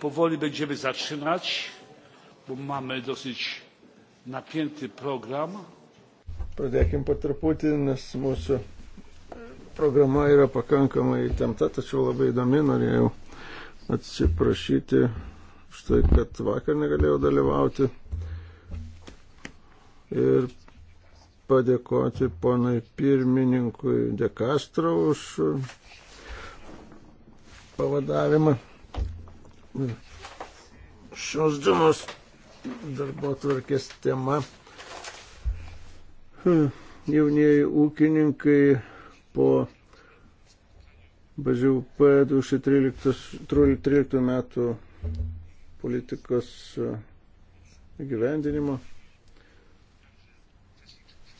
powoli będziemy zaczynać bo mamy dosyć napięty program. Pradėkim po truputį, nes mūsų programa yra pakankamai įtempta, tačiau labai įdomi. Norėjau atsiprašyti už tai, kad vakar negalėjau dalyvauti ir padėkoti ponai pirmininkui Dekastro už pavadavimą šios dienos darbo tvarkės tema. Jaunieji ūkininkai po BŽUP 2013 metų politikos e, gyvendinimo.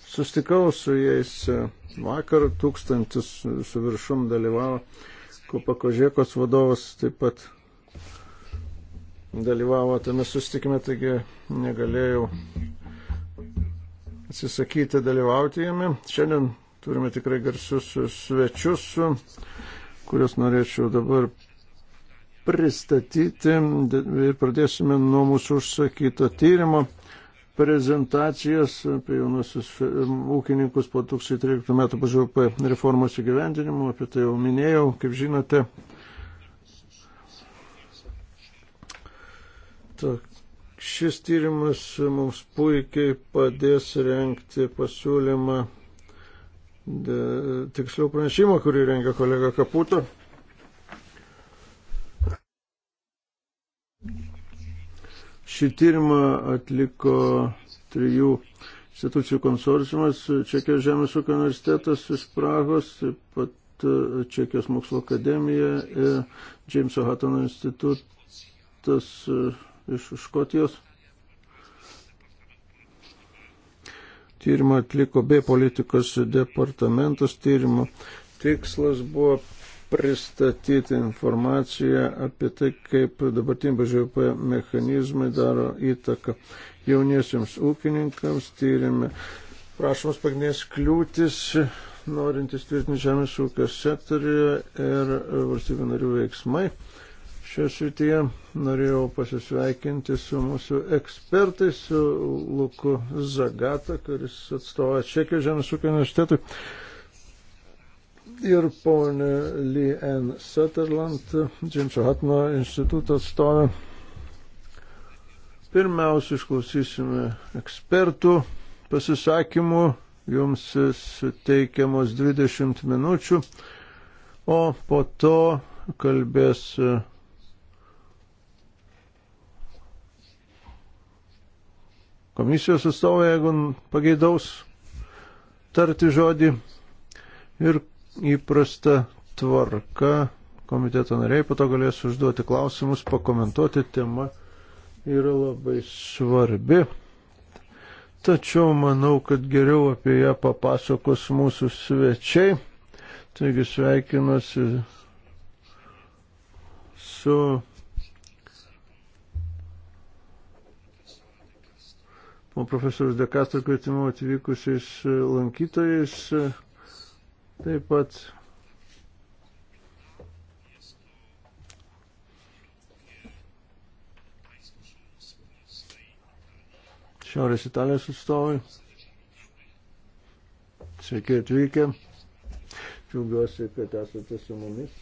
Sustikau su jais e, vakar, tūkstantis su viršum dalyvavo, Kopakožėkos vadovas taip pat dalyvavo tame sustikime, taigi negalėjau atsisakyti dalyvauti jame. Šiandien turime tikrai garsius svečius, kuriuos norėčiau dabar pristatyti ir pradėsime nuo mūsų užsakyto tyrimo prezentacijas apie jaunusius um, ūkininkus po 2013 metų BŽP reformos įgyvendinimo, apie tai jau minėjau, kaip žinote, Šis tyrimas mums puikiai padės renkti pasiūlymą, tiksliau pranešimą, kurį rengia kolega Kaputo. Šį tyrimą atliko trijų institucijų konsorciumas Čekijos žemės ūkio universitetas iš Prahos, taip pat e, Čekijos mokslo akademija, Džeimso Hatono institutas e, iš Škotijos. Tyrimą atliko B politikos departamentas. Tyrimo tikslas buvo pristatyti informaciją apie tai, kaip dabartiniai BŽP mechanizmai daro įtaką jauniesiams ūkininkams. Tyrime prašomas pagrindinės kliūtis norint įtvirtinti žemės ūkio sektoriuje ir valstybių narių veiksmai šioje srityje. Norėjau pasisveikinti su mūsų ekspertais, su Luku Zagata, kuris atstovauja Čekijos žemės ūkio universitetui. Ir ponė Lee N. Sutherland, Džimčio Hatno instituto atstovė. Pirmiausia, išklausysime ekspertų pasisakymų. Jums suteikiamos 20 minučių, o po to kalbės komisijos atstovai, jeigu pageidaus tarti žodį. Ir įprasta tvarka komiteto nariai pato galės užduoti klausimus, pakomentuoti temą yra labai svarbi. Tačiau manau, kad geriau apie ją papasakos mūsų svečiai. Taigi sveikinuosi su o profesorius Dekastro kvietimu atvykusiais e, lankytojais. E, taip pat Šiaurės Italijos atstovai. Sveiki atvykę. Džiaugiuosi, kad esate su mumis.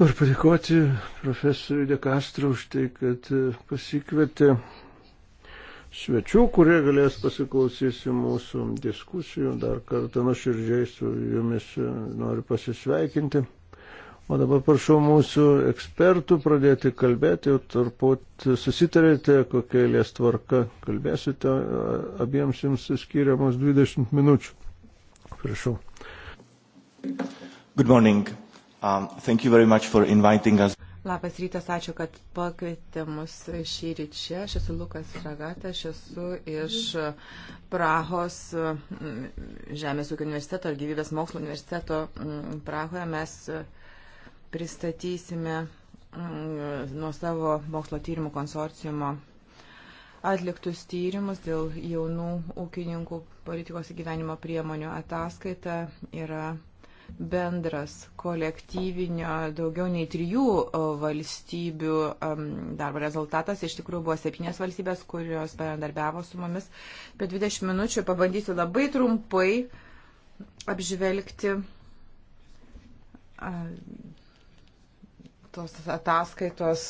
Ir padėkoti profesoriui De Castro už tai, kad e, pasikvietė svečių, kurie galės pasiklausyti mūsų diskusijų. Dar kartą nuoširdžiai su jumis noriu pasisveikinti. O dabar prašau mūsų ekspertų pradėti kalbėti, jau turbūt susitarėte, kokia lės tvarka kalbėsite, abiems jums skiriamos 20 minučių. Prašau. Good morning. Um, thank you very much for inviting us. Labas rytas, ačiū, kad pakvietė mus šį rytį čia. Aš esu Lukas Ragata, aš esu iš Prahos mm, Žemės ūkio universiteto ir gyvybės mokslo universiteto mm, Prahoje. Mes pristatysime mm, nuo savo mokslo tyrimų konsorciumo atliktus tyrimus dėl jaunų ūkininkų politikos įgyvenimo priemonių ataskaita yra bendras kolektyvinio daugiau nei trijų valstybių darbo rezultatas. Iš tikrųjų buvo septynės valstybės, kurios bendarbiavo su mumis. Per 20 minučių pabandysiu labai trumpai apžvelgti tos ataskaitos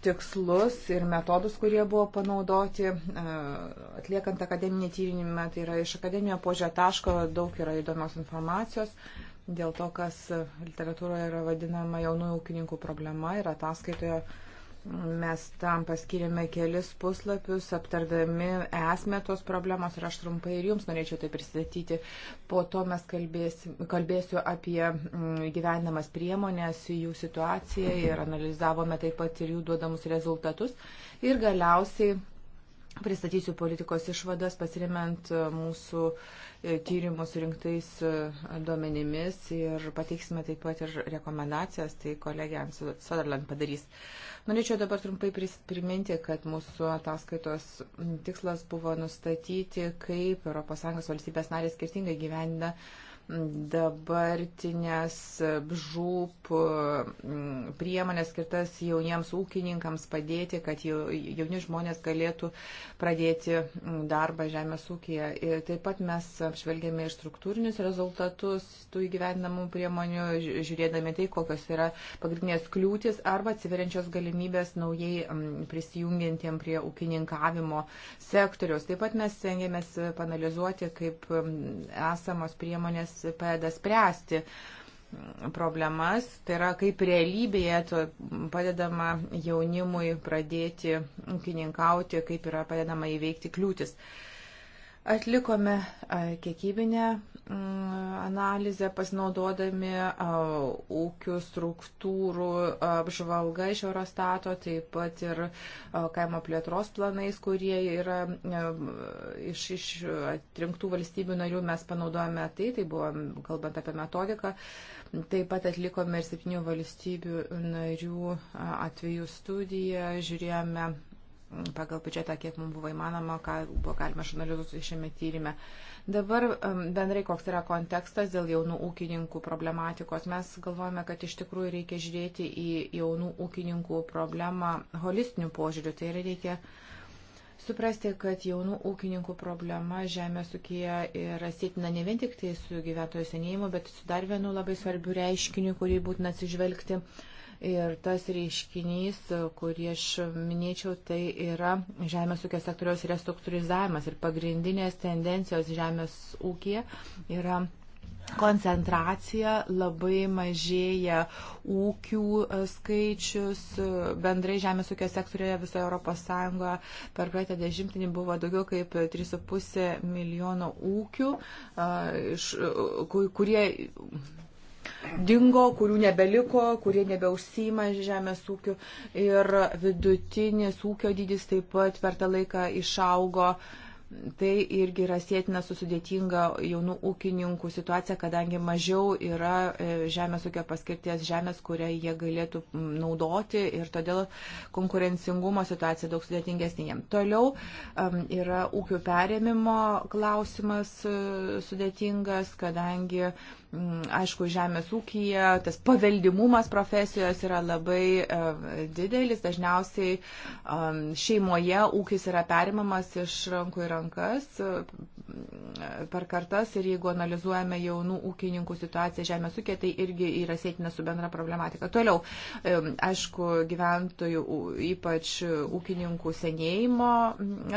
tikslus ir metodus, kurie buvo panaudoti atliekant akademinį tyrimą, tai yra iš akademinio požio taško daug yra įdomios informacijos. Uh, dėl to, kas literatūroje yra vadinama jaunųjų ūkininkų problema ir ataskaitoje mes tam paskirėme kelis puslapius, aptardami esmę tos problemos ir aš trumpai ir jums norėčiau tai pristatyti. Po to mes kalbėsim, kalbėsiu apie mm, gyvenamas priemonės, jų situaciją ir analizavome taip pat ir jų duodamus rezultatus. Ir galiausiai pristatysiu politikos išvadas pasiriment e, mūsų E, tyrimų surinktais e, duomenimis ir pateiksime taip pat ir rekomendacijas, tai kolegė Sutherland padarys. Norėčiau dabar trumpai priminti, kad mūsų ataskaitos tikslas buvo nustatyti, kaip ES valstybės narės skirtingai gyvena dabartinės žūp mm, priemonės skirtas jauniems ūkininkams padėti, kad jauni žmonės galėtų pradėti mm, darbą žemės ūkėje. Ir taip pat mes apžvelgėme ir struktūrinius rezultatus tų įgyvendinamų priemonių, žiūrėdami tai, kokios yra pagrindinės kliūtis arba atsiveriančios galimybės naujai mm, prisijungintiem prie ūkininkavimo sektoriaus. Taip pat mes stengiamės panalizuoti, kaip esamos priemonės padeda spręsti problemas, tai yra kaip realybėje padedama jaunimui pradėti ūkininkauti, kaip yra padedama įveikti kliūtis. Uh, Atlikome kiekybinę mm, analizę pasinaudodami ūkių struktūrų apžvalga iš Eurostato, taip pat ir kaimo plėtros planais, kurie yra iš, iš atrinktų valstybių narių mes panaudojame tai, tai buvo kalbant apie metodiką. Taip pat atlikome ir septynių valstybių narių atvejų studiją, žiūrėjome pagal biudžetą, kiek mums buvo įmanoma, ką buvo galima išanalizuoti šiame tyrimė. Dabar bendrai koks yra kontekstas dėl jaunų ūkininkų problematikos. Mes galvojame, kad iš tikrųjų reikia žiūrėti į jaunų ūkininkų problemą holistiniu požiūriu. Tai reikia suprasti, kad jaunų ūkininkų problema žemės ūkija yra sėtina ne vien tik tai su gyventojų senėjimu, bet su dar vienu labai svarbiu reiškiniu, kurį būtina atsižvelgti. Uh, Ir tas reiškinys, kurį aš minėčiau, tai yra žemės ūkio sektoriaus restruktūrizavimas. Ir pagrindinės tendencijos žemės ūkija yra koncentracija, labai mažėja ūkių skaičius, bendrai žemės ūkio sektorioje visoje Europos Sąjungoje per praeitą dešimtinį buvo daugiau kaip 3,5 milijono ūkių, kurie dingo, kurių nebeliko, kurie nebeusima žemės ūkiu ir vidutinis ūkio dydis taip pat per tą laiką išaugo. Tai irgi yra sėtina su sudėtinga jaunų ūkininkų situacija, kadangi mažiau yra e, žemės ūkio paskirties žemės, kurią jie galėtų naudoti ir todėl konkurencingumo situacija daug sudėtingesnė jiem. Toliau yra ūkių perėmimo klausimas e, sudėtingas, kadangi Mm, aišku, žemės ūkija, tas paveldimumas profesijos yra labai e, didelis, dažniausiai šeimoje ūkis yra perimamas iš rankų į rankas e, per kartas ir jeigu analizuojame jaunų ūkininkų situaciją žemės ūkė, tai irgi yra sėtina su bendra problematika. Toliau, e, aišku, gyventojų, ypač ūkininkų senėjimo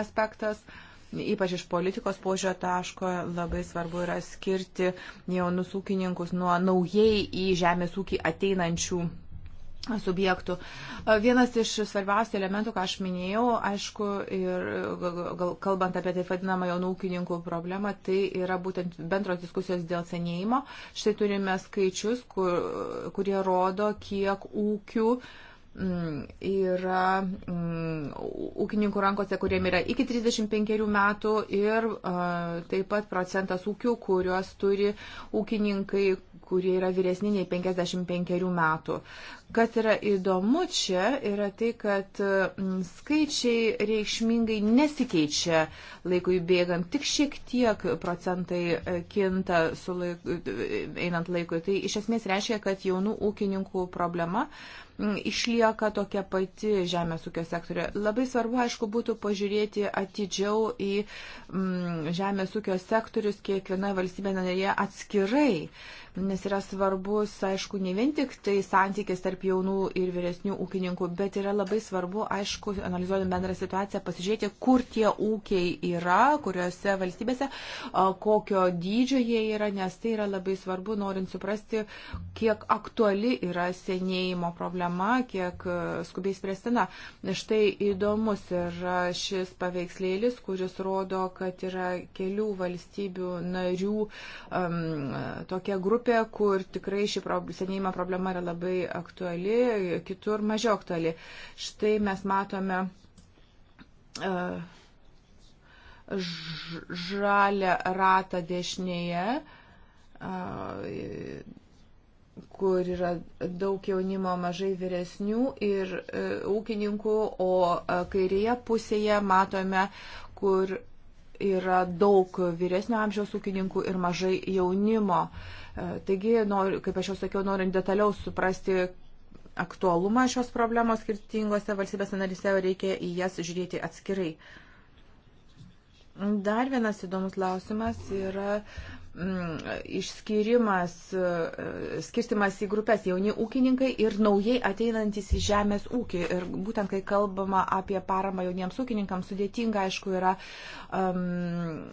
aspektas ypač iš politikos požio taško, labai svarbu yra skirti jaunus ūkininkus nuo naujai į žemės ūkį ateinančių subjektų. Vienas iš svarbiausių elementų, ką aš minėjau, aišku, ir gal, kalbant apie taip vadinamą jaunų ūkininkų problemą, tai yra būtent bendros diskusijos dėl senėjimo. Štai turime skaičius, kur, kurie rodo, kiek ūkių uh, Mm, yra mm, ūkininkų rankose, kuriem yra iki 35 metų ir a, taip pat procentas ūkių, kuriuos turi ūkininkai, kurie yra vyresni nei 55 metų. Kas yra įdomu čia, yra tai, kad mm, skaičiai reikšmingai nesikeičia laikui bėgant, tik šiek tiek procentai e, kinta laik, einant laikui. Tai iš esmės reiškia, kad jaunų ūkininkų problema Mm, išlieka tokia pati žemės ūkio sektorė. Labai svarbu, aišku, būtų pažiūrėti atidžiau į mm, žemės ūkio sektorius kiekvienoje valstybėje narėje atskirai nes yra svarbus, aišku, ne vien tik tai santykis tarp jaunų ir vyresnių ūkininkų, bet yra labai svarbu, aišku, analizuodami bendrą situaciją, pasižiūrėti, kur tie ūkiai yra, kuriuose valstybėse, kokio dydžio jie yra, nes tai yra labai svarbu, norint suprasti, kiek aktuali yra senėjimo problema problema, kiek e, skubiai spręstina. Štai įdomus yra šis paveikslėlis, kuris rodo, kad yra kelių valstybių narių um, tokia grupė, kur tikrai ši pro, senėjimo problema yra labai aktuali, kitur mažiau aktuali. Štai mes matome. Uh, žalę ratą dešinėje. Uh, kur yra daug jaunimo, mažai vyresnių ir e, ūkininkų, o e, kairėje pusėje matome, kur yra daug vyresnio amžiaus ūkininkų ir mažai jaunimo. E, taigi, nor, kaip aš jau sakiau, norint detaliau suprasti aktualumą šios problemos skirtingose valstybės analise, reikia į jas žiūrėti atskirai. Dar vienas įdomus klausimas yra Mm, išskirimas, e, skirstimas į grupės jauni ūkininkai ir naujai ateinantis į žemės ūkį. Ir būtent, kai kalbama apie paramą jauniems ūkininkams, sudėtinga, aišku, yra um,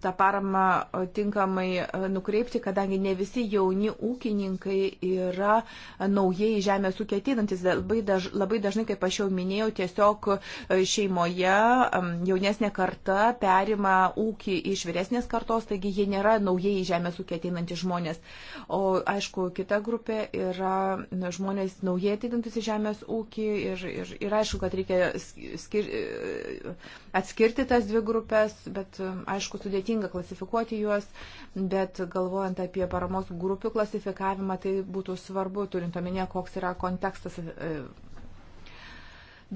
tą paramą tinkamai e, nukreipti, kadangi ne visi jauni ūkininkai yra e, naujai žemės ūkio ateinantis. Labai, daž, labai dažnai, kaip aš jau minėjau, tiesiog e, šeimoje jaunesnė karta perima ūkį iš vyresnės kartos, taigi jie nėra naujai žemės ūkio ateinantis žmonės. O aišku, kita grupė yra na, žmonės naujai ateinantis į žemės ūkį ir, ir, ir aišku, kad reikia skir, atskirti tas dvi grupės, bet aišku, su sudėtinga klasifikuoti juos, bet galvojant apie paramos grupių klasifikavimą, tai būtų svarbu, turint omenyje, koks yra kontekstas. E,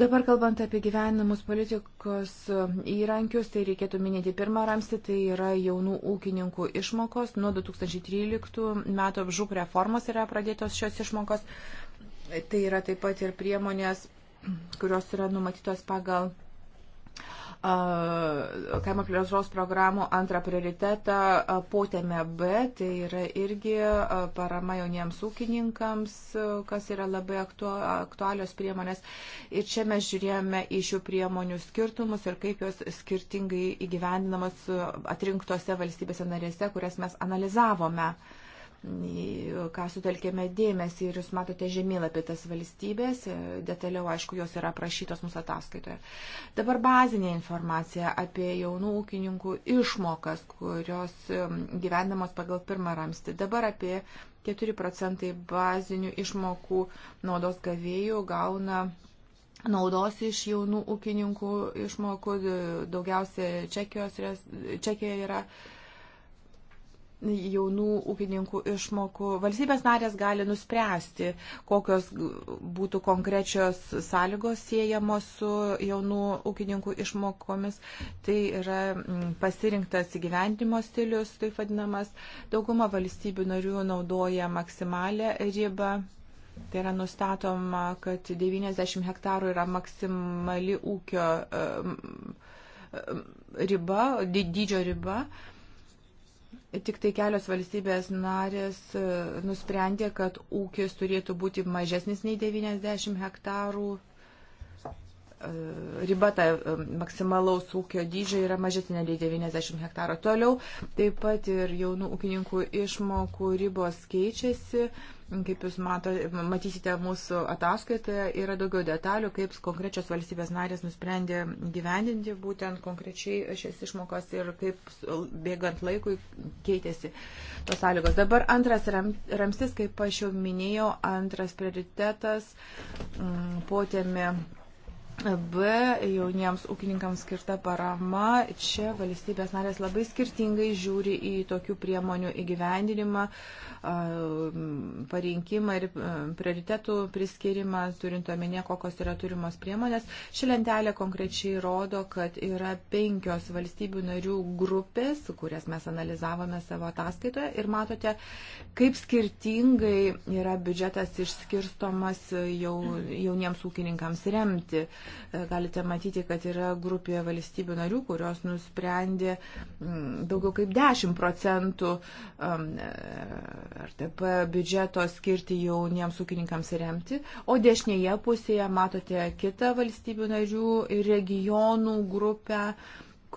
Dabar kalbant apie gyvenimus politikos e, įrankius, tai reikėtų minėti pirmą ramstį, tai yra jaunų ūkininkų išmokos. Nuo 2013 metų žūp reformos yra pradėtos šios išmokos. Tai yra taip pat ir priemonės, kurios yra numatytos pagal kaimo plėtros programų antrą prioritetą potėme B, tai yra irgi parama jauniems ūkininkams, kas yra labai aktu, aktualios priemonės. Ir čia mes žiūrėjome į šių priemonių skirtumus ir kaip jos skirtingai įgyvendinamos atrinktose valstybėse narėse, kurias mes analizavome. Uh, ką sutelkėme dėmesį ir jūs matote žemėlapį tas valstybės, e, detaliau, aišku, jos yra aprašytos mūsų ataskaitoje. Dabar bazinė informacija apie jaunų ūkininkų išmokas, kurios e, gyvendamos pagal pirmą ramstį. Dabar apie 4 procentai bazinių išmokų naudos gavėjų gauna naudos iš jaunų ūkininkų išmokų, daugiausia Čekijos, Čekijoje yra jaunų ūkininkų išmokų. Valstybės narės gali nuspręsti, kokios būtų konkrečios sąlygos siejamos su jaunų ūkininkų išmokomis. Tai yra mm, pasirinktas įgyvendimo stilius, taip vadinamas. Dauguma valstybių narių naudoja maksimalę ribą. Tai yra nustatoma, kad 90 hektarų yra maksimali ūkio mm, mm, riba, dydžio riba. Um, tik tai kelios valstybės narės e, nusprendė, kad ūkis turėtų būti mažesnis nei 90 hektarų riba ta maksimalaus ūkio dydžio yra mažesnė nei 90 hektarų. Toliau taip pat ir jaunų ūkininkų išmokų ribos keičiasi. Kaip jūs mato, matysite mūsų ataskaitoje, yra daugiau detalių, kaip konkrečios valstybės narės nusprendė gyvendinti būtent konkrečiai šias išmokas ir kaip bėgant laikui keitėsi tos sąlygos. Dabar antras ramstis, kaip aš jau minėjau, antras prioritetas potėmi B jauniems ūkininkams skirta parama. Čia valstybės narės labai skirtingai žiūri į tokių priemonių įgyvendinimą, parinkimą ir prioritetų priskirimą, turint omenyje, kokios yra turimos priemonės. Ši lentelė konkrečiai rodo, kad yra penkios valstybių narių grupės, kurias mes analizavome savo ataskaitoje ir matote, kaip skirtingai yra biudžetas išskirstomas jau, jauniems ūkininkams remti. E, galite matyti, kad yra grupė valstybių narių, kurios nusprendė mm, daugiau kaip 10 procentų um, e, RTP biudžeto skirti jauniems ūkininkams remti, o dešinėje pusėje matote kitą valstybių narių ir regionų grupę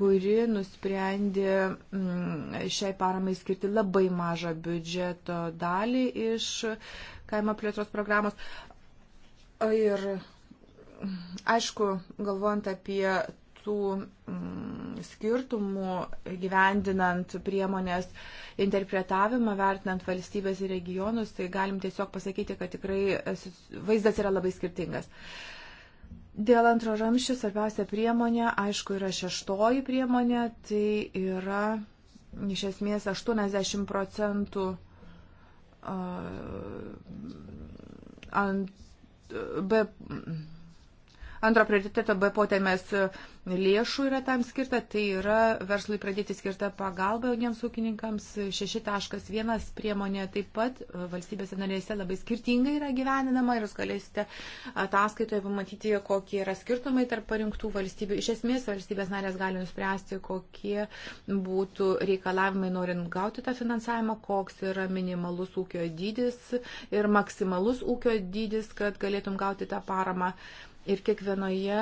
kuri nusprendė mm, šiai paramai skirti labai mažą biudžeto dalį iš kaimo plėtros programos. Ir aišku, galvojant apie tų mm, skirtumų gyvendinant priemonės interpretavimą, vertinant valstybės ir regionus, tai galim tiesiog pasakyti, kad tikrai e, vaizdas yra labai skirtingas. Dėl antro ramščio svarbiausia priemonė, aišku, yra šeštoji priemonė, tai yra iš esmės 80 procentų uh, ant B. Uh, Antro prioriteto B potėmės lėšų yra tam skirta, tai yra verslui pradėti skirta pagalba jauniems ūkininkams. 6.1 priemonė taip pat valstybėse narėse labai skirtingai yra gyveninama ir jūs galėsite ataskaitoje pamatyti, kokie yra skirtumai tarp parinktų valstybių. Iš esmės valstybės narės gali nuspręsti, kokie būtų reikalavimai norint gauti tą finansavimą, koks yra minimalus ūkio dydis ir maksimalus ūkio dydis, kad galėtum gauti tą paramą. Ir kiekvienoje,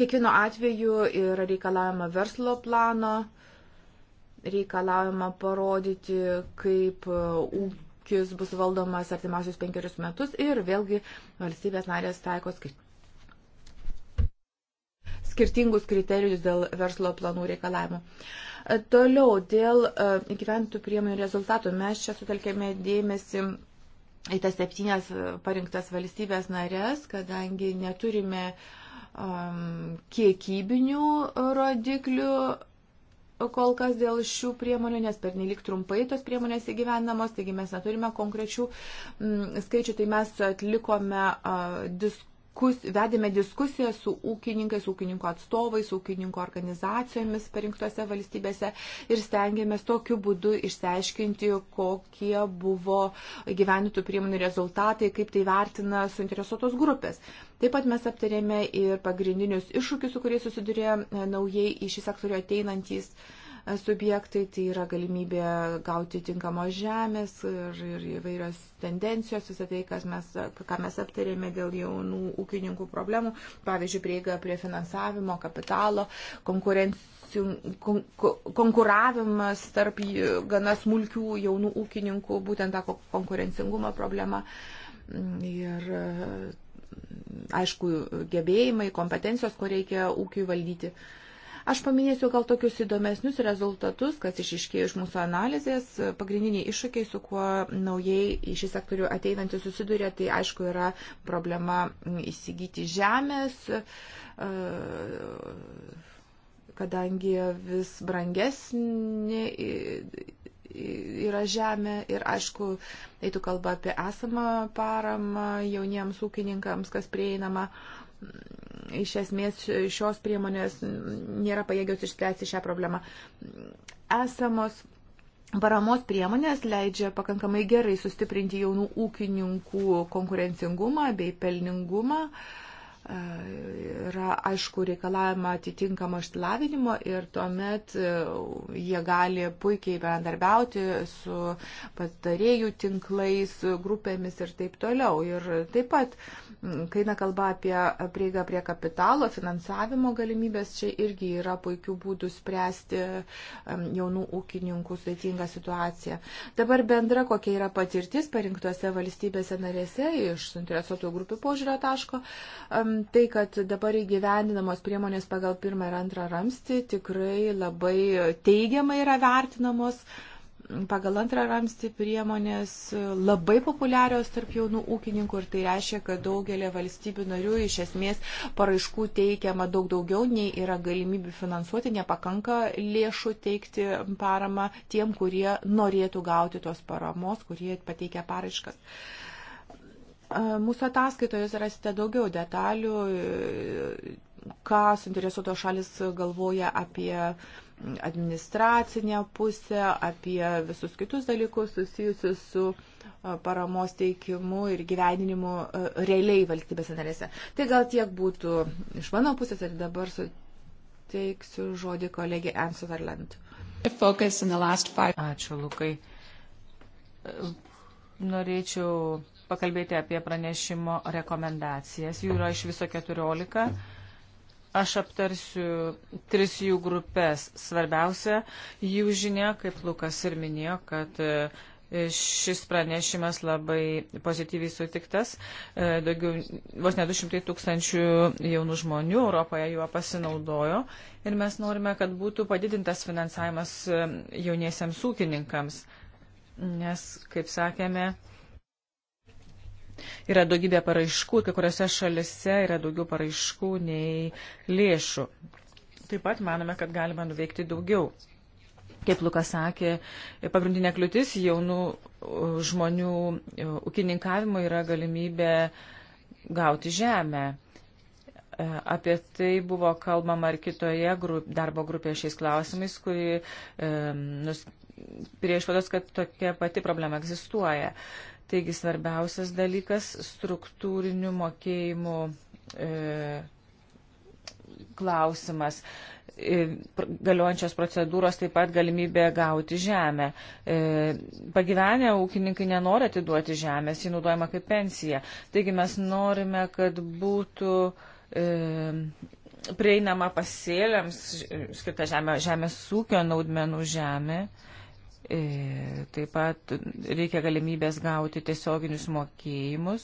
kiekvieno atveju yra reikalavimo verslo plano, reikalavimo parodyti, kaip e, ūkis bus valdomas artimiausius penkerius metus ir vėlgi valstybės narės taiko skirtingus skirtingus kriterijus dėl verslo planų reikalavimų. E, toliau, dėl įgyventų e, priemonių rezultatų mes čia sutelkėme dėmesį į tas septynias e, parinktas valstybės narės, kadangi neturime um, kiekybinių rodiklių kol kas dėl šių priemonių, nes pernelik trumpai tos priemonės įgyvendamos, taigi mes neturime konkrečių m, skaičių, tai mes atlikome a, diskusiją diskus, vedėme diskusiją su ūkininkais, ūkininko atstovais, ūkininko organizacijomis parinktose valstybėse ir stengiamės tokiu būdu išsiaiškinti, kokie buvo gyvenintų priemonių rezultatai, kaip tai vertina suinteresuotos grupės. Taip pat mes aptarėme ir pagrindinius iššūkius, su kuriais susidurė e, naujai į šį sektorių ateinantys uh, subjektai, tai yra galimybė gauti tinkamos žemės ir, ir įvairios tendencijos, visą tai, mes, ką mes aptarėme dėl jaunų ūkininkų problemų, pavyzdžiui, prieiga prie finansavimo, kapitalo, konkurencijos konkuravimas tarp gana smulkių jaunų ūkininkų, būtent tą konkurencingumo problemą. Ir aišku, gebėjimai, kompetencijos, ko reikia ūkiui valdyti. Uh, Aš paminėsiu gal tokius įdomesnius rezultatus, kas išiškėjo iš mūsų analizės. Pagrindiniai iššūkiai, su kuo naujai į šį sektorių ateinantį susiduria, tai aišku yra problema įsigyti žemės e, kadangi vis brangesnė yra žemė ir aišku, eitų kalba apie esamą paramą jauniems ūkininkams, kas prieinama, iš esmės šios priemonės nėra pajėgios išspręsti šią problemą. Esamos Paramos priemonės leidžia pakankamai gerai sustiprinti jaunų ūkininkų konkurencingumą bei pelningumą. Uh, yra, aišku, reikalavimą atitinkamo išsilavinimo ir tuomet e, jie gali puikiai bendarbiauti su pastarėjų tinklais, grupėmis ir taip toliau. Ir taip pat, kai na kalba apie prieigą prie kapitalo, finansavimo galimybės, čia irgi yra puikių būdų spręsti jaunų ūkininkų sudėtingą situaciją. Dabar bendra, kokia yra patirtis parinktose valstybėse narėse iš suinteresuotų grupių požiūrio taško. Um, tai, kad dabar įgyvendinamos priemonės pagal pirmą ir antrą ramstį tikrai labai teigiamai yra vertinamos. Pagal antrą ramstį priemonės labai populiarios tarp jaunų ūkininkų ir tai reiškia, kad daugelė valstybių narių iš esmės paraiškų teikiama daug daugiau, nei yra galimybių finansuoti, nepakanka lėšų teikti paramą tiem, kurie norėtų gauti tos paramos, kurie pateikia paraiškas. Uh, Mūsų ataskaitoje jūs rasite daugiau detalių, ką suinteresuotos šalis galvoja apie administracinę pusę, apie visus kitus dalykus susijusius su paramos teikimu ir gyveninimu realiai valstybės narėse. Tai gal tiek būtų iš mano pusės ir dabar suteiksiu žodį kolegė Anne Sutherland. Ačiū, Lukai. Norėčiau pakalbėti apie pranešimo rekomendacijas. Jų yra iš viso 14. Aš aptarsiu tris jų grupės. Svarbiausia, jų žinia, kaip Lukas ir minėjo, kad e, šis pranešimas labai pozityviai sutiktas. E, daugiau, vos ne 200 tūkstančių jaunų žmonių Europoje juo pasinaudojo ir mes norime, kad būtų padidintas finansavimas e, jauniesiams ūkininkams, nes, kaip sakėme, Yra daugybė paraiškų, kai kuriuose šalise yra daugiau paraiškų nei lėšų. Taip pat manome, kad galima nuveikti daugiau. Kaip Lukas sakė, pagrindinė kliūtis jaunų e, žmonių e, ūkininkavimo yra galimybė gauti žemę. E, apie tai buvo kalbama ir kitoje grup, darbo grupėje šiais klausimais, kuri e, nus, prie išvados, kad tokia pati problema egzistuoja. E, Taigi svarbiausias dalykas - struktūrinių mokėjimų e, klausimas. E, galiojančios procedūros taip pat galimybė gauti žemę. E, pagyvenę ūkininkai nenori atiduoti žemės, ji naudojama kaip pensija. Taigi mes norime, kad būtų e, prieinama pasėliams e, skirta žemė, žemės ūkio naudmenų žemė. E, E, taip pat reikia galimybės gauti tiesioginius mokėjimus.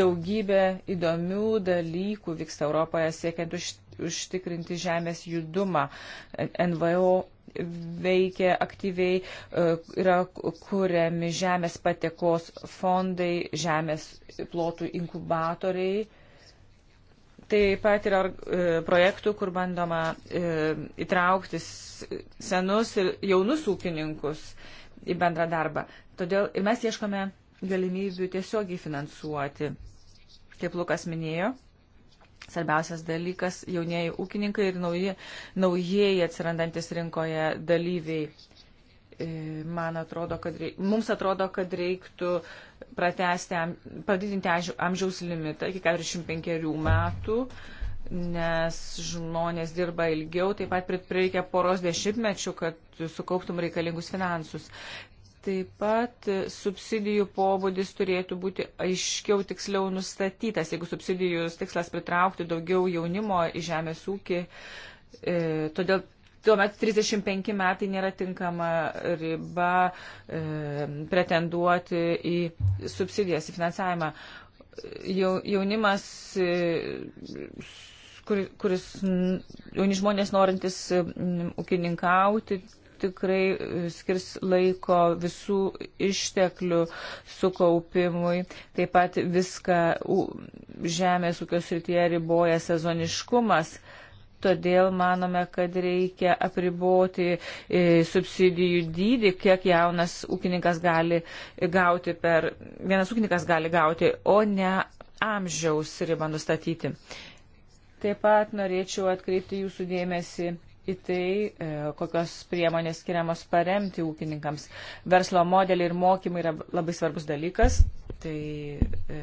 Daugybė įdomių dalykų vyksta Europoje siekiant už, užtikrinti žemės judumą. NVO veikia aktyviai, e, yra kuriami žemės patekos fondai, žemės plotų inkubatoriai Taip pat yra e, projektų, kur bandoma e, įtraukti senus ir jaunus ūkininkus į bendrą darbą. Todėl ir mes ieškome galimybių tiesiogiai finansuoti. Kaip Lukas minėjo, svarbiausias dalykas - jaunieji ūkininkai ir nauji, naujieji atsirandantis rinkoje dalyviai. E, man atrodo, kad reik, mums atrodo, kad reiktų pratesti, padidinti amžiaus limitą iki 45 metų, nes žmonės dirba ilgiau, taip pat reikia poros dešimtmečių, kad sukauptum reikalingus finansus. Taip pat subsidijų pobūdis turėtų būti aiškiau tiksliau nustatytas. Jeigu subsidijų tikslas pritraukti daugiau jaunimo į žemės ūkį, e, todėl tuomet 35 metai nėra tinkama riba e, pretenduoti į subsidijas, į finansavimą. Jau, jaunimas, e, kur, kuris, jauni žmonės norintis ūkininkauti, tikrai e, skirs laiko visų išteklių sukaupimui. Taip pat viską žemės ūkio srityje riboja sezoniškumas. E, Todėl manome, kad reikia apriboti e, subsidijų dydį, kiek jaunas ūkininkas gali gauti per, vienas ūkininkas gali gauti, o ne amžiaus ribą nustatyti. Taip pat norėčiau atkreipti jūsų dėmesį į tai, e, kokios priemonės skiriamos paremti ūkininkams. Verslo modeliai ir mokymai yra labai svarbus dalykas. Tai e,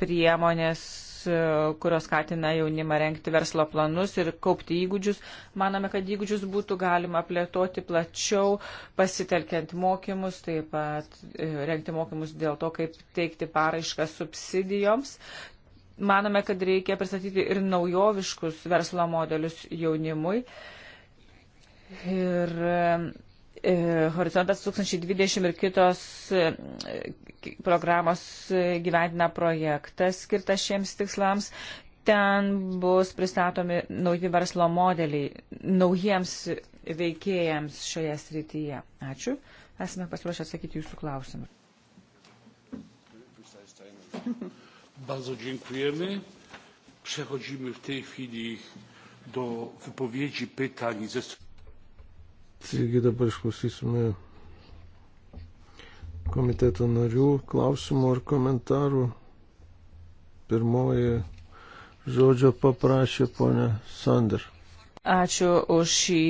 priemonės kurios skatina jaunimą renkti verslo planus ir kaupti įgūdžius. Manome, kad įgūdžius būtų galima plėtoti plačiau, pasitelkiant mokymus, taip pat e, renkti mokymus dėl to, kaip teikti paraišką subsidijoms. Manome, kad reikia pristatyti ir naujoviškus verslo modelius jaunimui. Ir E, horizontas 2020 ir kitos e, programos e, gyventina projektas skirtas šiems tikslams. Ten bus pristatomi nauji verslo modeliai naujiems veikėjams šioje srityje. Ačiū. Esame pasiruošę atsakyti jūsų klausimą. Bardzo dziękujemy. Przechodzimy w tej chwili do wypowiedzi pytań ze strony. Taigi dabar išklausysime komiteto narių klausimų ar komentarų. Pirmoji žodžio paprašė ponė Sander. Ačiū už šį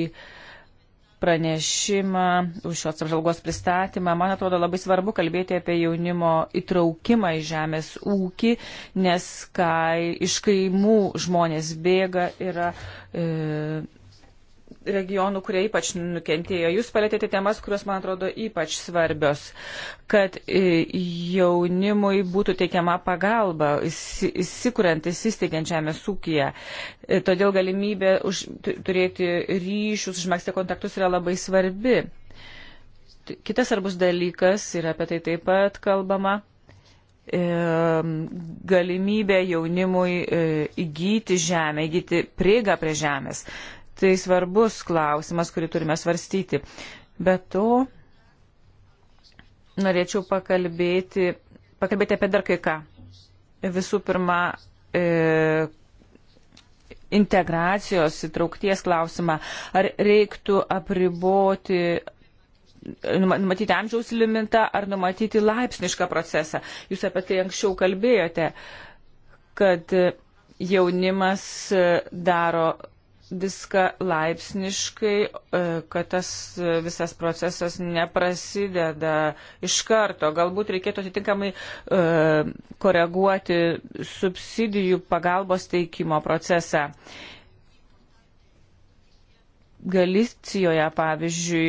pranešimą, už šios apžalgos pristatymą. Man atrodo labai svarbu kalbėti apie jaunimo įtraukimą į žemės ūkį, nes kai iš kaimų žmonės bėga, yra e, regionų, kurie ypač nukentėjo. Jūs palėtėte temas, kurios, man atrodo, ypač svarbios, kad e, jaunimui būtų teikiama pagalba, įsikuriant, įsisteigiant žemės ūkiją. E, todėl galimybė už, turėti ryšius, užmėgsti kontaktus yra labai svarbi. Kitas svarbus dalykas, ir apie tai taip pat kalbama, e, galimybė jaunimui įgyti žemę, įgyti prieigą prie žemės tai svarbus klausimas, kurį turime svarstyti. Be to, norėčiau pakalbėti, pakalbėti apie dar kai ką. Visų pirma, e, integracijos įtraukties klausimą. Ar reiktų apriboti numatyti amžiaus limitą ar numatyti laipsnišką procesą. Jūs apie tai anksčiau kalbėjote, kad jaunimas daro viską laipsniškai, e, kad tas e, visas procesas neprasideda iš karto. Galbūt reikėtų atitinkamai e, koreguoti subsidijų pagalbos teikimo procesą. Galicijoje, pavyzdžiui,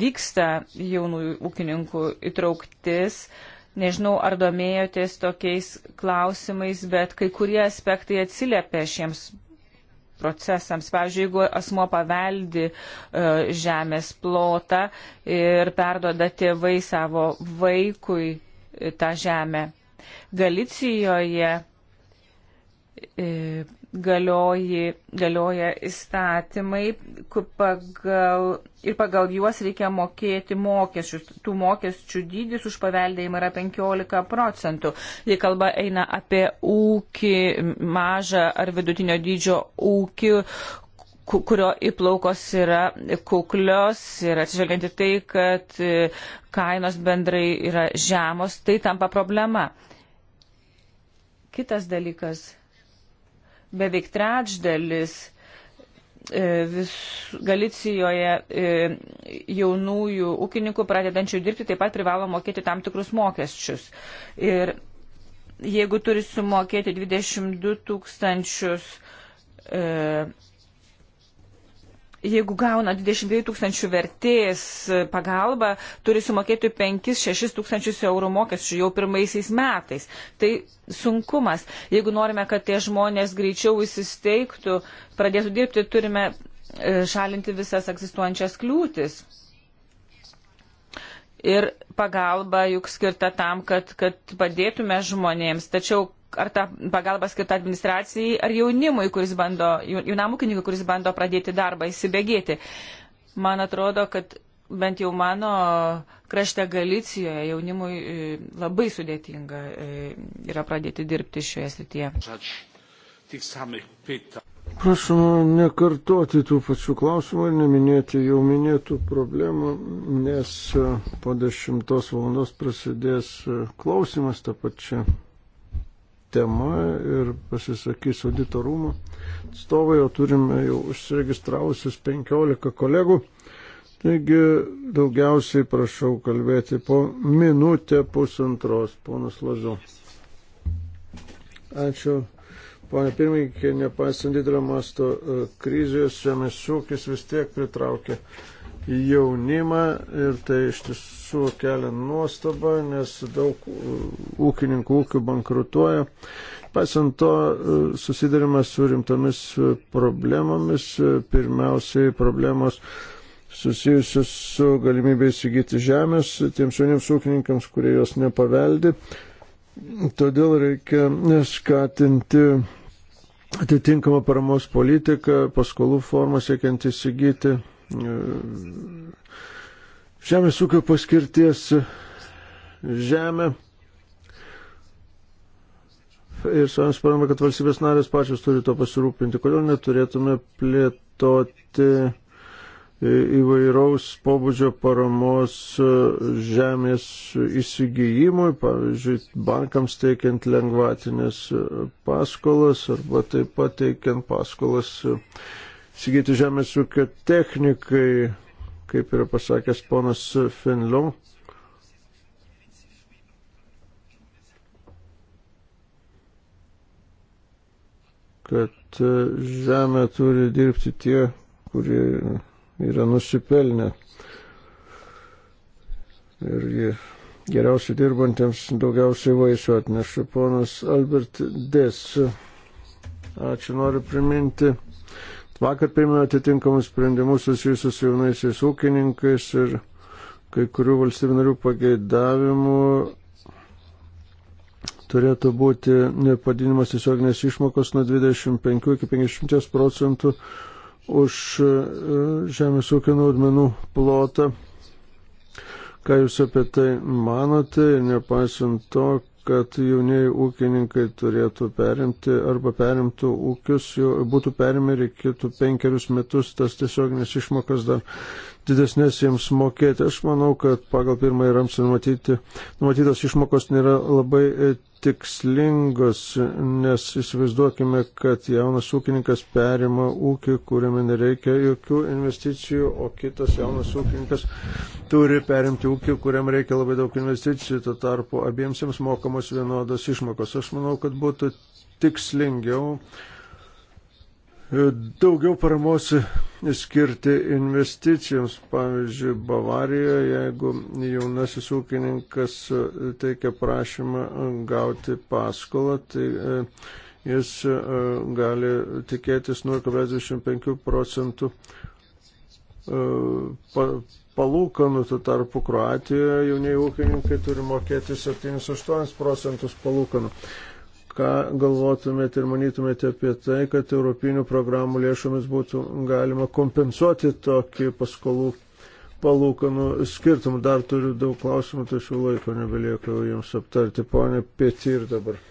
vyksta jaunųjų ūkininkų įtrauktis. Nežinau, ar domėjotės tokiais klausimais, bet kai kurie aspektai atsiliepia šiems procesams. Pavyzdžiui, jeigu asmo paveldi e, žemės plotą ir perdoda tėvai savo vaikui e, tą žemę. Galicijoje e, galioji, galioja įstatymai pagal, ir pagal juos reikia mokėti mokesčius. Tų mokesčių dydis už paveldėjimą yra 15 procentų. Jei kalba eina apie ūkį, mažą ar vidutinio dydžio ūkį, kurio įplaukos yra kuklios ir atsižvelgiant į tai, kad e, kainos bendrai yra žemos, tai tampa problema. Kitas dalykas beveik trečdalis e, vis Galicijoje e, jaunųjų ūkininkų pradedančių dirbti taip pat privalo mokėti tam tikrus mokesčius. Ir jeigu turi sumokėti 22 tūkstančius 000 e, jeigu gauna 22 tūkstančių vertės pagalbą, turi sumokėti 5-6 tūkstančius eurų mokesčių jau pirmaisiais metais. Tai sunkumas. Jeigu norime, kad tie žmonės greičiau įsisteigtų, pradėtų dirbti, turime e, šalinti visas egzistuojančias kliūtis. Ir pagalba juk skirta tam, kad, kad padėtume žmonėms. Tačiau ar ta pagalba skirta administracijai, ar jaunimui, kuris bando, jaunam ūkininkui, kuris bando pradėti darbą, įsibėgėti. Man atrodo, kad bent jau mano krašte Galicijoje jaunimui e, labai sudėtinga e, yra pradėti dirbti šioje srityje. Prašoma nekartoti tų pačių klausimų ir neminėti jau minėtų problemų, nes po dešimtos valandos prasidės e, klausimas tą pačią tema ir pasisakys auditorumo atstovai, o turime jau užsiregistravusius 15 kolegų. Taigi daugiausiai prašau kalbėti po minutę pusantros, ponas Lazo. Ačiū. Pane pirmininkė, nepaisant didelio masto e, krizės, žemės ūkis vis tiek pritraukė jaunimą ir tai iš tiesų kelia nuostabą, nes daug ūkininkų ūkių bankrutuoja. Pasiant to susidarime su rimtomis problemomis, pirmiausiai problemos susijusius su galimybė įsigyti žemės tiems jauniems ūkininkams, kurie jos nepaveldi. Todėl reikia skatinti atitinkamą paramos politiką, paskolų formą siekiant įsigyti E, žemės ūkio paskirties žemę. Ir savame suprantame, kad valstybės narės pačios turi to pasirūpinti. Kodėl neturėtume plėtoti įvairaus pobūdžio paramos žemės įsigijimui, pavyzdžiui, bankams teikiant lengvatinės paskolas arba taip pat teikiant paskolas įsigyti žemės ūkio technikai, kaip yra pasakęs ponas Finlum. kad e, žemę turi dirbti tie, kurie yra nusipelnę. Ir jie geriausiai dirbantiems daugiausiai vaisių atneša ponas Albert Des. Ačiū noriu priminti Vakar priėmėme atitinkamus sprendimus susijusius su jaunaisiais ūkininkais ir kai kurių valstybių narių pageidavimų turėtų būti padinimas tiesioginės išmokos nuo 25 iki 50 procentų už e, žemės ūkio naudmenų plotą. Ką Jūs apie tai manote, nepaisant to, kad jaunieji ūkininkai turėtų perimti arba perimtų ūkius, jau būtų perimi reikėtų penkerius metus tas tiesioginės išmokas dar didesnės jiems mokėti. Aš manau, kad pagal pirmąjį ramsį numatyti, numatytos išmokos nėra labai e, tikslingos, nes įsivaizduokime, kad jaunas ūkininkas perima ūkį, kuriame nereikia jokių investicijų, o kitas jaunas ūkininkas turi perimti ūkį, kuriam reikia labai daug investicijų, tuo tarpu abiems jiems mokamos vienodos išmokos. Aš manau, kad būtų tikslingiau e, daugiau paramos skirti investicijoms. Pavyzdžiui, Bavarijoje, jeigu jaunasis ūkininkas e, teikia prašymą e, gauti paskolą, tai e, jis gali tikėtis 0,25 procentų palūkanų, tuo tarpu Kroatijoje jaunieji ūkininkai turi mokėti 7-8 procentus palūkanų. Nu. Ką galvotumėte ir manytumėte apie tai, kad europinių programų lėšomis būtų galima kompensuoti tokį paskolų palūkanų skirtumą? Dar turiu daug klausimų, tačiau laiko nebelieka jums aptarti. Pone Pietir dabar.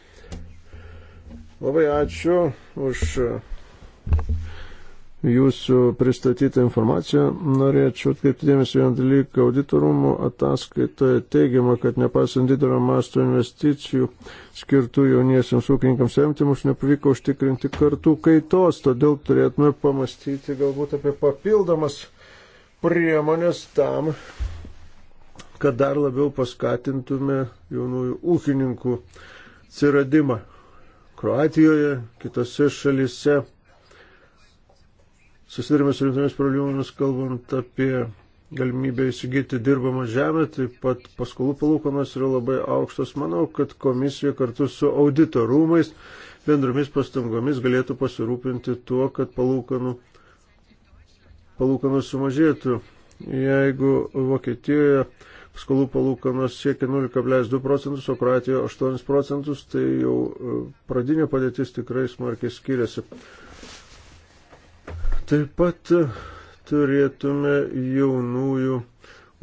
Labai ačiū už jūsų pristatytą informaciją. Norėčiau atkreipti dėmesį vieną dalyką. Auditorumų ataskaitoje teigiama, kad nepasant didelio masto investicijų skirtų jauniesiams ūkininkams remti, mums nepavyko užtikrinti kartų kaitos, todėl turėtume pamastyti galbūt apie papildomas priemonės tam, kad dar labiau paskatintume jaunųjų ūkininkų atsiradimą. Kroatijoje, kitose šalise susidurime su rimtomis problemomis, kalbant apie galimybę įsigyti dirbamą žemę, taip pat paskolų palūkanos yra labai aukštos. Manau, kad komisija kartu su audito rūmais bendromis pastangomis galėtų pasirūpinti tuo, kad palūkanų, palūkanų sumažėtų. Jeigu Vokietijoje skolų palūkanos siekia 0,2 procentus, o Kroatijoje 8 procentus, tai jau pradinė padėtis tikrai smarkiai skiriasi. Taip pat turėtume jaunųjų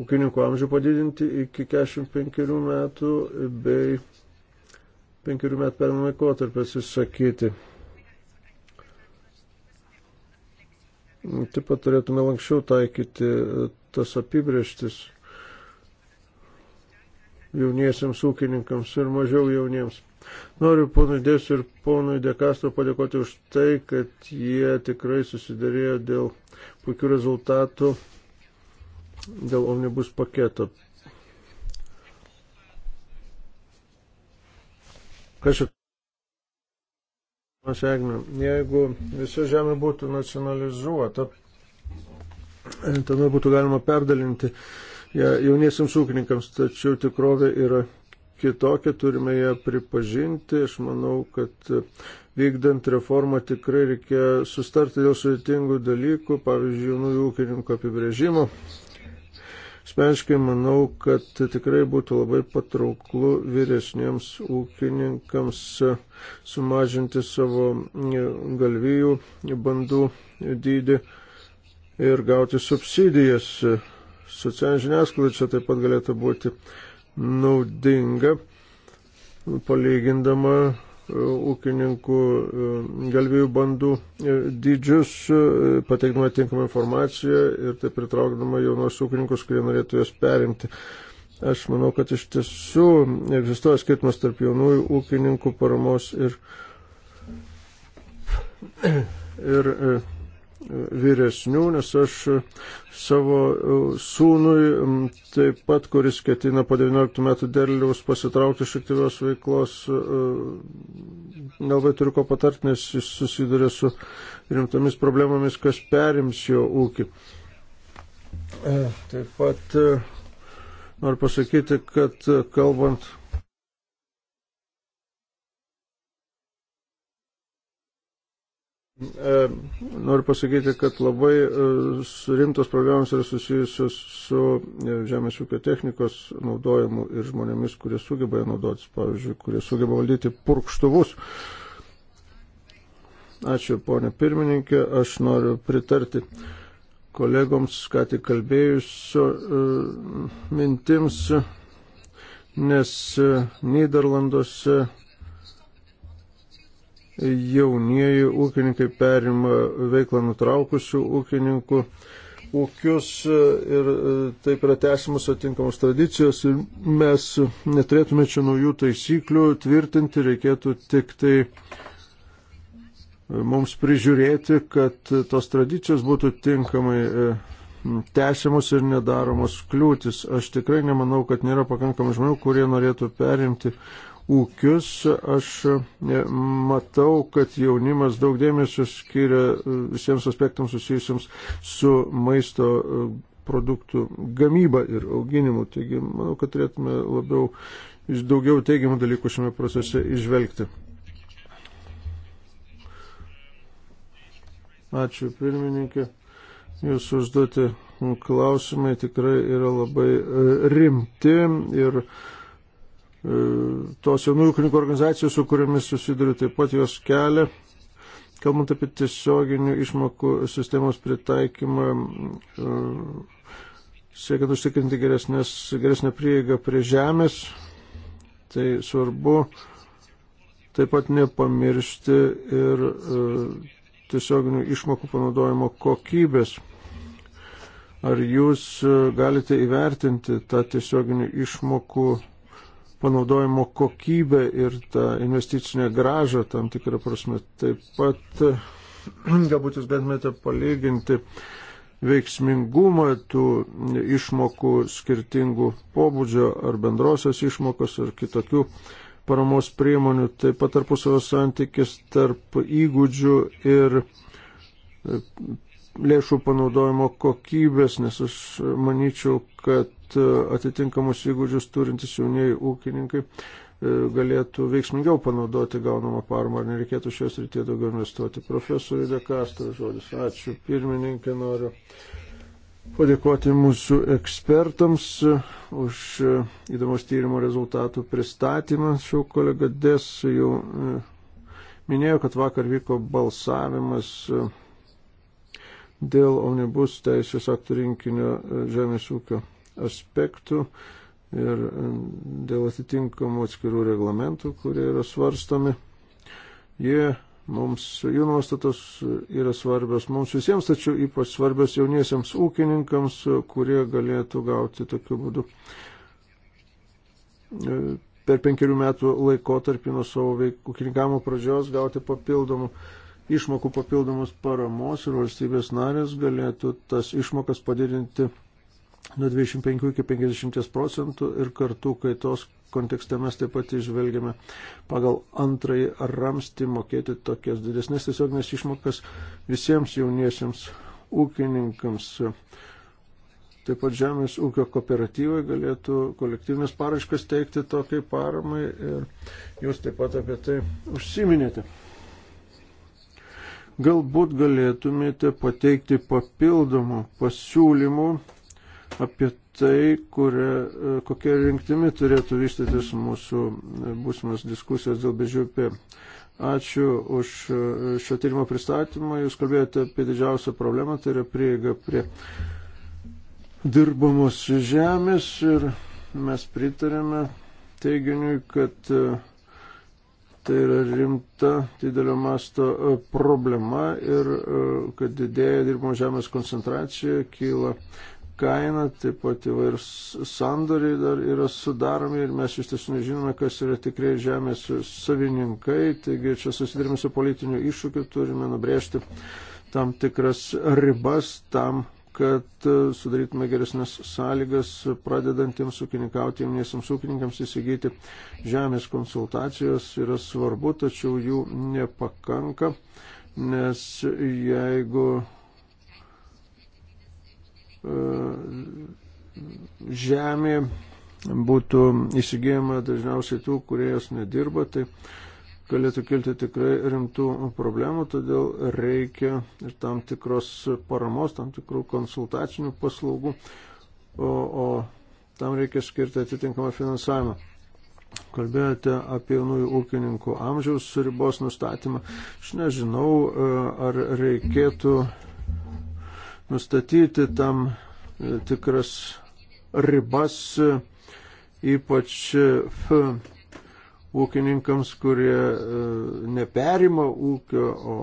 ūkininkų amžių padidinti iki 45 metų bei 5 metų perimą laikotarpį atsisakyti. Taip pat turėtume lankščiau taikyti tas apibrieštis jauniesiams ūkininkams ir mažiau jauniems Noriu ponui Dės ir ponui Dekasto padėkoti už tai, kad jie tikrai susidarėjo dėl puikių rezultatų, dėl omnibus paketo. Kas čia? Aš Egnė, jeigu visa žemė būtų nacionalizuota, tuomet būtų galima perdalinti ją ja, jauniesiams ūkininkams, tačiau tikrovė yra kitokia, turime ją pripažinti. Aš manau, kad vykdant reformą tikrai reikia sustarti dėl sudėtingų dalykų, pavyzdžiui, jaunųjų ūkininkų apibrėžimo. Asmeniškai manau, kad tikrai būtų labai patrauklu vyresniems ūkininkams sumažinti savo galvijų bandų dydį ir gauti subsidijas. Socialinė žiniasklaida čia taip pat galėtų būti naudinga, palygindama e, ūkininkų e, galvijų bandų e, dydžius, pateikdama tinkamą informaciją ir taip pritraukdama jaunos ūkininkus, kurie norėtų juos perimti. Aš manau, kad iš tiesų egzistuoja skirtumas tarp jaunųjų ūkininkų paramos ir, ir vyresnių, nes aš savo e, sūnui, taip pat, kuris ketina po 19 metų derliaus pasitraukti iš aktyvios veiklos, e, nelabai turiu ko patart, nes jis susiduria su rimtomis problemomis, kas perims jo ūkį. E, taip pat noriu pasakyti, kad kalbant E, noriu pasakyti, kad labai e, rimtos problemos yra susijusios su e, žemės ūkio technikos naudojimu ir žmonėmis, kurie sugeba ją naudotis, pavyzdžiui, kurie sugeba valdyti purkštuvus. Ačiū, ponė pirmininkė, aš noriu pritarti kolegoms, ką tik kalbėjusio mintims, nes Niderlanduose jaunieji ūkininkai perima veiklą nutraukusių ūkininkų ūkius e, ir e, taip yra tęsimas atinkamos tradicijos ir mes neturėtume čia naujų taisyklių tvirtinti, reikėtų tik tai e, mums prižiūrėti, kad tos tradicijos būtų tinkamai tęsiamos ir nedaromos kliūtis. Aš tikrai nemanau, kad nėra pakankamai žmonių, kurie norėtų perimti ūkius. Aš matau, kad jaunimas daug dėmesio skiria visiems aspektams susijusiams su maisto e, produktų gamyba ir auginimu. Taigi, manau, kad turėtume labiau iš daugiau teigiamų dalykų šiame procese išvelgti. Ačiū pirmininkė. Jūsų užduoti klausimai tikrai yra labai e, rimti ir uh, E, tos jaunųjų knygų organizacijos, su kuriamis susiduriu, taip pat jos kelia. Kalbant apie tiesioginių išmokų sistemos pritaikymą, e, siekiant užtikrinti geresnės, geresnę prieigą prie žemės, tai svarbu taip pat nepamiršti ir e, tiesioginių išmokų panaudojimo kokybės. Ar jūs galite įvertinti tą tiesioginių išmokų panaudojimo kokybę ir tą investicinę gražą tam tikrą prasme. Taip pat galbūt jūs galėtumėte palyginti veiksmingumą tų išmokų skirtingų pobūdžio ar bendrosios išmokos ar kitokių paramos priemonių, taip pat tarpusavio santykis tarp įgūdžių ir e, lėšų panaudojimo kokybės, nes aš manyčiau, kad kad e, atitinkamus įgūdžius turintys jaunieji ūkininkai e, galėtų veiksmingiau panaudoti gaunamą paramą, ar nereikėtų šios rytie daugiau investuoti. Profesoriui Dekastro žodis. Ačiū. Pirmininkė noriu padėkoti mūsų ekspertams e, už įdomus tyrimo rezultatų pristatymą. Šiau kolega Des jau minėjo, kad vakar vyko balsavimas dėl omnibus teisės aktų rinkinio žemės ūkio aspektų ir e, dėl atitinkamų atskirų reglamentų, kurie yra svarstomi. Jie mums, jų nuostatos yra svarbios mums visiems, tačiau ypač svarbios jauniesiams ūkininkams, kurie galėtų gauti tokiu būdu e, per penkerių metų laikotarpį nuo savo ūkininkamo pradžios gauti papildomų išmokų papildomus paramos ir valstybės narės galėtų tas išmokas padidinti nuo 25 iki 50 procentų ir kartų kaitos kontekste mes taip pat išvelgiame pagal antrąjį ramstį mokėti tokias didesnės tiesioginės išmokas visiems jauniesiems ūkininkams. Taip pat žemės ūkio kooperatyvai galėtų kolektyvinės paraiškas teikti tokiai paramai ir jūs taip pat apie tai užsiminėte. Galbūt galėtumėte pateikti papildomų pasiūlymų apie tai, kuria, kokia rinktimi turėtų vystytis mūsų būsimas diskusijos dėl bežiūpė. Ačiū už šio tyrimo pristatymą. Jūs kalbėjote apie didžiausią problemą, tai yra prieiga prie dirbamos žemės ir mes pritarėme teiginiui, kad e, tai yra rimta didelio masto e, problema ir e, kad didėja dirbamos žemės koncentracija, kyla kaina, taip pat įvairūs sandoriai dar yra sudaromi ir mes iš tiesų nežinome, kas yra tikrai žemės savininkai, taigi čia susidurime su politiniu iššūkiu, turime nubrėžti tam tikras ribas tam, kad sudarytume geresnės sąlygas pradedantiems ūkininkauti jauniesiams ūkininkams įsigyti žemės konsultacijos yra svarbu, tačiau jų nepakanka, nes jeigu E, žemė būtų įsigijama dažniausiai tų, kurie jos nedirba, tai galėtų kilti tikrai rimtų problemų, todėl reikia ir tam tikros paramos, tam tikrų konsultacinių paslaugų, o, o tam reikia skirti atitinkamą finansavimą. Kalbėjote apie jaunųjų ūkininkų amžiaus ribos nustatymą. Aš nežinau, e, ar reikėtų nustatyti tam e, tikras ribas, e, ypač e, f, ūkininkams, kurie neperima ūkio, o,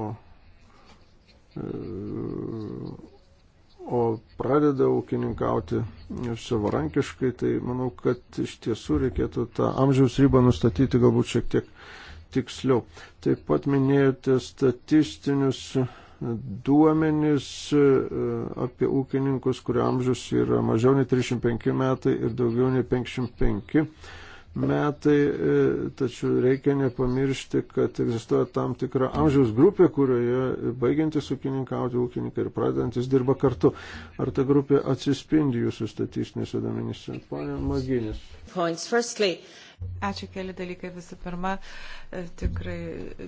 o pradeda ūkininkauti savarankiškai, tai manau, kad iš tiesų reikėtų tą amžiaus ribą nustatyti galbūt šiek tiek tiksliau. Taip pat minėjote statistinius duomenys e, apie ūkininkus, kurio amžius yra mažiau nei 35 metai ir daugiau nei 55 metai, e, tačiau reikia nepamiršti, kad egzistuoja tam tikra amžiaus grupė, kurioje baigiantis ūkininkauti ūkininkai ir pradedantis dirba kartu. Ar ta grupė atsispindi jūsų statistinėse duomenyse? Pane Maginis. Points. Firstly, uh, Ačiū keli dalykai. Visų pirma, e, tikrai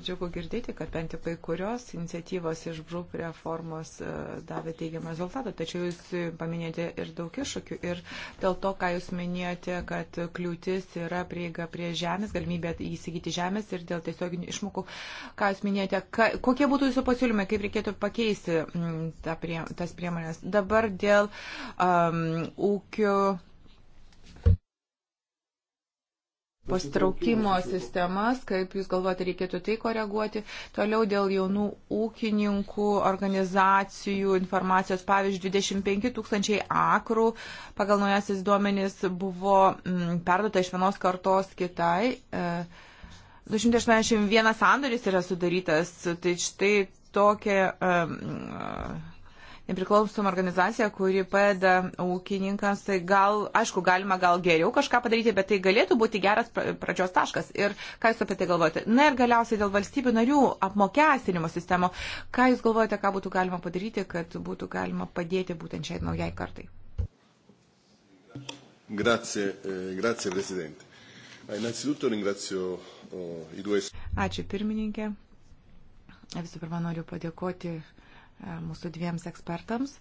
džiugu girdėti, kad bent jau kai kurios iniciatyvos iš BRUP reformos e, davė teigiamą rezultatą, tačiau jūs paminėjote ir daug iššūkių. Ir dėl to, ką jūs minėjote, kad kliūtis yra prieiga prie žemės, galimybė įsigyti žemės ir dėl tiesioginių išmokų, ką jūs minėjote, ka, kokie būtų jūsų pasiūlymai, kaip reikėtų pakeisti mm, ta prie, tas priemonės. Dabar dėl um, ūkio pastraukimo sistemas, kaip Jūs galvojate, reikėtų tai koreguoti. Toliau dėl jaunų ūkininkų organizacijų informacijos, pavyzdžiui, 25 tūkstančiai akrų pagal naujasis duomenys buvo m, mm, perduota iš vienos kartos kitai. E, 281 sandoris yra sudarytas, tai štai tokia. E, e, nepriklausoma organizacija, kuri padeda ūkininkams, tai gal, aišku, galima gal geriau kažką padaryti, bet tai galėtų būti geras pradžios taškas. Ir ką jūs apie tai galvojate? Na ir galiausiai dėl valstybių narių apmokestinimo sistemo, ką jūs galvojate, ką būtų galima padaryti, kad būtų galima padėti būtent šiai naujai kartai? Grazie, eh, grazie Presidente. Ah, innanzitutto ringrazio oh, i due. Ačiū pirmininkė. Visų pirma, noriu padėkoti uh, E, mūsų dviems ekspertams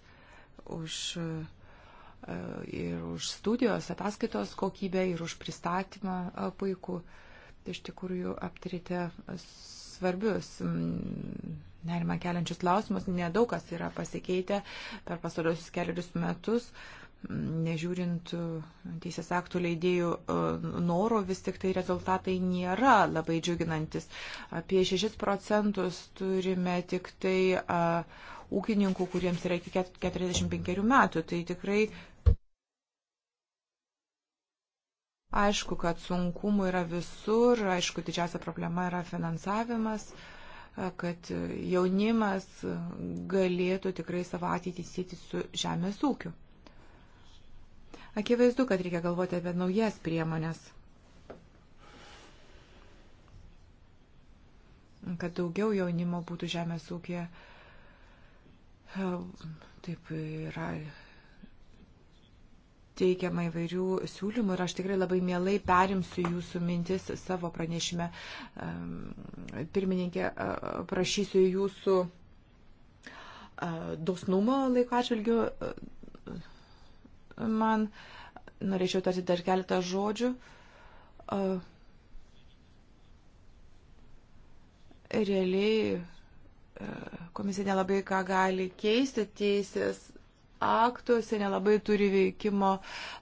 už, e, ir už studijos ataskaitos kokybę ir už pristatymą e, puikų. Iš tikrųjų aptarėte svarbius nerimą keliančius klausimus. Nedaug kas yra pasikeitę per pastarosius keliarius metus nežiūrint teisės aktų leidėjų noro, vis tik tai rezultatai nėra labai džiuginantis. Apie 6 procentus turime tik tai uh, ūkininkų, kuriems yra iki 45 metų. Tai tikrai aišku, kad sunkumų yra visur, aišku, didžiausia problema yra finansavimas kad jaunimas galėtų tikrai savo ateitį sėti su žemės ūkiu. Akivaizdu, kad reikia galvoti apie naujas priemonės, kad daugiau jaunimo būtų žemės ūkėje. Ehm, taip yra teikiama įvairių siūlymų ir aš tikrai labai mielai perimsiu jūsų mintis savo pranešime. Ehm, pirmininkė, e, prašysiu jūsų e, dosnumo laiko atžvilgiu. E, man norėčiau tarti dar keletą žodžių. Realiai E, komisija nelabai ką gali keisti teisės aktuose, nelabai turi veikimo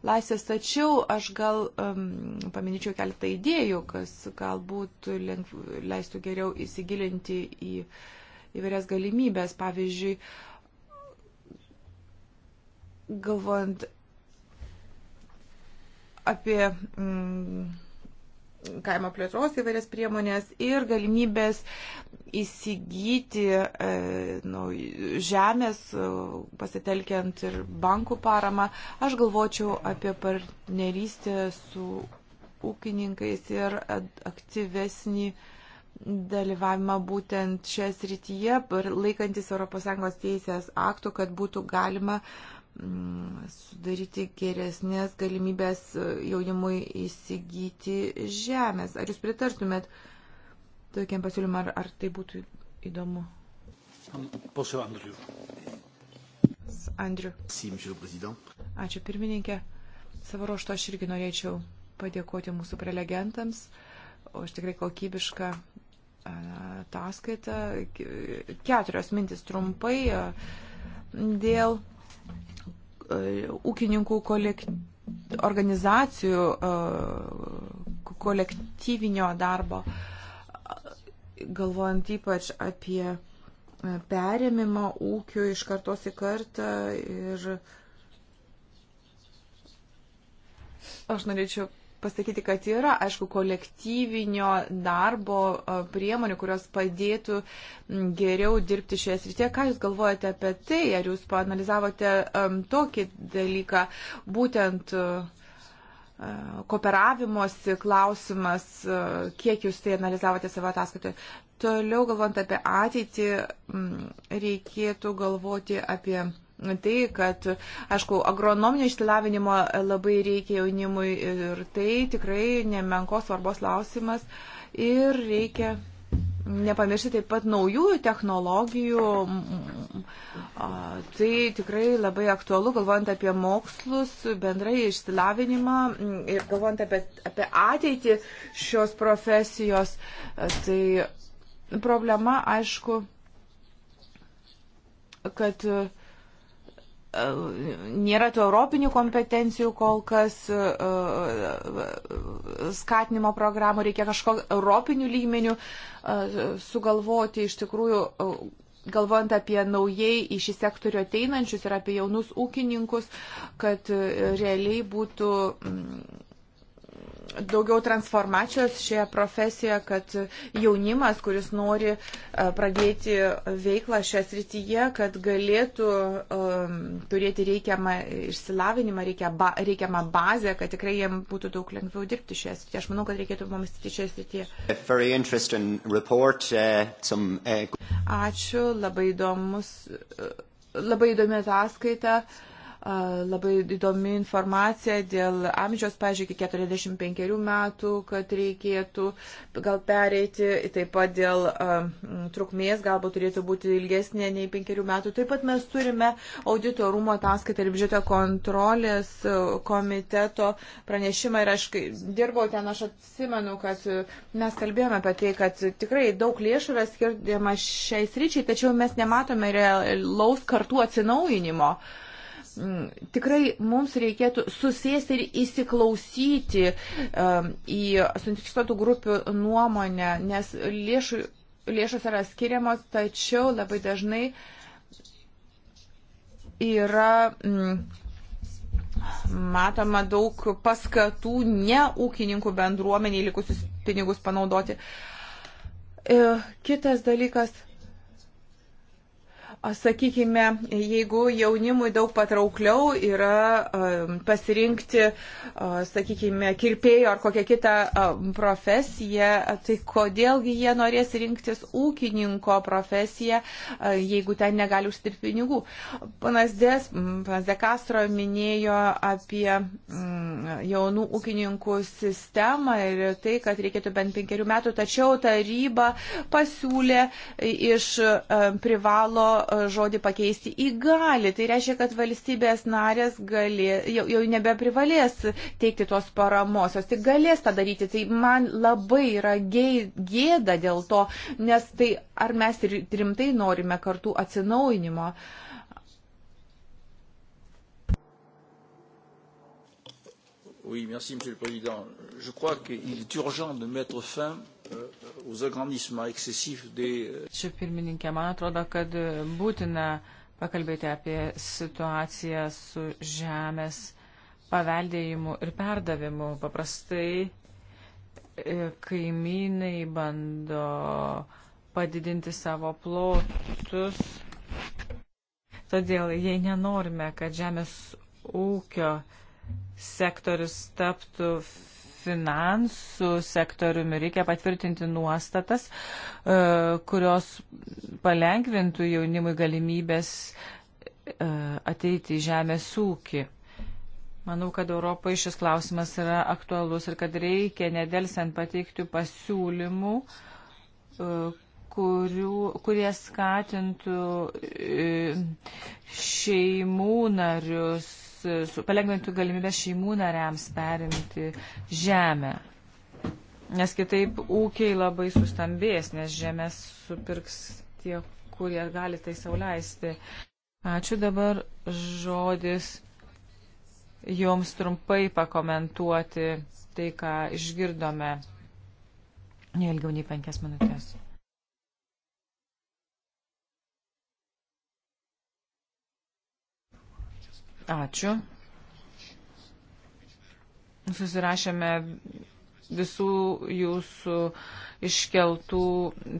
laisvės, tačiau aš gal um, paminėčiau keletą idėjų, kas galbūt lengv, leistų geriau įsigilinti į įvairias galimybės. Pavyzdžiui, galvojant apie mm, kaimo plėtros įvairias priemonės ir galimybės įsigyti nu, žemės, e, pasitelkiant ir bankų paramą. Aš galvočiau apie partnerystę su ūkininkais ir aktyvesnį dalyvavimą būtent šią srityje, laikantis ES teisės aktų, kad būtų galima uh, Mm, sudaryti geresnės galimybės e, jaunimui įsigyti žemės. Ar jūs pritartumėt tokiam pasiūlymui, ar, ar tai būtų įdomu? Posiu Andriu. Andriu. Ačiū pirmininkė. Savo ruošto aš irgi norėčiau padėkoti mūsų prelegentams už tikrai kokybišką ataskaitą. Keturios mintis trumpai dėl E, ūkininkų kolektyvų organizacijų e, kolektyvinio darbo, galvojant ypač apie e, perėmimą ūkių iš kartos į kartą ir aš norėčiau pasakyti, kad yra, aišku, kolektyvinio darbo priemonių, kurios padėtų geriau dirbti šioje srityje. Ką Jūs galvojate apie tai? Ar Jūs panalizavote um, tokį dalyką, būtent uh, kooperavimosi klausimas, uh, kiek Jūs tai analizavote savo ataskaitoje? Toliau galvant apie ateitį, m, reikėtų galvoti apie tai, kad, aišku, agronominio išsilavinimo labai reikia jaunimui ir tai tikrai nemenkos svarbos klausimas ir reikia nepamiršti taip pat naujų technologijų. Tai tikrai labai aktualu, galvojant apie mokslus, bendrai išsilavinimą ir galvojant apie, apie ateitį šios profesijos. Tai problema, aišku, kad uh, nėra tų europinių kompetencijų kol kas e, e, skatinimo programų, reikia kažko europinių lygmenių e, sugalvoti iš tikrųjų. Galvojant apie naujai į šį sektorių ateinančius ir apie jaunus ūkininkus, kad realiai būtų daugiau transformacijos šioje profesijoje, kad jaunimas, kuris nori e, pradėti veiklą šią srityje, kad galėtų um, turėti reikiamą išsilavinimą, reikiamą, reikiamą bazę, kad tikrai jiem būtų daug lengviau dirbti šioje srityje. Aš manau, kad reikėtų pamastyti šioje srityje. Uh, uh, Ačiū, labai įdomus, e, labai įdomi ataskaita. Uh, labai įdomi informacija dėl amžiaus, pažiūrėk, iki 45 metų, kad reikėtų gal pereiti, taip pat dėl trukmės galbūt turėtų būti ilgesnė nei 5 metų. Taip pat mes turime audito rūmo ataskaitą ir biudžeto kontrolės komiteto pranešimą ir aš dirbau ten, aš atsimenu, kad mes kalbėjome apie tai, kad tikrai daug lėšų yra skirtima šiais ryčiai, tačiau mes nematome realaus kartų atsinaujinimo. Uh, Mm, tikrai mums reikėtų susėsti ir įsiklausyti um, į suinteresuotų grupių nuomonę, nes lėšų, lėšos yra skiriamos, tačiau labai dažnai yra. Mm, matoma daug paskatų ne ūkininkų bendruomeniai likusius pinigus panaudoti. E, kitas dalykas sakykime, jeigu jaunimui daug patraukliau yra um, pasirinkti, uh, sakykime, kirpėjo ar kokią kitą um, profesiją, tai kodėlgi jie norės rinktis ūkininko profesiją, uh, jeigu ten negali užsidirbti pinigų. Panas Dės, panas Dekastro minėjo apie mm, jaunų ūkininkų sistemą ir tai, kad reikėtų bent penkerių metų, tačiau taryba pasiūlė iš um, privalo E, žodį pakeisti į gali. Tai reiškia, kad valstybės narės gali, jau, jau nebeprivalės teikti tos paramos, jos tik galės tą daryti. Tai man labai yra gėda dėl to, nes tai ar mes rimtai norime kartų atsinaujinimo. Oui, merci, Monsieur le Président. Je crois qu'il est urgent de mettre fin Euh, aux agrandissements excessifs des. Euh, Čia pirmininkė, man atrodo, kad būtina pakalbėti apie situaciją su žemės paveldėjimu ir perdavimu. Paprastai e, kaimynai bando padidinti savo plotus. Todėl, jei nenorime, kad žemės ūkio sektorius taptų finansų sektoriumi reikia patvirtinti nuostatas, e, kurios palengvintų jaunimui galimybės e, ateiti į žemės ūkį. Manau, kad Europoje šis klausimas yra aktualus ir kad reikia nedelsiant pateikti pasiūlymų, e, kurių, kurie skatintų šeimų narius E, palengvintų galimybę šeimų nariams perimti žemę. Nes kitaip ūkiai labai sustambės, nes žemės supirks tie, kurie gali tai sauliaisti. Ačiū dabar žodis jums trumpai pakomentuoti tai, ką išgirdome. Neilgiau nei penkias minutės. Ačiū. Susirašėme visų jūsų iškeltų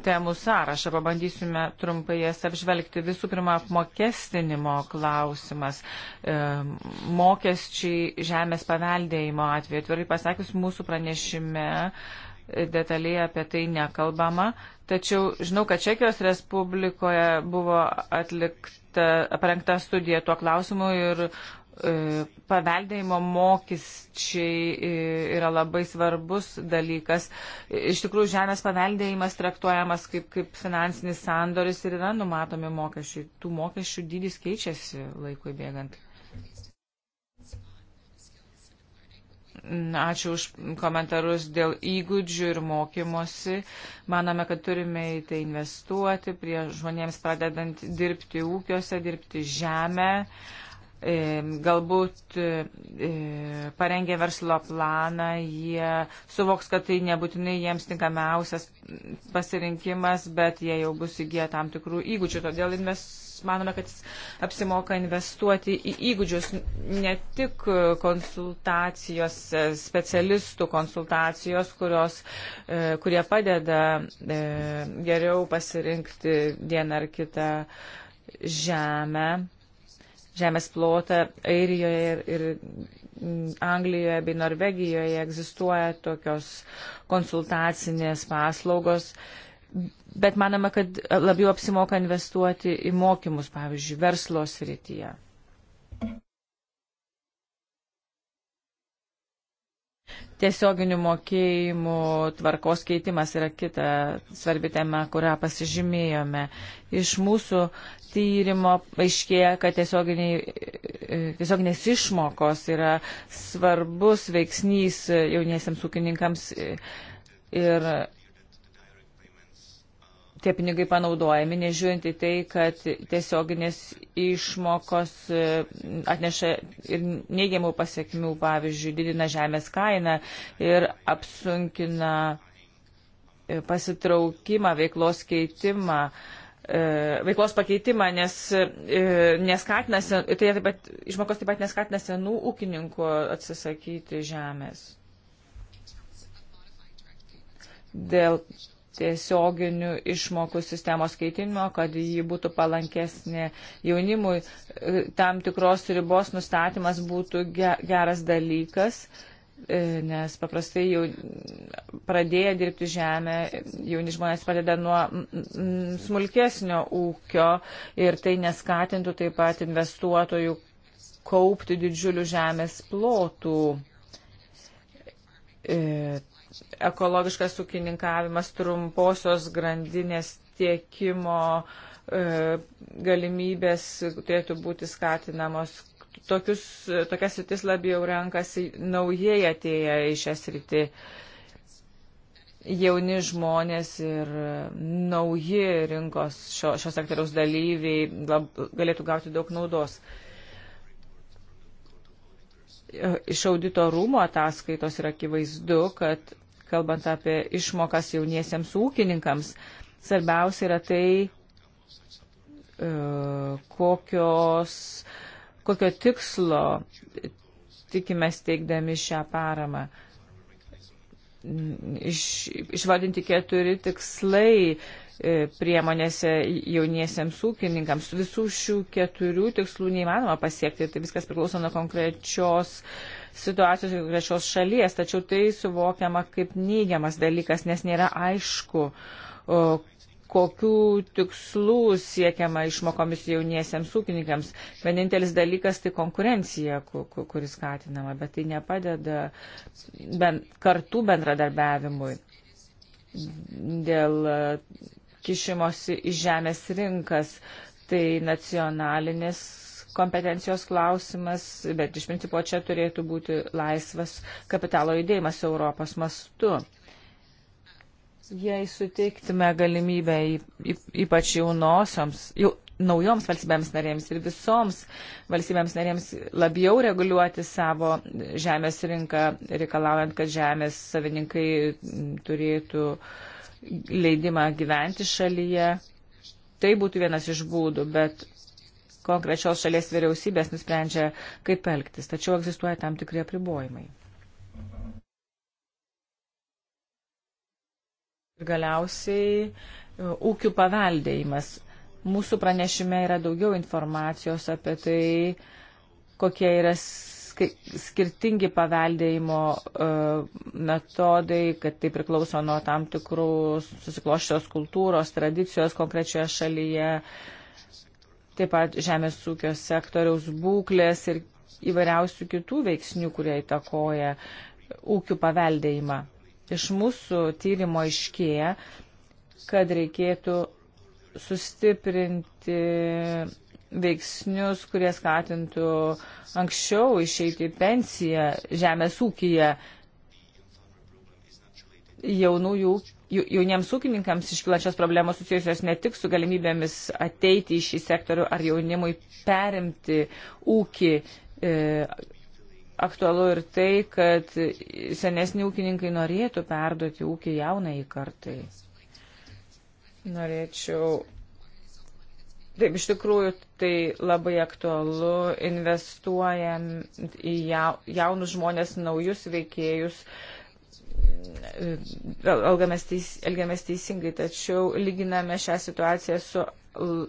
temų sąrašą. Pabandysime trumpai jas apžvelgti. Visų pirma, apmokestinimo klausimas. E, mokesčiai žemės paveldėjimo atveju. Tvirtai pasakius, mūsų pranešime detaliai apie tai nekalbama, tačiau žinau, kad Čekijos Respublikoje buvo atlikta, parengta studija tuo klausimu ir e, paveldėjimo mokesčiai e, yra labai svarbus dalykas. Iš tikrųjų, žemės paveldėjimas traktuojamas kaip, kaip finansinis sandoris ir yra numatomi mokesčiai. Tų mokesčių dydis keičiasi laikui bėgant. Ačiū už komentarus dėl įgūdžių ir mokymosi. Manome, kad turime į tai investuoti, prie žmonėms pradedant dirbti ūkiuose, dirbti žemę, e, galbūt e, parengė verslo planą, jie suvoks, kad tai nebūtinai jiems tinkamiausias pasirinkimas, bet jie jau bus įgyję tam tikrų įgūdžių. Todėl investuoti manome, kad apsimoka investuoti į įgūdžius, ne tik konsultacijos, specialistų konsultacijos, kurios, e, kurie padeda e, geriau pasirinkti vieną ar kitą žemę, žemės plotą Airijoje ir. ir Anglijoje bei Norvegijoje egzistuoja tokios konsultacinės paslaugos bet manome, kad labiau apsimoka investuoti į mokymus, pavyzdžiui, verslo srityje. Tiesioginių mokėjimų tvarkos keitimas yra kita svarbi tema, kurią pasižymėjome. Iš mūsų tyrimo aiškėja, kad tiesioginės išmokos yra svarbus veiksnys jauniesiams ūkininkams ir tie pinigai panaudojami, nežiūrint į tai, kad tiesioginės išmokos e, atneša ir neigiamų pasiekmių, pavyzdžiui, didina žemės kainą ir apsunkina e, pasitraukimą, veiklos keitimą e, veiklos pakeitimą, nes neskatina, tai taip pat, išmokos taip pat neskatina senų ūkininkų atsisakyti žemės. Dėl tiesioginių išmokų sistemos keitinimo, kad ji būtų palankesnė jaunimui. E, tam tikros ribos nustatymas būtų geras dalykas, e, nes paprastai jau pradėję dirbti žemę, jauni žmonės pradeda nuo smulkesnio ūkio ir tai neskatintų taip pat investuotojų kaupti didžiulių žemės plotų e, ekologiškas ūkininkavimas, trumposios grandinės tiekimo e, galimybės turėtų būti skatinamos. Tokius, tokias sritis labiau renkasi naujieji atėję į šią sritį jauni žmonės ir nauji rinkos šio, šio sektoriaus dalyviai lab, galėtų gauti daug naudos. Iš audito rūmo ataskaitos yra akivaizdu, kad kalbant apie išmokas jauniesiems ūkininkams. Svarbiausia yra tai, e, kokios, kokio tikslo tikime steigdami šią paramą. Iš, išvadinti keturi tikslai e, priemonėse jauniesiems ūkininkams. Visų šių keturių tikslų neįmanoma pasiekti, tai viskas priklauso nuo konkrečios uh, situacijos ir gražios šalies, tačiau tai suvokiama kaip neigiamas dalykas, nes nėra aišku, o, kokių tikslų siekiama išmokomis jauniesiems ūkininkams. Vienintelis dalykas tai konkurencija, kuris skatinama, bet tai nepadeda ben, kartų bendradarbiavimui dėl kišimosi į žemės rinkas. Tai nacionalinės kompetencijos klausimas, bet iš principo čia turėtų būti laisvas kapitalo judėjimas Europos mastu. Jei suteiktume galimybę ypač jaunosioms, jau, naujoms valstybėms narėms ir visoms valstybėms narėms labiau reguliuoti savo žemės rinką, reikalaujant, kad žemės savininkai turėtų leidimą gyventi šalyje. Tai būtų vienas iš būdų, bet konkrečios šalies vyriausybės nusprendžia, kaip elgtis, tačiau egzistuoja tam tikrie apribojimai. Ir galiausiai e, ūkių paveldėjimas. Mūsų pranešime yra daugiau informacijos apie tai, kokie yra skirtingi paveldėjimo e, metodai, kad tai priklauso nuo tam tikrų susikloščios kultūros, tradicijos konkrečioje šalyje, taip pat žemės ūkio sektoriaus būklės ir įvairiausių kitų veiksnių, kurie įtakoja ūkių paveldėjimą. Iš mūsų tyrimo iškėja, kad reikėtų sustiprinti veiksnius, kurie skatintų anksčiau išeiti į pensiją žemės ūkiją. Jaunųjų jauniems ūkininkams iškilančios problemos susijusios ne tik su galimybėmis ateiti į šį sektorių ar jaunimui perimti ūkį. E, aktualu ir tai, kad senesni ūkininkai norėtų perduoti ūkį jaunai kartai. Norėčiau. Taip, iš tikrųjų, tai labai aktualu investuojant į jaunus žmonės, naujus veikėjus. E, elgiamės, teis, elgiamės teisingai, tačiau lyginame šią situaciją su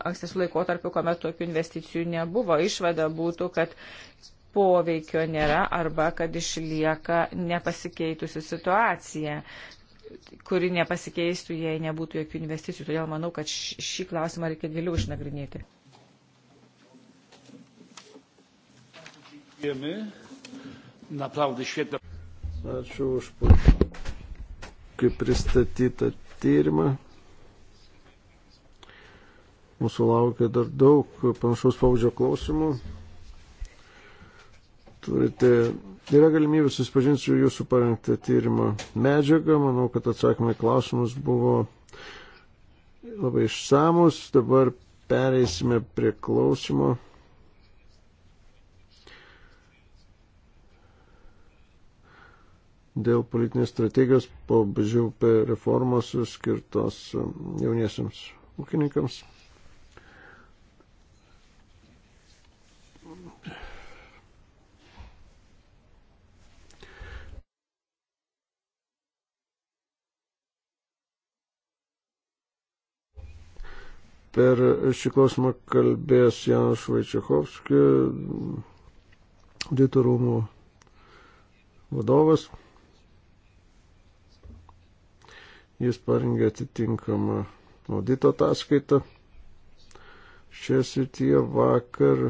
ankstesniu laikotarpiu, kuomet tokių investicijų nebuvo. Išvada būtų, kad poveikio nėra arba kad išlieka nepasikeitusi situacija kuri nepasikeistų, jei nebūtų jokių investicijų. Todėl manau, kad šį klausimą reikia giliau išnagrinėti. Ačiū už puikų kaip pristatytą tyrimą. Mūsų laukia dar daug panašaus paudžio klausimų. Turite, yra galimybė susipažinti su jūsų parengtą tyrimą medžiagą. Manau, kad atsakymai klausimus buvo labai išsamus. Dabar pereisime prie klausimo. dėl politinės strategijos po BŽUP reformos skirtos um, jauniesiams ūkininkams. Per šį klausimą kalbės Janas Vaičiachovskis, auditorumų vadovas. Jis parengė atitinkamą audito ataskaitą. Šioje srityje vakar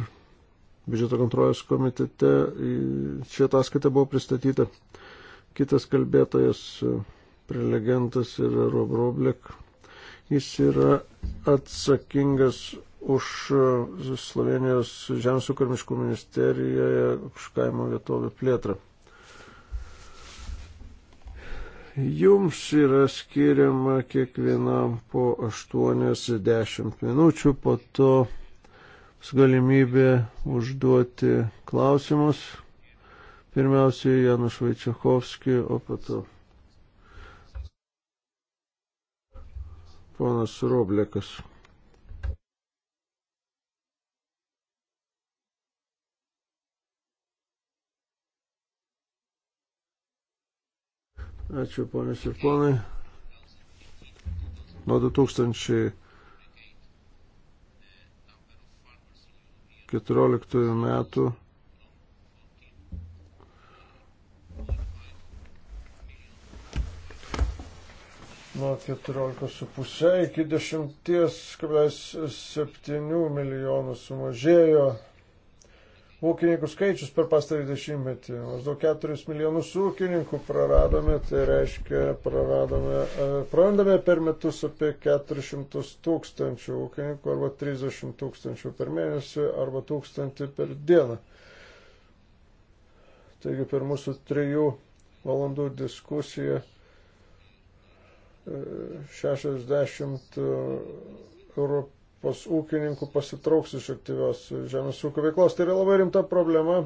biudžeto kontrolės komitete ši ataskaita buvo pristatyta. Kitas kalbėtojas, prelegentas yra Rob Roblek. Jis yra atsakingas už Slovenijos žemės ūkio miškų ministerijoje už kaimo vietovių plėtrą. Jums yra skiriama kiekvienam po 80 minučių, po to galimybė užduoti klausimus. Pirmiausia, Janus Vaičiachovski, o po to ponas Roblekas. Ačiū, ponės ir ponai. Nuo 2014 metų nuo 14,5 iki 10,7 milijonų sumažėjo ūkininkų skaičius per pastarį dešimtmetį. Maždaug 4 milijonus ūkininkų praradome, tai reiškia, praradome, e, prarandame per metus apie 400 tūkstančių ūkininkų arba 30 tūkstančių per mėnesį arba tūkstantį per dieną. Taigi per mūsų trijų valandų diskusiją 60 e, e, europų Europos ūkininkų pasitrauks iš aktyvios žemės ūkio veiklos. Tai yra labai rimta problema.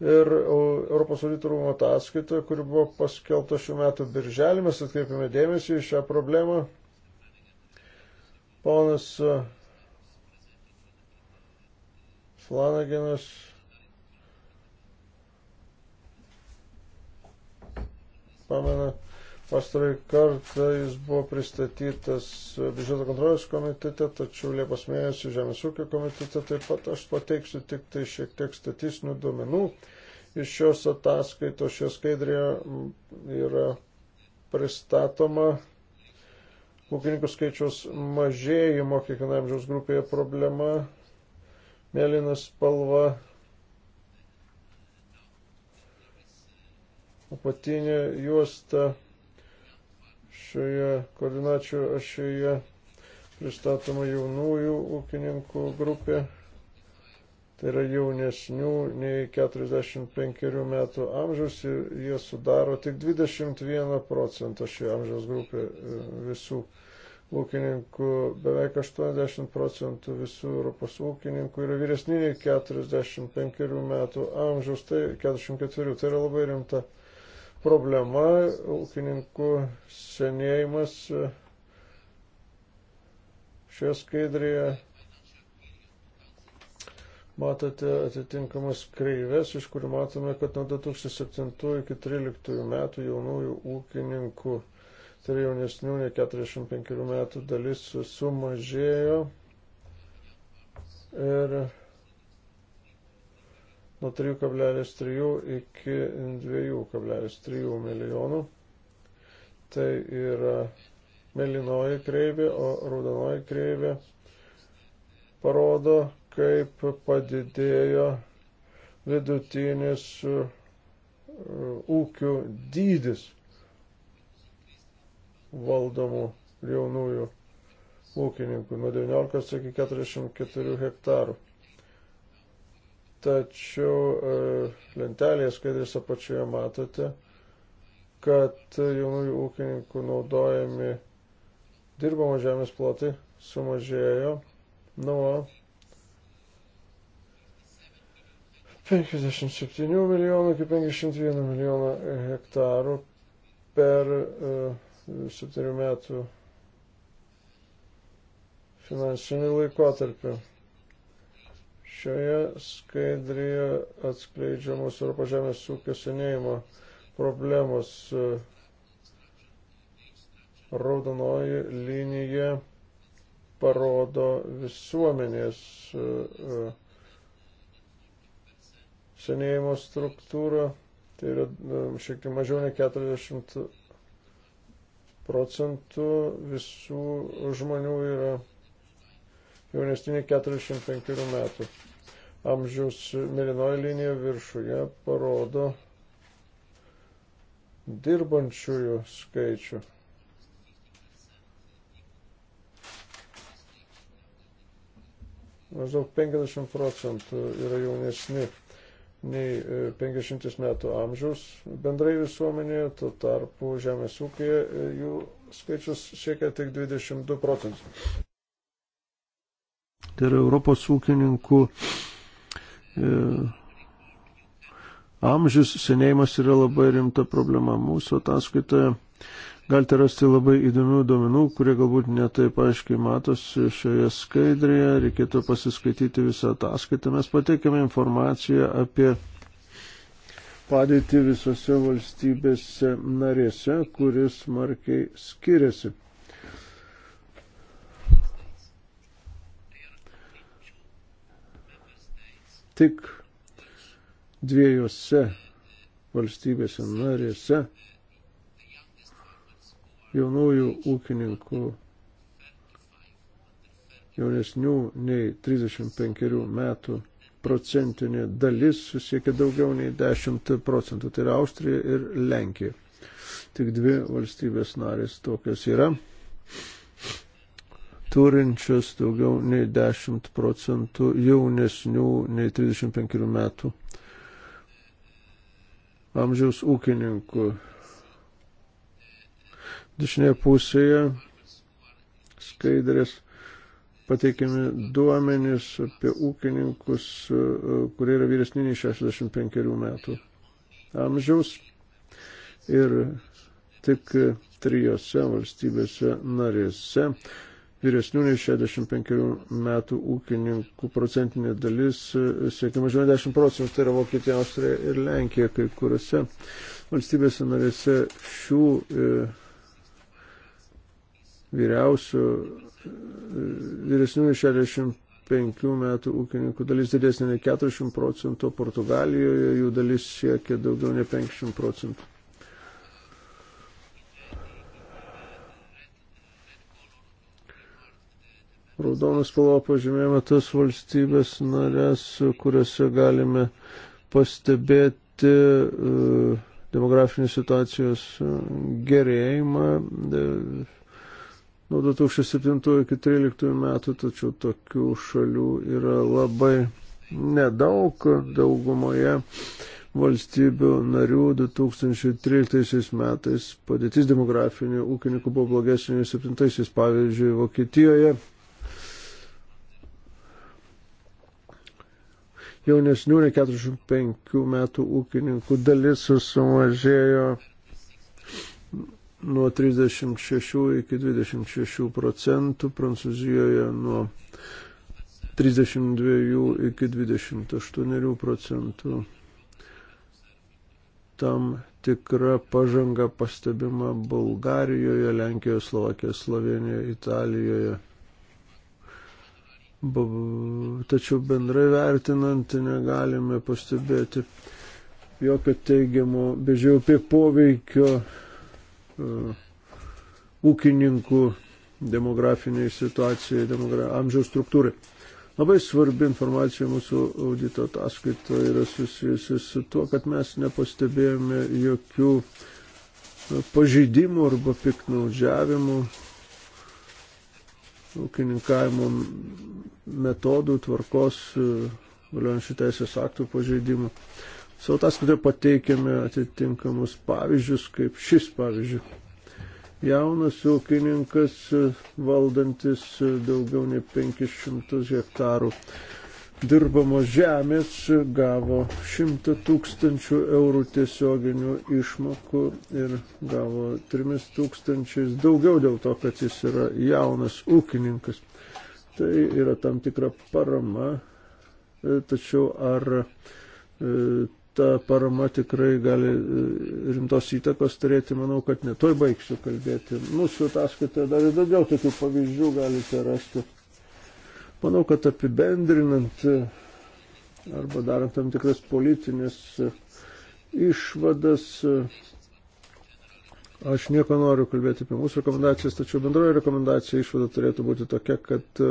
Ir Europos auditorumo ataskaita, kuri buvo paskelbta šių metų birželį, mes atkreipiame dėmesį į šią problemą. Ponas e, Flanaginas pamena Pastarai kartą jis buvo pristatytas biudžeto kontrolės komitete, tačiau Liepos mėnesį Žemės ūkio komitete taip pat aš pateiksiu tik tai šiek tiek statistinių duomenų. Iš šios ataskaitos šios skaidrėje mm, yra pristatoma ūkininkų skaičiaus mažėjimo kiekvienai amžiaus grupėje problema. Mėlynas spalva apatinė juosta šioje koordinačių ašioje pristatoma jaunųjų ūkininkų grupė. Tai yra jaunesnių nei 45 metų amžiaus ir jie sudaro tik 21 procentą šį amžiaus grupę e, visų ūkininkų. Beveik 80 procentų visų Europos ūkininkų yra vyresni nei 45 metų amžiaus, tai 44, tai yra labai rimta problema, ūkininkų senėjimas e, šioje skaidrėje. Matote atitinkamas kreivės, iš kurių matome, kad nuo 2007 iki 2013 metų jaunųjų ūkininkų, tai yra jaunesnių nei 45 metų dalis sumažėjo. Ir nuo 3,3 iki 2,3 milijonų. Tai yra melinoji kreivė, o raudonoji kreivė parodo, kaip padidėjo vidutinis uh, ūkių dydis valdomų jaunųjų ūkininkų nuo 19 iki 44 hektarų. Tačiau e, lentelėje skaidrės apačioje matote, kad jaunųjų ūkininkų naudojami dirbamo žemės plotai sumažėjo nuo 57 milijonų iki 51 milijono hektarų per 7 e, metų finansinį laikotarpį. Šioje skaidrėje atskleidžiamos Europos žemės ūkio senėjimo problemos. E, raudonoji linija parodo visuomenės e, e, senėjimo struktūrą. Tai yra šiek tiek mažiau nei 40 procentų visų žmonių yra jaunesnį 45 metų. Amžiaus mėlynoji linija viršuje parodo dirbančiųjų skaičių. Maždaug 50 procentų yra jaunesni nei 50 e, metų amžiaus bendrai visuomenėje, tuo tarpu žemės ūkėje e, jų skaičius siekia tik 22 procentus tai yra Europos ūkininkų e, amžius, senėjimas yra labai rimta problema. Mūsų ataskaitoje galite rasti labai įdomių duomenų, kurie galbūt netaip aiškiai matosi šioje skaidrėje, reikėtų pasiskaityti visą ataskaitą. Mes pateikėme informaciją apie padėtį visose valstybėse narėse, kuris markiai skiriasi. tik dviejose valstybėse narėse jaunųjų ūkininkų jaunesnių nei 35 metų procentinė dalis susiekia daugiau nei 10 procentų, tai yra Austrija ir Lenkija. Tik dvi valstybės narės tokios yra turinčias daugiau nei 10 procentų jaunesnių nei 35 metų amžiaus ūkininkų. Dešinėje pusėje skaidrės pateikiami duomenys apie ūkininkus, kurie yra vyresni nei 65 metų amžiaus ir tik trijose valstybėse narėse vyresnių nei 65 metų ūkininkų procentinė dalis e, siekia mažiau 90 procentų, tai yra Vokietija, Austrija ir Lenkija, kai kuriuose valstybėse narėse šių e, vyriausių, e, vyresnių nei 65 metų ūkininkų dalis didesnė nei 40 procentų, Portugalijoje jų dalis siekia daugiau nei 50 procentų. raudonas spalva pažymėjome tas valstybės narės, kuriuose galime pastebėti e, demografinės situacijos e, gerėjimą e, nuo 2007 iki 2013 metų, tačiau tokių šalių yra labai nedaug daugumoje valstybių narių 2013 metais padėtis demografinė ūkininkų buvo blogesnė nei 2007, pavyzdžiui, Vokietijoje jaunesnių nei 45 metų ūkininkų dalis sumažėjo nuo 36 iki 26 procentų, Prancūzijoje nuo 32 iki 28 procentų. Tam tikra pažanga pastebima Bulgarijoje, Lenkijoje, Slovakijoje, Slovenijoje, Italijoje tačiau bendrai vertinant negalime pastebėti jokio teigiamo bežiaupė poveikio uh, ūkininkų demografiniai situacijai, demogra amžiaus struktūrai. Labai svarbi informacija mūsų audito ataskaita yra susijusi su tuo, kad mes nepastebėjome jokių e, pažeidimų arba piknaudžiavimų ūkininkavimo metodų, tvarkos, e, galiojančių teisės aktų pažeidimų. Savo ataskaitoje pateikėme atitinkamus pavyzdžius, kaip šis pavyzdžių. Jaunas ūkininkas e, valdantis e, daugiau nei 500 hektarų dirbamos žemės gavo 100 tūkstančių eurų tiesioginių išmokų ir gavo 3 tūkstančiais daugiau dėl to, kad jis yra jaunas ūkininkas. Tai yra tam tikra parama, e, tačiau ar e, ta parama tikrai gali e, rimtos įtakos turėti, manau, kad netoj baigsiu kalbėti. Mūsų ataskaitoje dar ir daugiau tokių pavyzdžių galite rasti Manau, kad apibendrinant e, arba darant tam tikras politinės e, išvadas, e, aš nieko noriu kalbėti apie mūsų rekomendacijas, tačiau bendroji rekomendacija išvada turėtų būti tokia, kad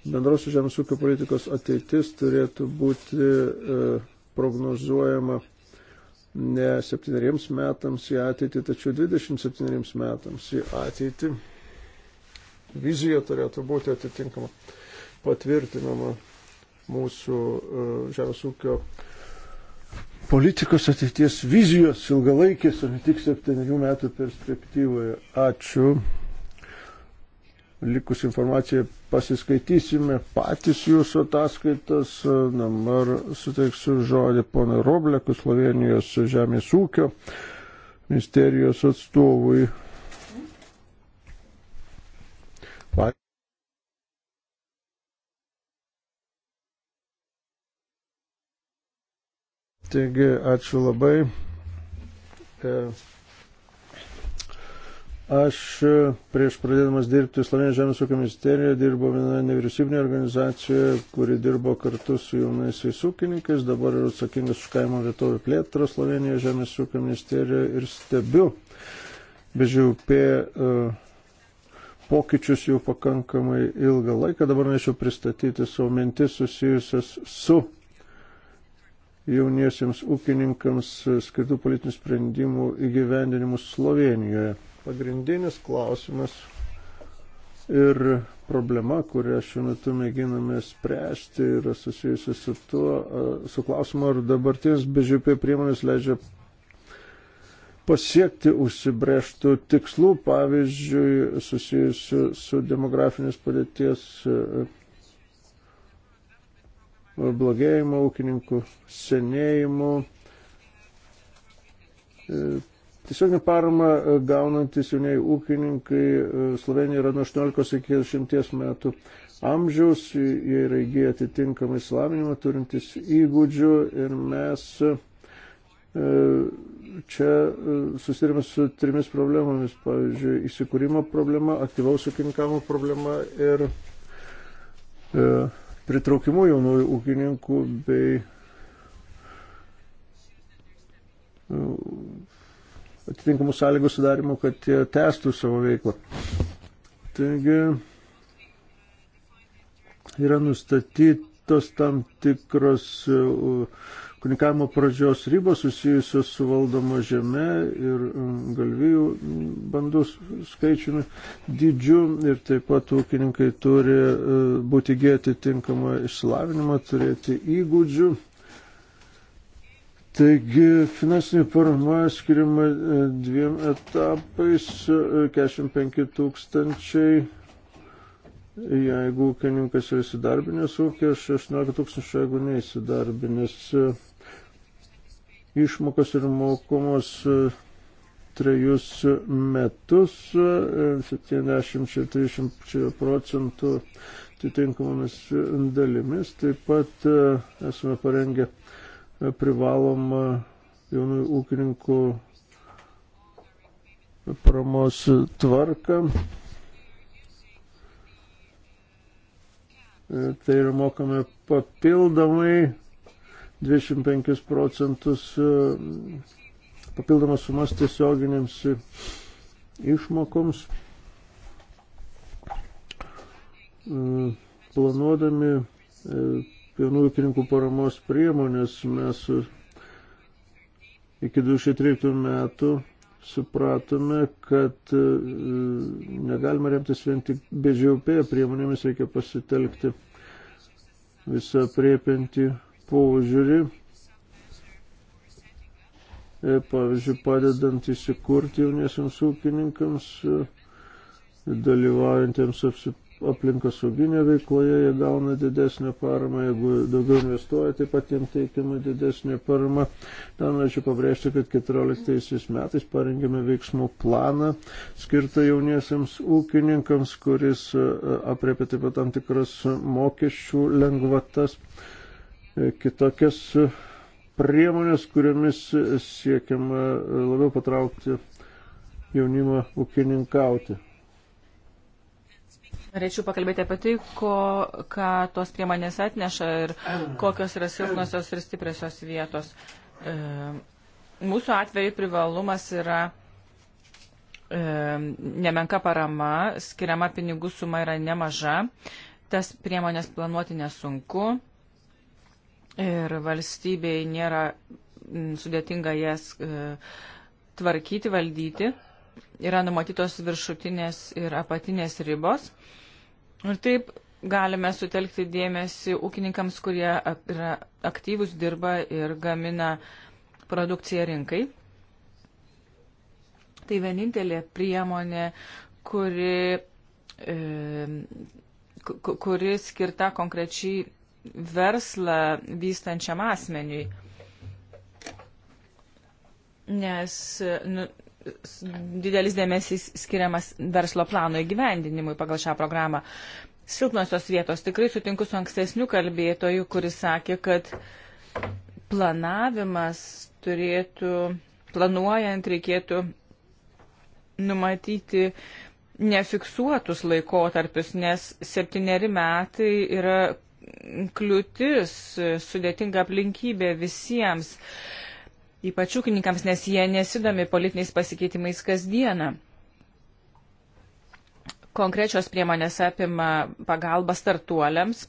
bendros žemės ūkio politikos ateitis turėtų būti prognozuojama ne septyneriems metams į ateitį, tačiau 27 metams į ateitį vizija turėtų būti atitinkama patvirtinama mūsų e, žemės ūkio politikos ateities vizijos ilgalaikės, o ne tik septynių metų perspektyvoje. Ačiū. Likus informaciją pasiskaitysime patys jūsų ataskaitas. Dabar suteiksiu žodį ponui Robleku, Slovenijos žemės ūkio ministerijos atstovui. Taigi, ačiū labai. E, aš e, prieš pradėdamas dirbti Slovenijos žemės ūkio ministerijoje dirbau vienoje nevyriausybinėje organizacijoje, kuri dirbo kartu su jaunaisiais ūkininkais, dabar yra atsakingas už kaimo vietovių plėtrą Slovenijos žemės ūkio ministerijoje ir stebiu BŽUP e, pokyčius jau pakankamai ilgą laiką. Dabar norėčiau pristatyti savo mintis susijusias su jauniesiems ūkininkams skirtų politinių sprendimų įgyvendinimus Slovenijoje. Pagrindinis klausimas ir problema, kurią šiuo metu mėginame spręsti, yra susijusi su tuo, su klausimu, ar dabartinis BŽP priemonės leidžia pasiekti užsibrėžtų tikslų, pavyzdžiui, susijusių su demografinės padėties blogėjimo, ūkininkų senėjimo. E, Tiesiog neparama gaunantis jauniai ūkininkai e, Slovenija yra nuo 18 iki 100 metų amžiaus, jie yra įgyję atitinkamą įslavinimą, turintis įgūdžių ir mes e, čia susirėmė su trimis problemomis, pavyzdžiui, įsikūrimo problema, aktyvaus ūkininkavimo problema ir e, pritraukimu jaunųjų ūkininkų bei e, atitinkamų sąlygų sudarimu, kad jie testų savo veiklą. Taigi yra nustatytos tam tikros e, kunikavimo pradžios ribos susijusios su valdomo žeme ir um, galvijų bandų skaičiumi dydžiu ir taip pat ūkininkai turi e, būti gėti tinkamą išsilavinimą, turėti įgūdžių. Taigi finansinė parama skiriama e, dviem etapais e, - 45 tūkstančiai jeigu ūkininkas yra įsidarbinęs ūkį, aš 16 tūkstančių, jeigu neįsidarbinęs išmokos yra mokamos e, trejus metus 70-30 e, procentų atitinkamomis dalimis. Taip pat e, esame parengę privalomą jaunųjų ūkininkų paramos tvarką. Tai yra mokame papildomai 25 procentus e, papildomas sumas tiesioginėms išmokoms. E, planuodami e, jaunų ūkininkų paramos priemonės mes iki 2013 metų supratome, kad negalima remtis vien tik bežiaupėje priemonėmis, reikia pasitelkti visą priepinti požiūrį, e, pavyzdžiui, padedant įsikurti jauniesiams ūkininkams, e, dalyvaujantiems aplinkosauginė veikloje, jie gauna didesnę paramą, jeigu daugiau investuoja, taip pat jiems teikiama didesnė parama. Dar norėčiau pabrėžti, kad 14 metais parengėme veiksmų planą skirtą jauniesiams ūkininkams, kuris e, apriepia taip pat tam tikras mokesčių lengvatas E, kitokias e, priemonės, kuriomis siekiama e, labiau patraukti jaunimą ūkininkauti. Norėčiau pakalbėti apie tai, ko, ką tos priemonės atneša ir kokios yra silpnosios ir stipriosios vietos. E, mūsų atveju privalumas yra e, nemenka parama, skiriama pinigų suma yra nemaža, tas priemonės planuoti nesunku ir valstybei nėra mm, sudėtinga jas e, tvarkyti, valdyti. Yra numatytos viršutinės ir apatinės ribos. Ir taip galime sutelkti dėmesį ūkininkams, kurie yra aktyvus, dirba ir gamina produkciją rinkai. Tai vienintelė priemonė, kuri, e, kuri skirta konkrečiai verslą vystančiam asmeniui. Nes nu, didelis dėmesys skiriamas verslo plano įgyvendinimui pagal šią programą. Silpnosios vietos. Tikrai sutinku su ankstesniu kalbėtoju, kuris sakė, kad planavimas turėtų, planuojant reikėtų numatyti nefiksuotus laikotarpius, nes septyneri metai yra kliūtis, sudėtinga aplinkybė visiems, ypač ūkininkams, nes jie nesidomi politiniais pasikeitimais kasdieną. Konkrečios priemonės apima pagalbą startuoliams,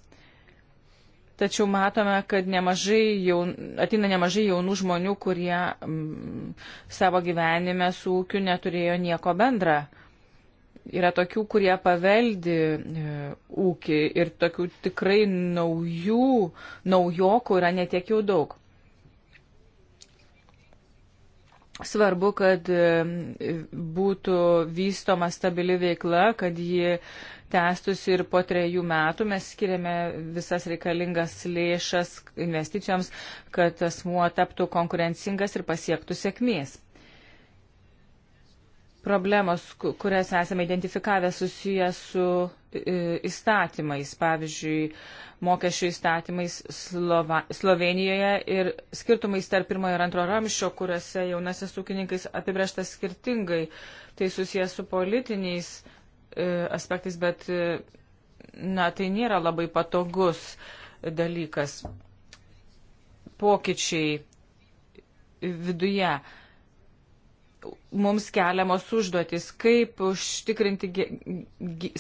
tačiau matome, kad nemažai jaun, atina nemažai jaunų žmonių, kurie m, mm, savo gyvenime su ūkiu neturėjo nieko bendra yra tokių, kurie paveldi e, ūkį ir tokių tikrai naujų, naujokų yra netiek jau daug. Svarbu, kad e, būtų vystoma stabili veikla, kad ji tęstusi ir po trejų metų. Mes skiriame visas reikalingas lėšas investicijoms, kad asmuo taptų konkurencingas ir pasiektų sėkmės problemos, kurias esame identifikavę susiję su e, įstatymais, pavyzdžiui, mokesčių įstatymais Slova, Slovenijoje ir skirtumais tarp pirmojo ir antro ramščio, kuriuose jaunasis ūkininkais apibrėžtas skirtingai. Tai susiję su politiniais e, aspektais, bet e, na, tai nėra labai patogus dalykas. Pokyčiai viduje mums keliamos užduotis, kaip užtikrinti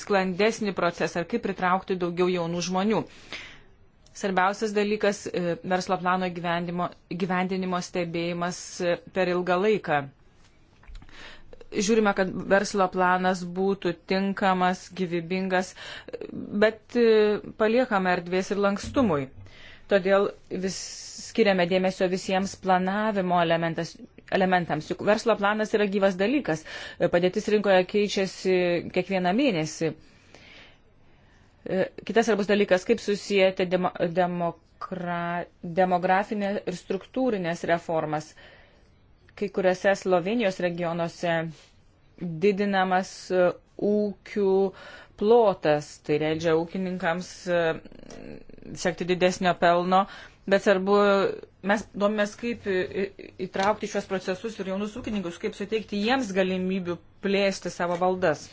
sklandesnį procesą ir kaip pritraukti daugiau jaunų žmonių. Svarbiausias dalykas e, - verslo plano gyvendinimo stebėjimas e, per ilgą laiką. Žiūrime, kad verslo planas būtų tinkamas, gyvybingas, bet e, paliekame erdvės ir lankstumui. Todėl vis skiriame dėmesio visiems planavimo elementams. Juk verslo planas yra gyvas dalykas. Padėtis rinkoje keičiasi kiekvieną mėnesį. E, kitas svarbus dalykas, kaip susijęti demo, demokra, demografinę ir struktūrinės reformas. Kai kuriuose Slovenijos regionuose didinamas e, ūkių plotas, tai leidžia ūkininkams e, siekti didesnio pelno bet svarbu, mes domės, kaip įtraukti šios procesus ir jaunus ūkininkus, kaip suteikti jiems galimybių plėsti savo valdas.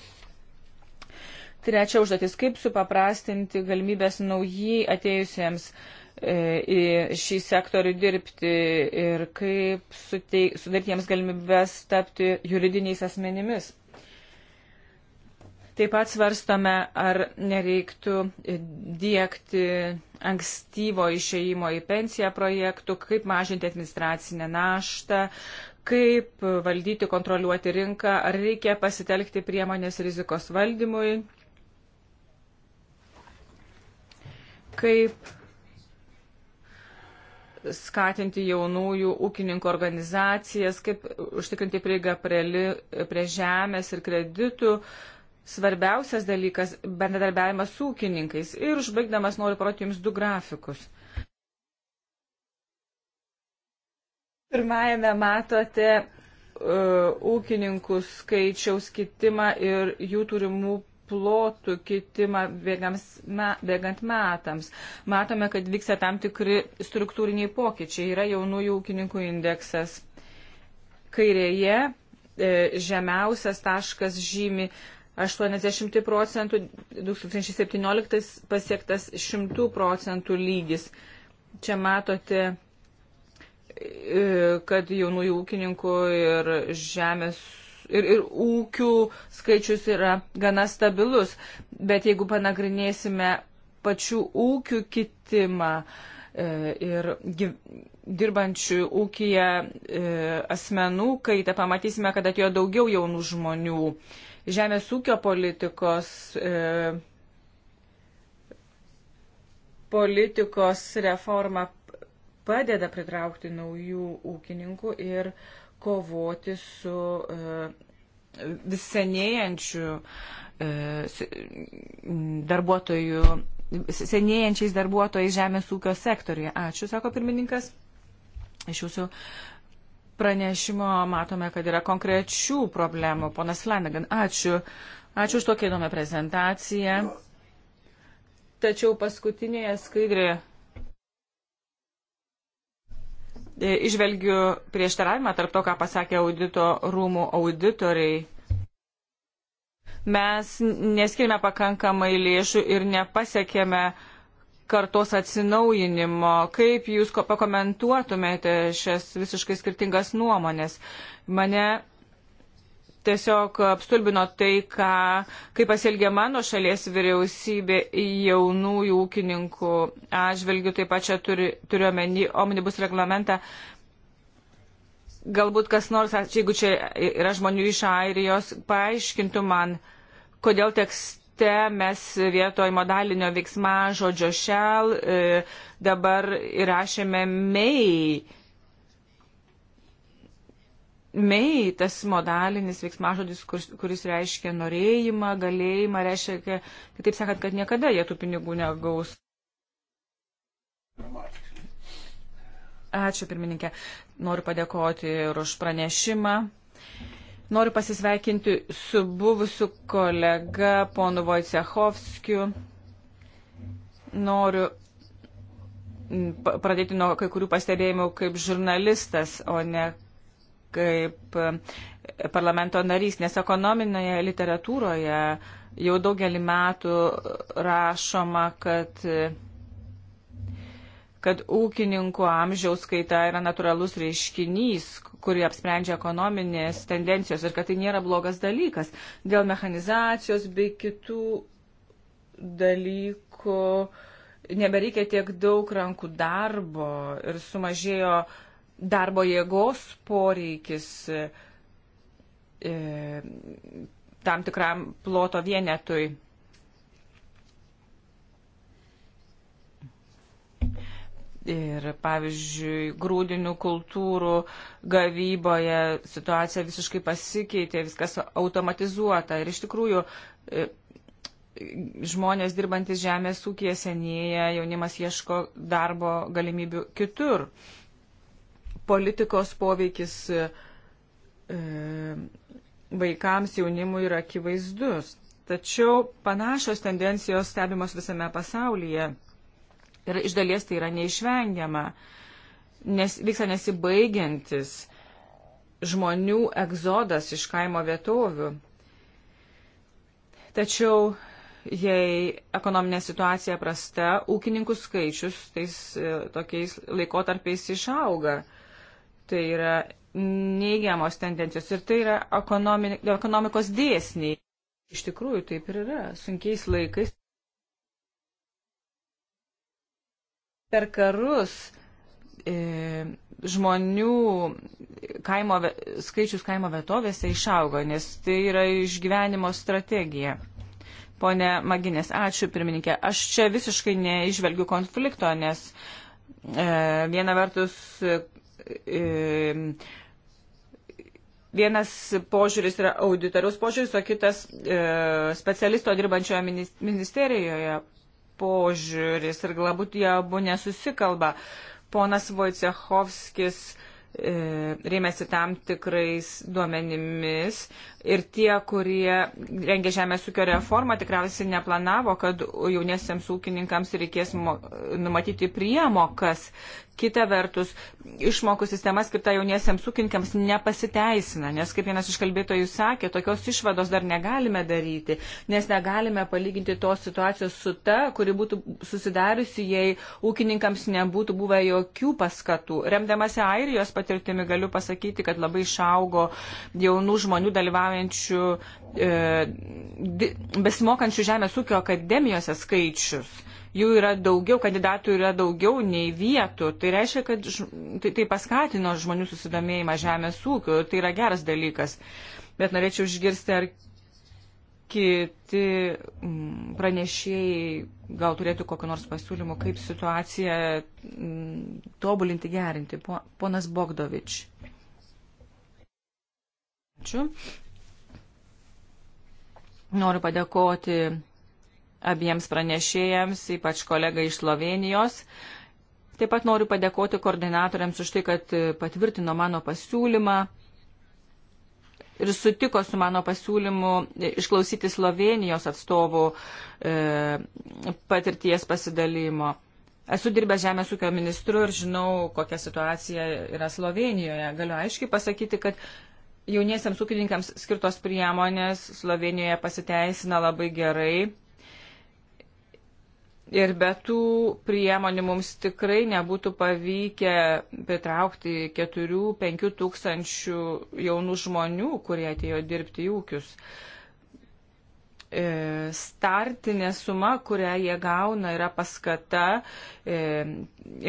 Trečia užduotis, kaip supaprastinti galimybės naujai atėjusiems e, į šį sektorių dirbti ir kaip sudaryti jiems galimybės tapti juridiniais asmenimis. Taip pat svarstome, ar nereiktų dėkti ankstyvo išeimo į pensiją projektų, kaip mažinti administracinę naštą, kaip valdyti, kontroliuoti rinką, ar reikia pasitelkti priemonės rizikos valdymui, kaip skatinti jaunųjų ūkininkų organizacijas, kaip užtikrinti prieigą prie, prie žemės ir kreditų, uh, svarbiausias dalykas - bendradarbiavimas su ūkininkais. Ir užbaigdamas noriu parodyti Jums du grafikus. Pirmajame matote uh, ūkininkų skaičiaus kitimą ir jų turimų plotų kitimą bėgams, me, bėgant metams. Matome, kad vyksta tam tikri struktūriniai pokyčiai. Yra jaunųjų ūkininkų indeksas. Kairėje e, žemiausias taškas žymi 80 procentų, 2017 pasiektas 100 procentų lygis. Čia matote, e, kad jaunųjų ūkininkų ir žemės ir, ir ūkių skaičius yra gana stabilus, bet jeigu panagrinėsime pačių ūkių kitimą e, ir gyv, dirbančių ūkiją e, asmenų kaitą, pamatysime, kad atėjo daugiau jaunų žmonių žemės ūkio politikos, e, politikos reforma padeda pritraukti naujų ūkininkų ir kovoti su e, visenėjančiu e, darbuotojų, senėjančiais darbuotojais žemės ūkio sektoriuje. Ačiū, sako pirmininkas. Iš jūsų pranešimo matome, kad yra konkrečių problemų. Ponas Flanagan, ačiū. Ačiū už tokią įdomią prezentaciją. Tačiau paskutinėje skaidrėje išvelgiu prieštaravimą tarp to, ką pasakė audito rūmų auditoriai. Mes neskirime pakankamai lėšų ir nepasiekėme uh, kartos atsinaujinimo. Kaip jūs pakomentuotumėte šias visiškai skirtingas nuomonės? Mane tiesiog apstulbino tai, ką, kaip pasielgė mano šalies vyriausybė jaunųjų ūkininkų atžvilgių, taip pat čia turi, turiu omeny omnibus reglamentą. Galbūt kas nors, jeigu čia yra žmonių iš Airijos, paaiškintų man, kodėl teks Tekste mes vietoj modalinio veiksma žodžio šel e, dabar įrašėme mei. Mei, tas modalinis veiksmažodis, kuris, kuris reiškia norėjimą, galėjimą, reiškia, kitaip sakant, kad niekada jie tų pinigų negaus. Ačiū pirmininkė. Noriu padėkoti ir už pranešimą. Noriu pasisveikinti su buvusiu kolega ponu Vojcehovskiu. Noriu pradėti nuo kai kurių pastebėjimų kaip žurnalistas, o ne kaip e, parlamento narys, nes ekonominėje literatūroje jau daugelį metų rašoma, kad, e, kad ūkininkų amžiaus kaita yra natūralus reiškinys, kurį apsprendžia ekonominės tendencijos ir kad tai nėra blogas dalykas. Dėl mechanizacijos bei kitų dalykų nebereikia tiek daug rankų darbo ir sumažėjo darbo jėgos poreikis e, tam tikram ploto vienetui. Ir pavyzdžiui, grūdinių kultūrų gavyboje situacija visiškai pasikeitė, viskas automatizuota. Ir iš tikrųjų, e, žmonės dirbantis žemės ūkija senėja, jaunimas ieško darbo galimybių kitur. Politikos poveikis e, vaikams, jaunimui yra akivaizdus. Tačiau panašios tendencijos stebimos visame pasaulyje. Ir iš dalies tai yra neišvengiama, nes vyksta nesibaigiantis žmonių egzodas iš kaimo vietovių. Tačiau jei ekonominė situacija prasta, ūkininkų skaičius tais e, tokiais laikotarpiais išauga. Tai yra neigiamos tendencijos ir tai yra ekonomikos dėsniai. Iš tikrųjų taip ir yra. Sunkiais laikais per karus e, žmonių kaimo, skaičius kaimo vietovėse išaugo, nes tai yra išgyvenimo strategija. Pone Maginės, ačiū pirmininkė. Aš čia visiškai neižvelgiu konflikto, nes e, viena vertus. E, e Vienas požiūris yra auditoriaus požiūris, o kitas e, specialisto dirbančioje ministerijoje požiūris ir galbūt jie abu nesusikalba. Ponas Vojcechovskis e, rėmėsi tam tikrais duomenimis, ir tie, kurie rengė žemės ūkio reformą, tikriausiai neplanavo, kad jauniesiems ūkininkams reikės numatyti priemokas. Kita vertus, išmokų sistema skirta jauniesiems ūkininkams nepasiteisina, nes, kaip vienas iš kalbėtojų sakė, tokios išvados dar negalime daryti, nes negalime palyginti tos situacijos su ta, kuri būtų susidariusi, jei ūkininkams nebūtų buvę jokių paskatų. Remdamasi Airijos patirtimi galiu pasakyti, kad labai išaugo jaunų žmonių dalyvaujant dalyvaujančių, e, di, besimokančių Žemės ūkio akademijose skaičius. Jų yra daugiau, kandidatų yra daugiau nei vietų. Tai reiškia, kad ž, tai, tai paskatino žmonių susidomėjimą Žemės ūkiu. Tai yra geras dalykas. Bet norėčiau išgirsti, ar kiti pranešėjai gal turėtų kokiu nors pasiūlymu, kaip situaciją tobulinti, gerinti. Ponas Bogdovič. Ačiū. Noriu padėkoti abiems pranešėjams, ypač kolegai iš Slovenijos. Taip pat noriu padėkoti koordinatoriams už tai, kad patvirtino mano pasiūlymą ir sutiko su mano pasiūlymu išklausyti Slovenijos atstovų e, patirties pasidalymo. Esu dirbęs žemės ūkio ministru ir žinau, kokia situacija yra Slovenijoje. Galiu aiškiai pasakyti, kad jauniesiams ūkininkams skirtos priemonės Slovenijoje pasiteisina labai gerai. Ir be tų priemonių mums tikrai nebūtų pavykę pritraukti 4-5 tūkstančių jaunų žmonių, kurie atėjo dirbti į ūkius. E, startinė suma, kurią jie gauna, yra paskata e,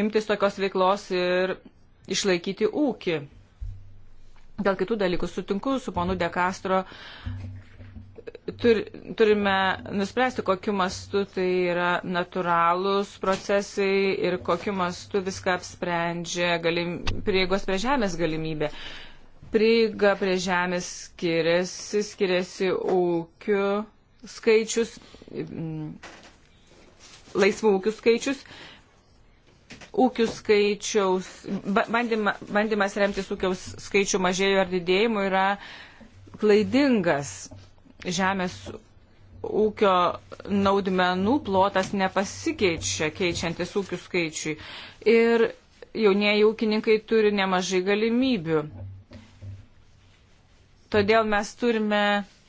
imtis tokios veiklos ir išlaikyti ūkį. Dėl kitų dalykų sutinku su ponu De Castro. Tur, turime nuspręsti, kokiu mastu tai yra natūralūs procesai ir kokiu mastu viską apsprendžia galim, prieigos prie žemės galimybė. Prieiga prie žemės skiriasi, skiriasi ūkių skaičius, mm, laisvų ūkių skaičius ūkių skaičiaus, bandyma, bandymas remtis ūkiaus skaičių mažėjų ar didėjimų yra klaidingas. Žemės ūkio naudmenų plotas nepasikeičia keičiantis ūkių skaičiui. Ir jaunieji ūkininkai turi nemažai galimybių. Todėl mes turime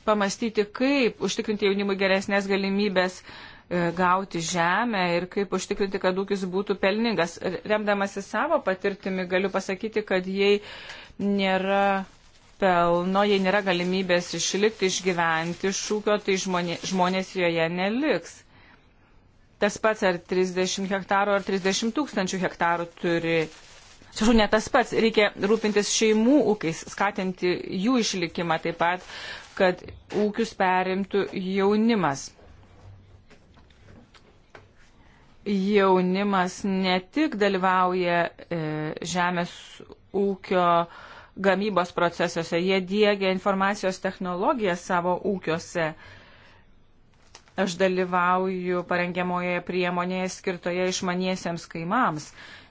pamastyti, kaip užtikrinti jaunimui geresnės galimybės uh, E, gauti žemę ir kaip užtikrinti, kad ūkis būtų pelningas. Remdamasi savo patirtimi galiu pasakyti, kad jei nėra pelno, jei nėra galimybės išlikti, išgyventi iš ūkio, tai žmonė, žmonės joje neliks. Tas pats ar 30 hektarų, ar 30 tūkstančių hektarų turi. Čia ne tas pats, reikia rūpintis šeimų ūkiais, skatinti jų išlikimą taip pat, kad ūkius perimtų jaunimas jaunimas ne tik dalyvauja e, žemės ūkio gamybos procesuose, jie diegia informacijos technologiją savo ūkiuose. Aš dalyvauju parengiamoje priemonėje skirtoje išmaniesiems kaimams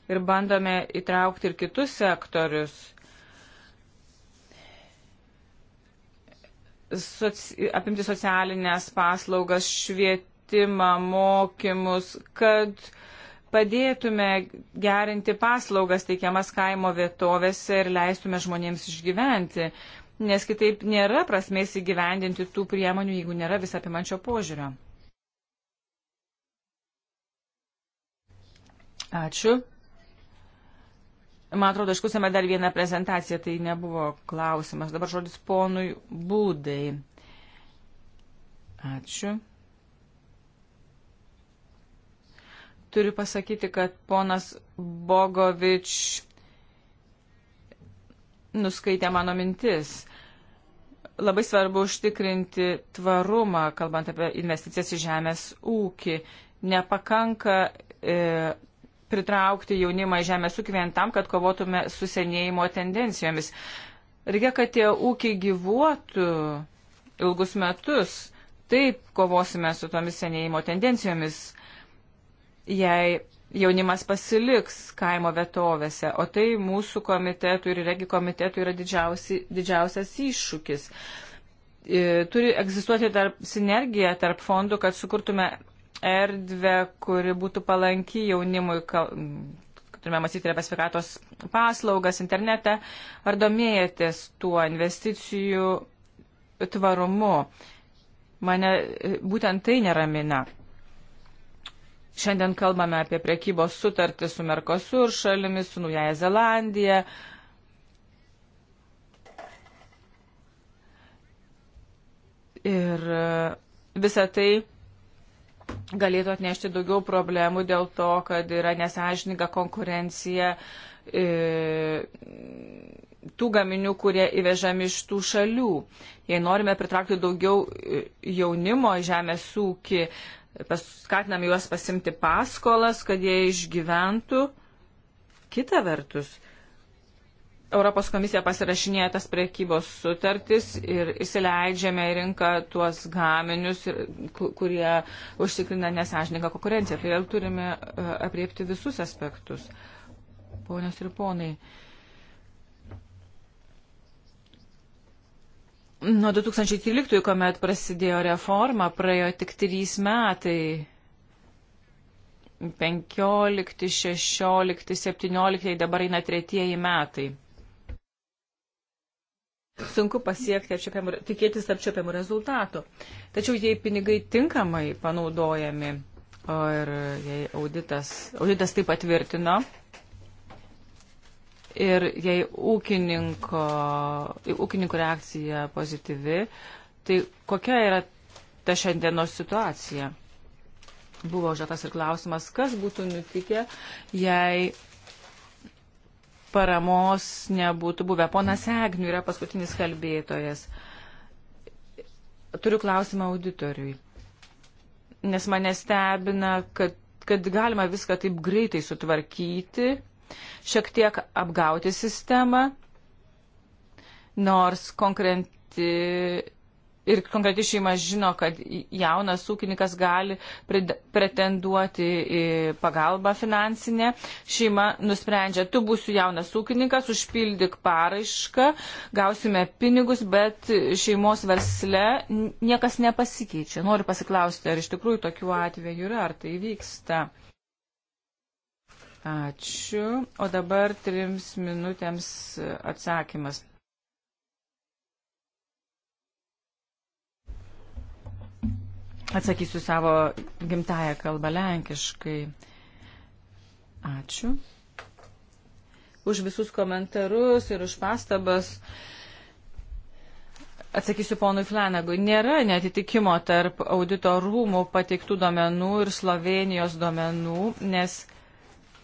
ir bandome įtraukti ir kitus sektorius. Soci, apimti socialinės paslaugas, švietimą švietimą, mokymus, kad padėtume gerinti paslaugas teikiamas kaimo vietovėse ir leistume žmonėms išgyventi, nes kitaip nėra prasmės įgyvendinti tų priemonių, jeigu nėra visapimančio požiūrio. Ačiū. Man atrodo, iškusėme dar vieną prezentaciją, tai nebuvo klausimas. Dabar žodis ponui būdai. Ačiū. turiu pasakyti, kad ponas Bogovič nuskaitė mano mintis. Labai svarbu užtikrinti tvarumą, kalbant apie investicijas į žemės ūkį. Nepakanka e, pritraukti jaunimą į žemės ūkį vien tam, kad kovotume su senėjimo tendencijomis. Reikia, kad tie ūkiai gyvuotų ilgus metus. Taip kovosime su tomis senėjimo tendencijomis jei jaunimas pasiliks kaimo vietovėse, o tai mūsų komitetų ir regi komitetų yra didžiausi, didžiausias iššūkis. E, turi egzistuoti tarp, sinergija tarp fondų, kad sukurtume erdvę, kuri būtų palanki jaunimui, turime mąstyti ir apie sveikatos paslaugas, internetą. Ar domėjatės tuo investicijų tvarumu? Mane būtent tai neramina. Šiandien kalbame apie priekybos sutartį su Merkosur šalimis, su Naujaja Zelandija. Ir e, visa tai galėtų atnešti daugiau problemų dėl to, kad yra nesažininga konkurencija e, tų gaminių, kurie įvežami iš tų šalių. Jei norime pritraukti daugiau e, jaunimo žemės ūkį, skatinam juos pasimti paskolas, kad jie išgyventų. Kita vertus, Europos komisija pasirašinėja tas priekybos sutartis ir įsileidžiame į rinką tuos gaminius, kurie užtikrina nesažininką konkurenciją. Todėl turime e, apriepti visus aspektus. Ponios ir ponai, uh, Nuo 2013, kuomet prasidėjo reforma, praėjo tik 3 metai. 15, 16, 17, dabar eina tretieji metai. Sunku pasiekti apčiopiamų, tikėtis apčiopiamų rezultatų. Tačiau jei pinigai tinkamai panaudojami, o ir jei auditas, auditas tai patvirtino, Ir jei ūkininko, ūkininko reakcija pozityvi, tai kokia yra ta šiandienos situacija? Buvo užduotas ir klausimas, kas būtų nutikę, jei paramos nebūtų buvę. Ponas Egnių yra paskutinis kalbėtojas. Turiu klausimą auditoriui. Nes mane stebina, kad, kad galima viską taip greitai sutvarkyti šiek tiek apgauti sistemą, nors konkrenti ir konkreti šeima žino, kad jaunas ūkininkas gali pretenduoti į pagalbą finansinę. Šeima nusprendžia, tu būsi jaunas ūkininkas, užpildyk paraišką, gausime pinigus, bet šeimos versle niekas nepasikeičia. Noriu pasiklausti, ar iš tikrųjų tokių atvejų yra, ar tai vyksta. Ačiū. O dabar trims minutėms atsakymas. Atsakysiu savo gimtają kalbą lenkiškai. Ačiū. Už visus komentarus ir už pastabas. Atsakysiu ponui Flanagui. Nėra netitikimo tarp audito rūmų pateiktų domenų ir Slovenijos domenų, nes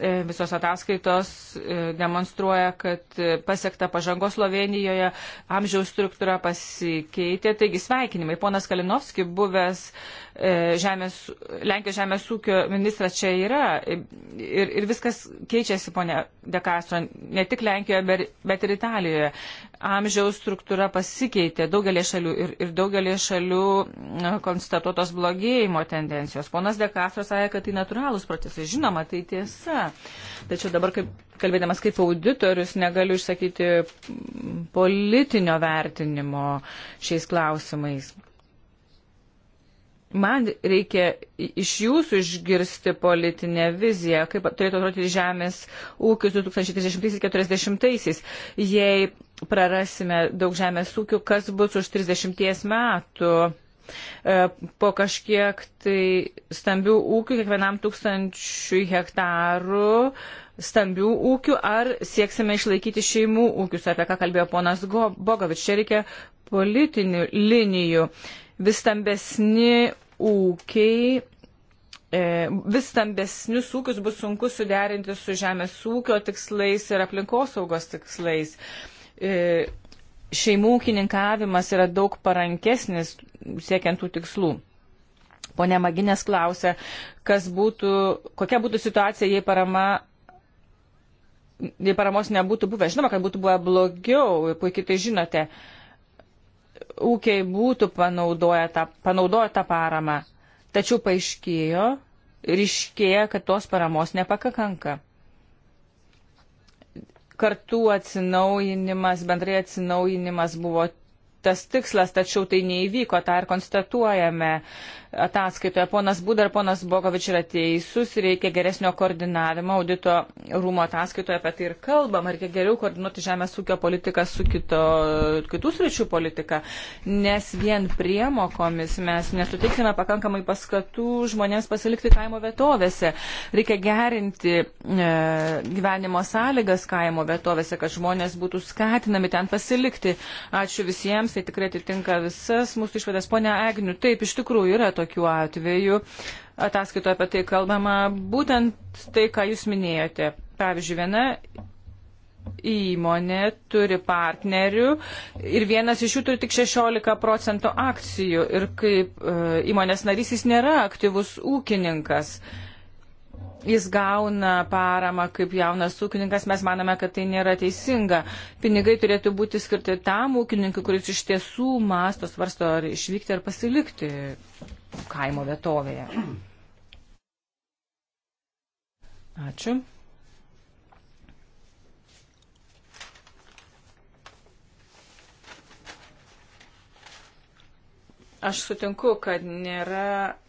E, visos ataskaitos e, demonstruoja, kad e, pasiekta pažangos Slovenijoje, amžiaus struktūra pasikeitė. Taigi sveikinimai. Ponas Kalinovski, buvęs žemės, Lenkijos žemės ūkio ministras čia yra ir, ir viskas keičiasi, ponė Dekastro, ne tik Lenkijoje, bet ir Italijoje. Amžiaus struktūra pasikeitė daugelį šalių ir, ir daugelį šalių konstatuotos blogėjimo tendencijos. Ponas Dekastro sąja, kad tai natūralūs procesai. Žinoma, tai tiesa nėra. Tačiau dabar, kaip, kalbėdamas kaip auditorius, negaliu išsakyti politinio vertinimo šiais klausimais. Man reikia iš jūsų išgirsti politinę viziją, kaip turėtų atrodyti žemės ūkis 2030-2040, jei prarasime daug žemės ūkių, kas bus už 30 metų E, po kažkiek tai stambių ūkių, kiekvienam tūkstančiui hektarų stambių ūkių, ar sieksime išlaikyti šeimų ūkius, apie ką kalbėjo ponas Bogovič. Čia reikia politinių linijų. Vis stambesni ūkiai e, vis stambesnius ūkius bus sunku suderinti su žemės ūkio tikslais ir aplinkosaugos tikslais. E, šeimų ūkininkavimas yra daug parankesnis siekiant tų tikslų. Pone Maginės klausė, būtų, kokia būtų situacija, jei parama. Jei paramos nebūtų buvę, žinoma, kad būtų buvę blogiau, puikiai tai žinote, ūkiai būtų panaudoję tą, panaudoję tą paramą, tačiau paaiškėjo, ryškėja, kad tos paramos nepakanka kartų atsinaujinimas, bendrai atsinaujinimas buvo tas tikslas, tačiau tai neįvyko, tą ir konstatuojame ataskaitoje. Ponas Būdar, ponas Bogovič yra teisus, reikia geresnio koordinavimo. Audito rūmo ataskaitoje apie tai ir kalbam. Reikia geriau koordinuoti žemės ūkio politiką su kito, kitų sričių politika, nes vien priemokomis mes nesuteiksime pakankamai paskatų žmonėms pasilikti kaimo vietovėse. Reikia gerinti e, gyvenimo sąlygas kaimo vietovėse, kad žmonės būtų skatinami ten pasilikti. Ačiū visiems, tai tikrai atitinka visas mūsų išvadas. Pone Agniu, taip, iš tikrųjų yra to tokių atvejų. Ataskaitoje apie tai kalbama būtent tai, ką jūs minėjote. Pavyzdžiui, viena įmonė turi partnerių ir vienas iš jų turi tik 16 procentų akcijų ir kaip e, įmonės narys jis nėra aktyvus ūkininkas. E, jis gauna paramą kaip jaunas ūkininkas, mes manome, kad tai nėra teisinga. Pinigai turėtų būti skirti tam ūkininkui, kuris iš tiesų masto svarsto ar išvykti ar pasilikti kaimo vietovėje. Ačiū. Aš sutinku, kad, nėra,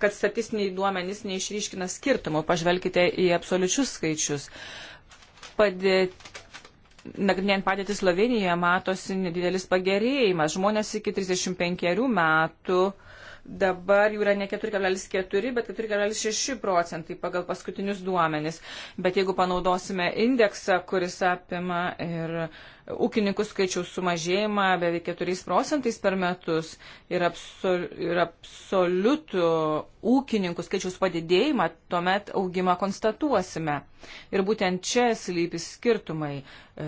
kad statistiniai duomenys neišryškina skirtumų. Pažvelkite į absoliučius skaičius. Padėt, nagrinėjant padėtį Slovenijoje matosi nedidelis pagerėjimas. Žmonės iki 35 metų uh, Dabar jų yra ne 4,4, bet 4,6 procentai pagal paskutinius duomenis. Bet jeigu panaudosime indeksą, kuris apima ir ūkininkų skaičiaus sumažėjimą beveik 4 procentais per metus ir, absol, ir absoliutų ūkininkų skaičiaus padidėjimą, tuomet augimą konstatuosime. Ir būtent čia slypi skirtumai. E,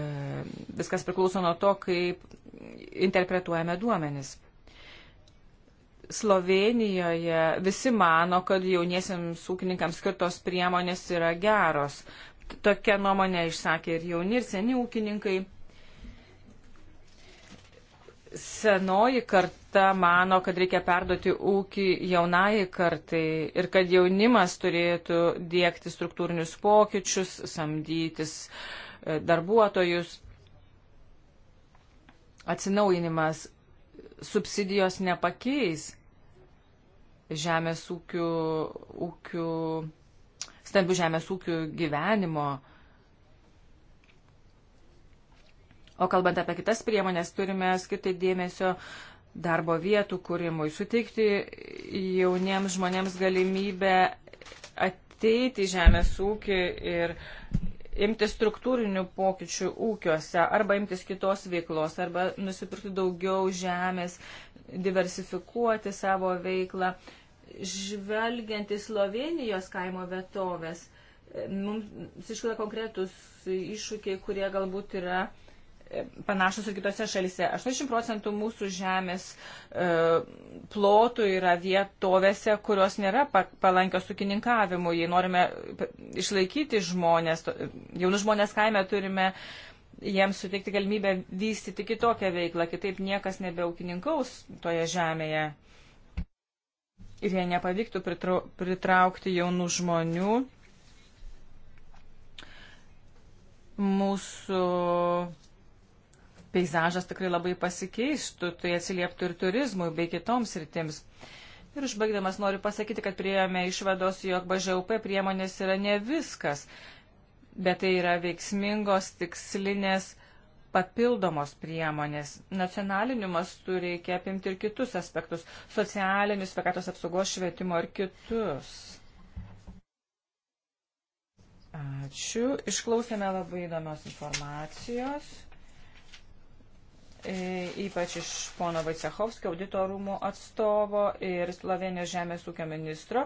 viskas priklauso nuo to, kaip interpretuojame duomenis. Slovenijoje visi mano, kad jauniesiams ūkininkams skirtos priemonės yra geros. Tokia nuomonė išsakė ir jauni, ir seni ūkininkai. Senoji karta mano, kad reikia perduoti ūkį jaunai kartai ir kad jaunimas turėtų dėkti struktūrinius pokyčius, samdytis e, darbuotojus, atsinaujinimas subsidijos nepakeis žemės ūkių, ūkių, stambių žemės ūkių gyvenimo. O kalbant apie kitas priemonės, turime skirti dėmesio darbo vietų kūrimui, suteikti jauniems žmonėms galimybę ateiti į žemės ūkį ir imti struktūrinių pokyčių ūkiuose, arba imtis kitos veiklos, arba nusipirkti daugiau žemės, diversifikuoti savo veiklą. Žvelgiant į Slovenijos kaimo vietovės, mums iškyla konkretus iššūkiai, kurie galbūt yra uh, panašus ir kitose šalise. 80 procentų mūsų žemės e, plotų yra vietovėse, kurios nėra palankios sukininkavimui. Jei norime išlaikyti žmonės, jaunus žmonės kaime turime jiems suteikti galimybę vystyti kitokią veiklą, kitaip niekas nebeaukininkaus toje žemėje. Ir jei nepavyktų pritraukti jaunų žmonių, mūsų peizažas tikrai labai pasikeistų, tai atsilieptų ir turizmui bei kitoms rytims. Ir užbaigdamas noriu pasakyti, kad prieėjome išvados, jog BŽUP priemonės yra ne viskas, bet tai yra veiksmingos, tikslinės, papildomos priemonės. Nacionaliniu mastu reikia apimti ir kitus aspektus - socialinius, sveikatos apsaugos, švietimo ir kitus. Ačiū. Išklausėme labai įdomios informacijos. E, ypač iš pono Vaicehovskio auditorumo atstovo ir Slovenijos žemės ūkio ministro.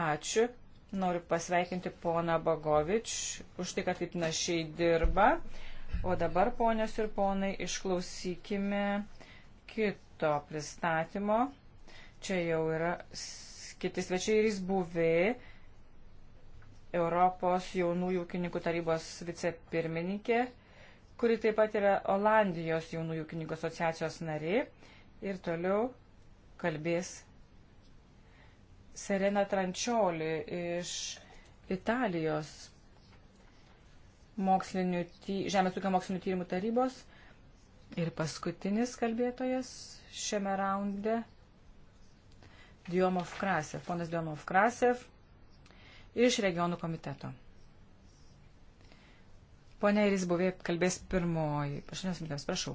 Ačiū. Noriu pasveikinti poną Bagovič už tai, kad taip našiai dirba. O dabar, ponios ir ponai, išklausykime kito pristatymo. Čia jau yra kiti svečiai ir jis buvė Europos jaunųjų ūkininkų tarybos vicepirmininkė kuri taip pat yra Olandijos jaunųjų knygų asociacijos narė. Ir toliau kalbės Serena Trančioli iš Italijos mokslinių, Žemės ūkio mokslinių tyrimų tarybos. Ir paskutinis kalbėtojas šiame raunde Diomov Krasev, ponas Diomov Krasev iš regionų komiteto. Pone Iris Buvė kalbės pirmoji. Aštuonios minutės, prašau.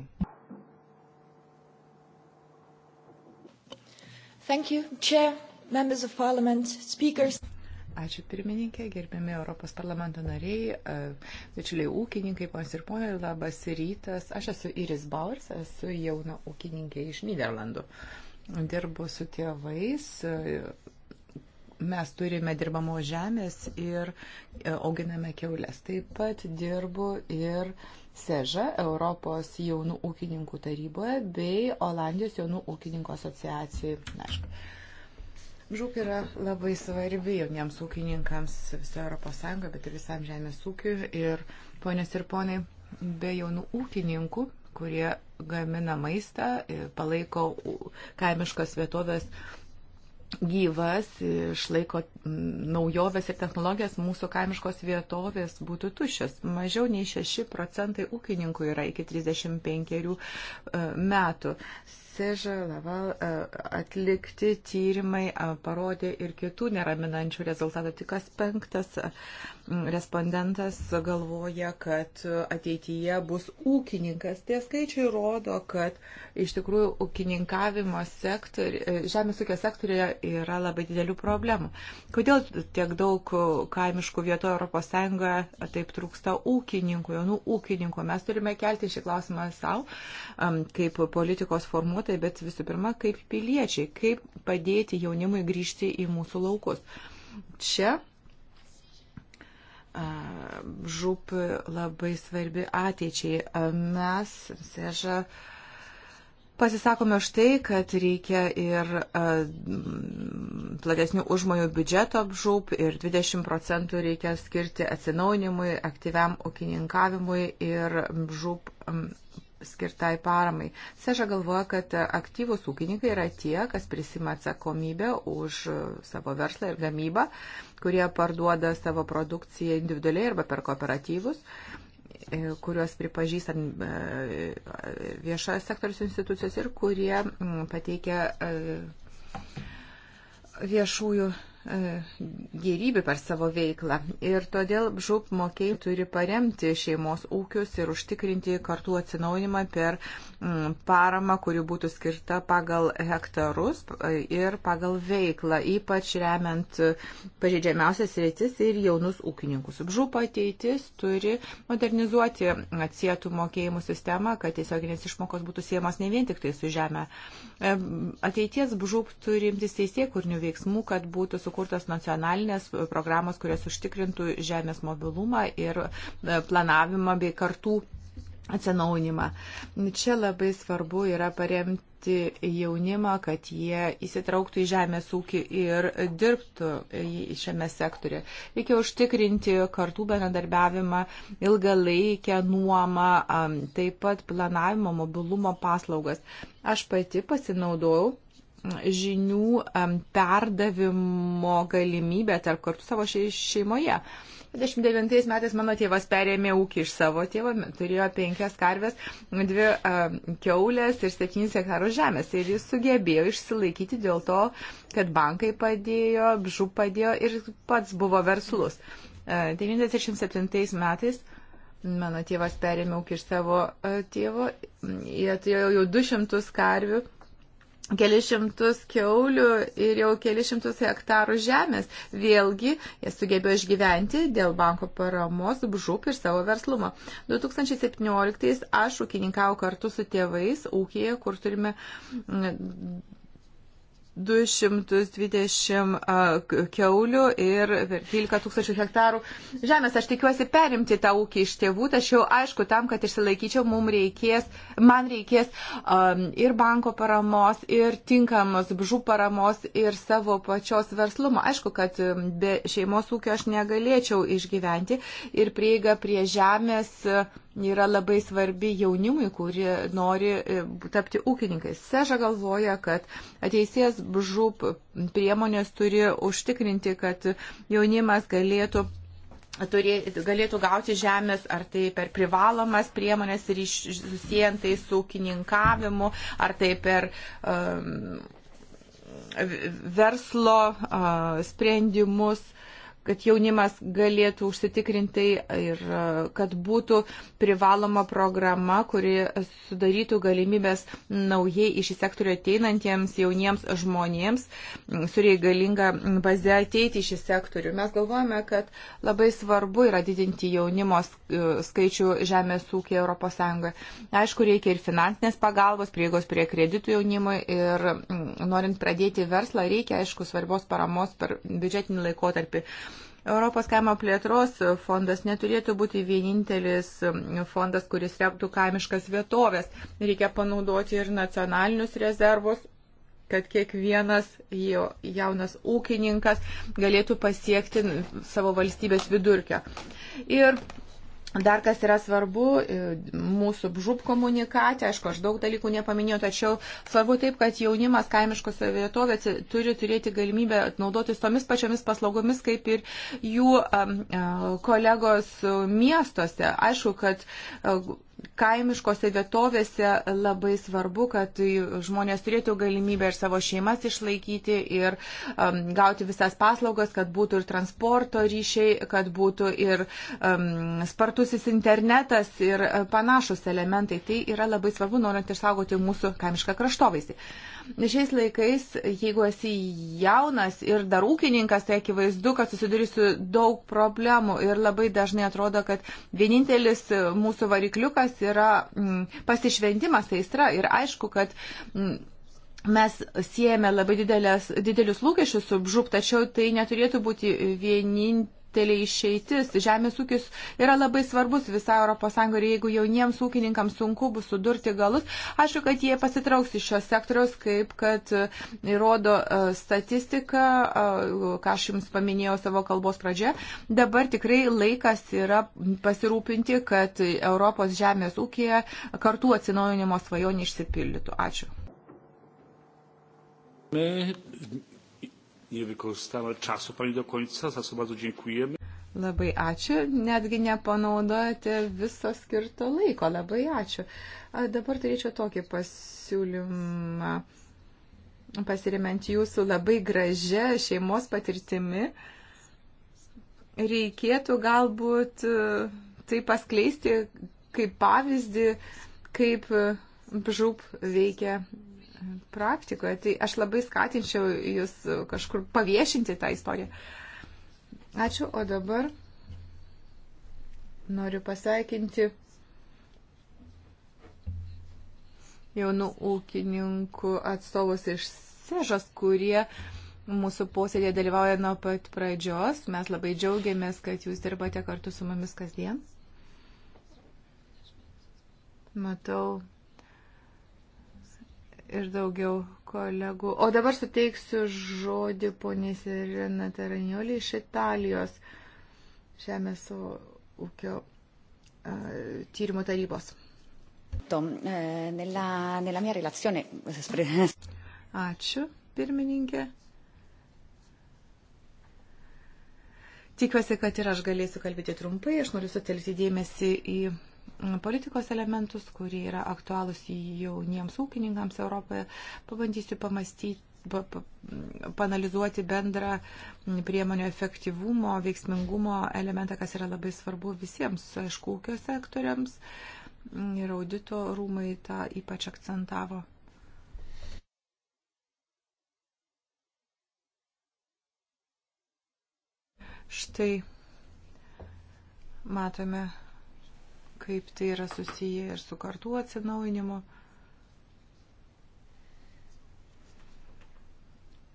Thank you, Chair, members of parliament, speakers. Ačiū pirmininkė, gerbiami Europos parlamento nariai, e, bičiuliai ūkininkai, ponas ir ponai, labas rytas. Aš esu Iris Bauers, esu jauna ūkininkė iš Niderlandų. Dirbu su tėvais e, mes turime dirbamo žemės ir e, auginame keulės. Taip pat dirbu ir SEŽA, Europos jaunų ūkininkų taryboje, bei Olandijos jaunų ūkininkų asociacijai. Aišku. Žūk yra labai svarbi jauniems ūkininkams visoje Europos Sąjungoje, bet ir visam žemės ūkiu. Ir ponios ir ponai, be jaunų ūkininkų, kurie gamina maistą, e, palaiko kaimiškas vietovės gyvas, išlaiko mm, naujoves ir technologijas, mūsų kaimiškos vietovės būtų tušios. Mažiau nei 6 procentai ūkininkų yra iki 35 e, metų. Seža Laval e, atlikti tyrimai e, parodė ir kitų neraminančių rezultatų. Tik kas penktas e, respondentas galvoja, kad ateityje bus ūkininkas. Tie skaičiai rodo, kad iš tikrųjų ūkininkavimo sektori, žemės ūkio sektorija yra labai didelių problemų. Kodėl tiek daug kaimiškų vietų ES taip trūksta ūkininkų, jaunų ūkininkų? Mes turime kelti šį klausimą savo, kaip politikos formuotojai darbuotojai, bet visų pirma, kaip piliečiai, kaip padėti jaunimui grįžti į mūsų laukus. Čia žūp labai svarbi ateičiai. Mes, Seža, pasisakome už tai, kad reikia ir platesnių užmojų biudžeto žūp ir 20 procentų reikia skirti atsinaujinimui, aktyviam ūkininkavimui ir žūp skirtai paramai. Seža galvoja, kad aktyvus ūkininkai yra tie, kas prisima atsakomybę už savo verslą ir gamybą, kurie parduoda savo produkciją individualiai arba per kooperatyvus e, kuriuos pripažįsta e, viešojo sektoriaus institucijos ir kurie pateikia e, viešųjų E, gyrybių per savo veiklą. Ir todėl žūp mokėjai turi paremti šeimos ūkius ir užtikrinti kartų atsinaujimą per Mm, paramą, kuri būtų skirta pagal hektarus e, ir pagal veiklą, ypač remiant pažeidžiamiausias rytis ir jaunus ūkininkus. Žūpa ateitis turi modernizuoti atsietų mokėjimų sistemą, kad tiesioginės išmokos būtų siemos ne vien tik tai su žemė. E, ateities žūp turi imtis teisėkurnių veiksmų, kad būtų sukurtos nacionalinės programos, kurios užtikrintų žemės mobilumą ir e, planavimą bei kartų atsinaunimą. Čia labai svarbu yra paremti jaunimą, kad jie įsitrauktų į žemės ūkį ir dirbtų šiame sektorė. Reikia užtikrinti kartų bendradarbiavimą, ilgalaikę nuomą, taip pat planavimo, mobilumo paslaugas. Aš pati pasinaudojau žinių perdavimo galimybę tarp kartų savo šeimoje. 29 metais mano tėvas perėmė ūkį iš savo tėvo, turėjo penkias karves, dvi uh, keulės ir septynis hektarus žemės. Ir jis sugebėjo išsilaikyti dėl to, kad bankai padėjo, bžų padėjo ir pats buvo verslus. Uh, 97 metais mano tėvas perėmė ūkį iš savo uh, tėvo, jie turėjo jau 200 karvių kelišimtus keulių ir jau kelišimtus hektarų žemės. Vėlgi, jie sugebėjo išgyventi dėl banko paramos, bžup ir savo verslumo. 2017 aš ūkininkau kartu su tėvais ūkėje, kur turime 220 keulių ir 12 tūkstančių hektarų žemės. Aš tikiuosi perimti tą ūkį iš tėvų, tačiau aišku, tam, kad išsilaikyčiau, reikės, man reikės um, ir banko paramos, ir tinkamos bžų paramos, ir savo pačios verslumo. Aišku, kad be šeimos ūkio aš negalėčiau išgyventi ir prieiga prie žemės. Uh, yra labai svarbi jaunimui, kurie nori e, tapti ūkininkais. Seža galvoja, kad ateisės žūp priemonės turi užtikrinti, kad jaunimas galėtų turė, galėtų gauti žemės, ar tai per privalomas priemonės ir susijęs tai su ūkininkavimu, ar tai per um, verslo uh, sprendimus. Uh, kad jaunimas galėtų užsitikrinti ir e, kad būtų privaloma programa, kuri sudarytų galimybės naujai iš į sektorių ateinantiems jauniems žmonėms su reikalinga baze ateiti į šį sektorių. Mes galvojame, kad labai svarbu yra didinti jaunimo e, skaičių žemės ūkį ES. Aišku, reikia ir finansinės pagalbos, prieigos prie kreditų jaunimui ir norint pradėti verslą, reikia, aišku, svarbios paramos per biudžetinį laikotarpį. Europos kaimo plėtros fondas neturėtų būti vienintelis fondas, kuris reptų kaimiškas vietovės. Reikia panaudoti ir nacionalinius rezervus kad kiekvienas jaunas ūkininkas galėtų pasiekti savo valstybės vidurkio. Ir Dar kas yra svarbu e, mūsų žūp komunikate, aišku, aš daug dalykų nepaminėjau, tačiau svarbu taip, kad jaunimas kaimiškose vietovėse turi turėti galimybę naudotis tomis pačiomis paslaugomis, kaip ir jų kolegos miestuose. Aišku, kad kaimiškose vietovėse labai svarbu, kad žmonės turėtų galimybę ir savo šeimas išlaikyti ir um, gauti visas paslaugas, kad būtų ir transporto ryšiai, kad būtų ir um, spartusis internetas ir e, panašus elementai. Tai yra labai svarbu, norint išsaugoti mūsų kaimišką kraštovaizdį. Uh, Šiais laikais, jeigu esi jaunas ir dar ūkininkas, tai akivaizdu, kad susiduri su daug problemų ir labai dažnai atrodo, kad vienintelis mūsų varikliukas yra m, mm, pasišventimas, tai aistra ir aišku, kad m, mm, mes siejame labai didelės, didelius lūkesčius su bžup, tačiau tai neturėtų būti vienintelis vienintelė išeitis. Žemės ūkis yra labai svarbus visai ES ir jeigu jauniems ūkininkams sunku bus sudurti galus, aišku, kad jie pasitrauks iš šios sektoriaus, kaip kad įrodo e, e, statistika, e, ką aš jums paminėjau savo kalbos pradžioje. Dabar tikrai laikas yra pasirūpinti, kad Europos žemės ūkija kartu atsinaujinimo svajonė išsipildytų. Ačiū nie wykorzystałem czasu Pani do końca, za co bardzo dziękujemy. Labai ačiū, netgi nepanaudojate viso skirto laiko, labai ačiū. A, dabar turėčiau tokį pasiūlymą, pasiriment jūsų labai gražia šeimos patirtimi. Reikėtų galbūt e, tai paskleisti kaip pavyzdį, kaip e, žūp veikia praktikoje. Tai aš labai skatinčiau jūs kažkur paviešinti tą istoriją. Ačiū, o dabar noriu pasveikinti jaunų ūkininkų atstovus iš Sežos, kurie mūsų posėdėje dalyvauja nuo pat pradžios. Mes labai džiaugiamės, kad jūs dirbate kartu su mumis kasdien. Matau ir daugiau kolegų. O dabar suteiksiu žodį poniai Serena Taranioli iš Italijos žemės ūkio tyrimo tarybos. E, Ačiū, pirmininkė. Tikiuosi, kad ir aš galėsiu kalbėti trumpai. Aš noriu sutelkti dėmesį į politikos elementus, kurie yra aktualūs jauniems ūkininkams Europoje. Pabandysiu pamastyti panalizuoti bendrą priemonių efektyvumo, veiksmingumo elementą, kas yra labai svarbu visiems, aišku, ūkio sektoriams. Ir audito rūmai tą ypač akcentavo. Štai matome kaip tai yra susiję ir su kartų atsinaujinimu.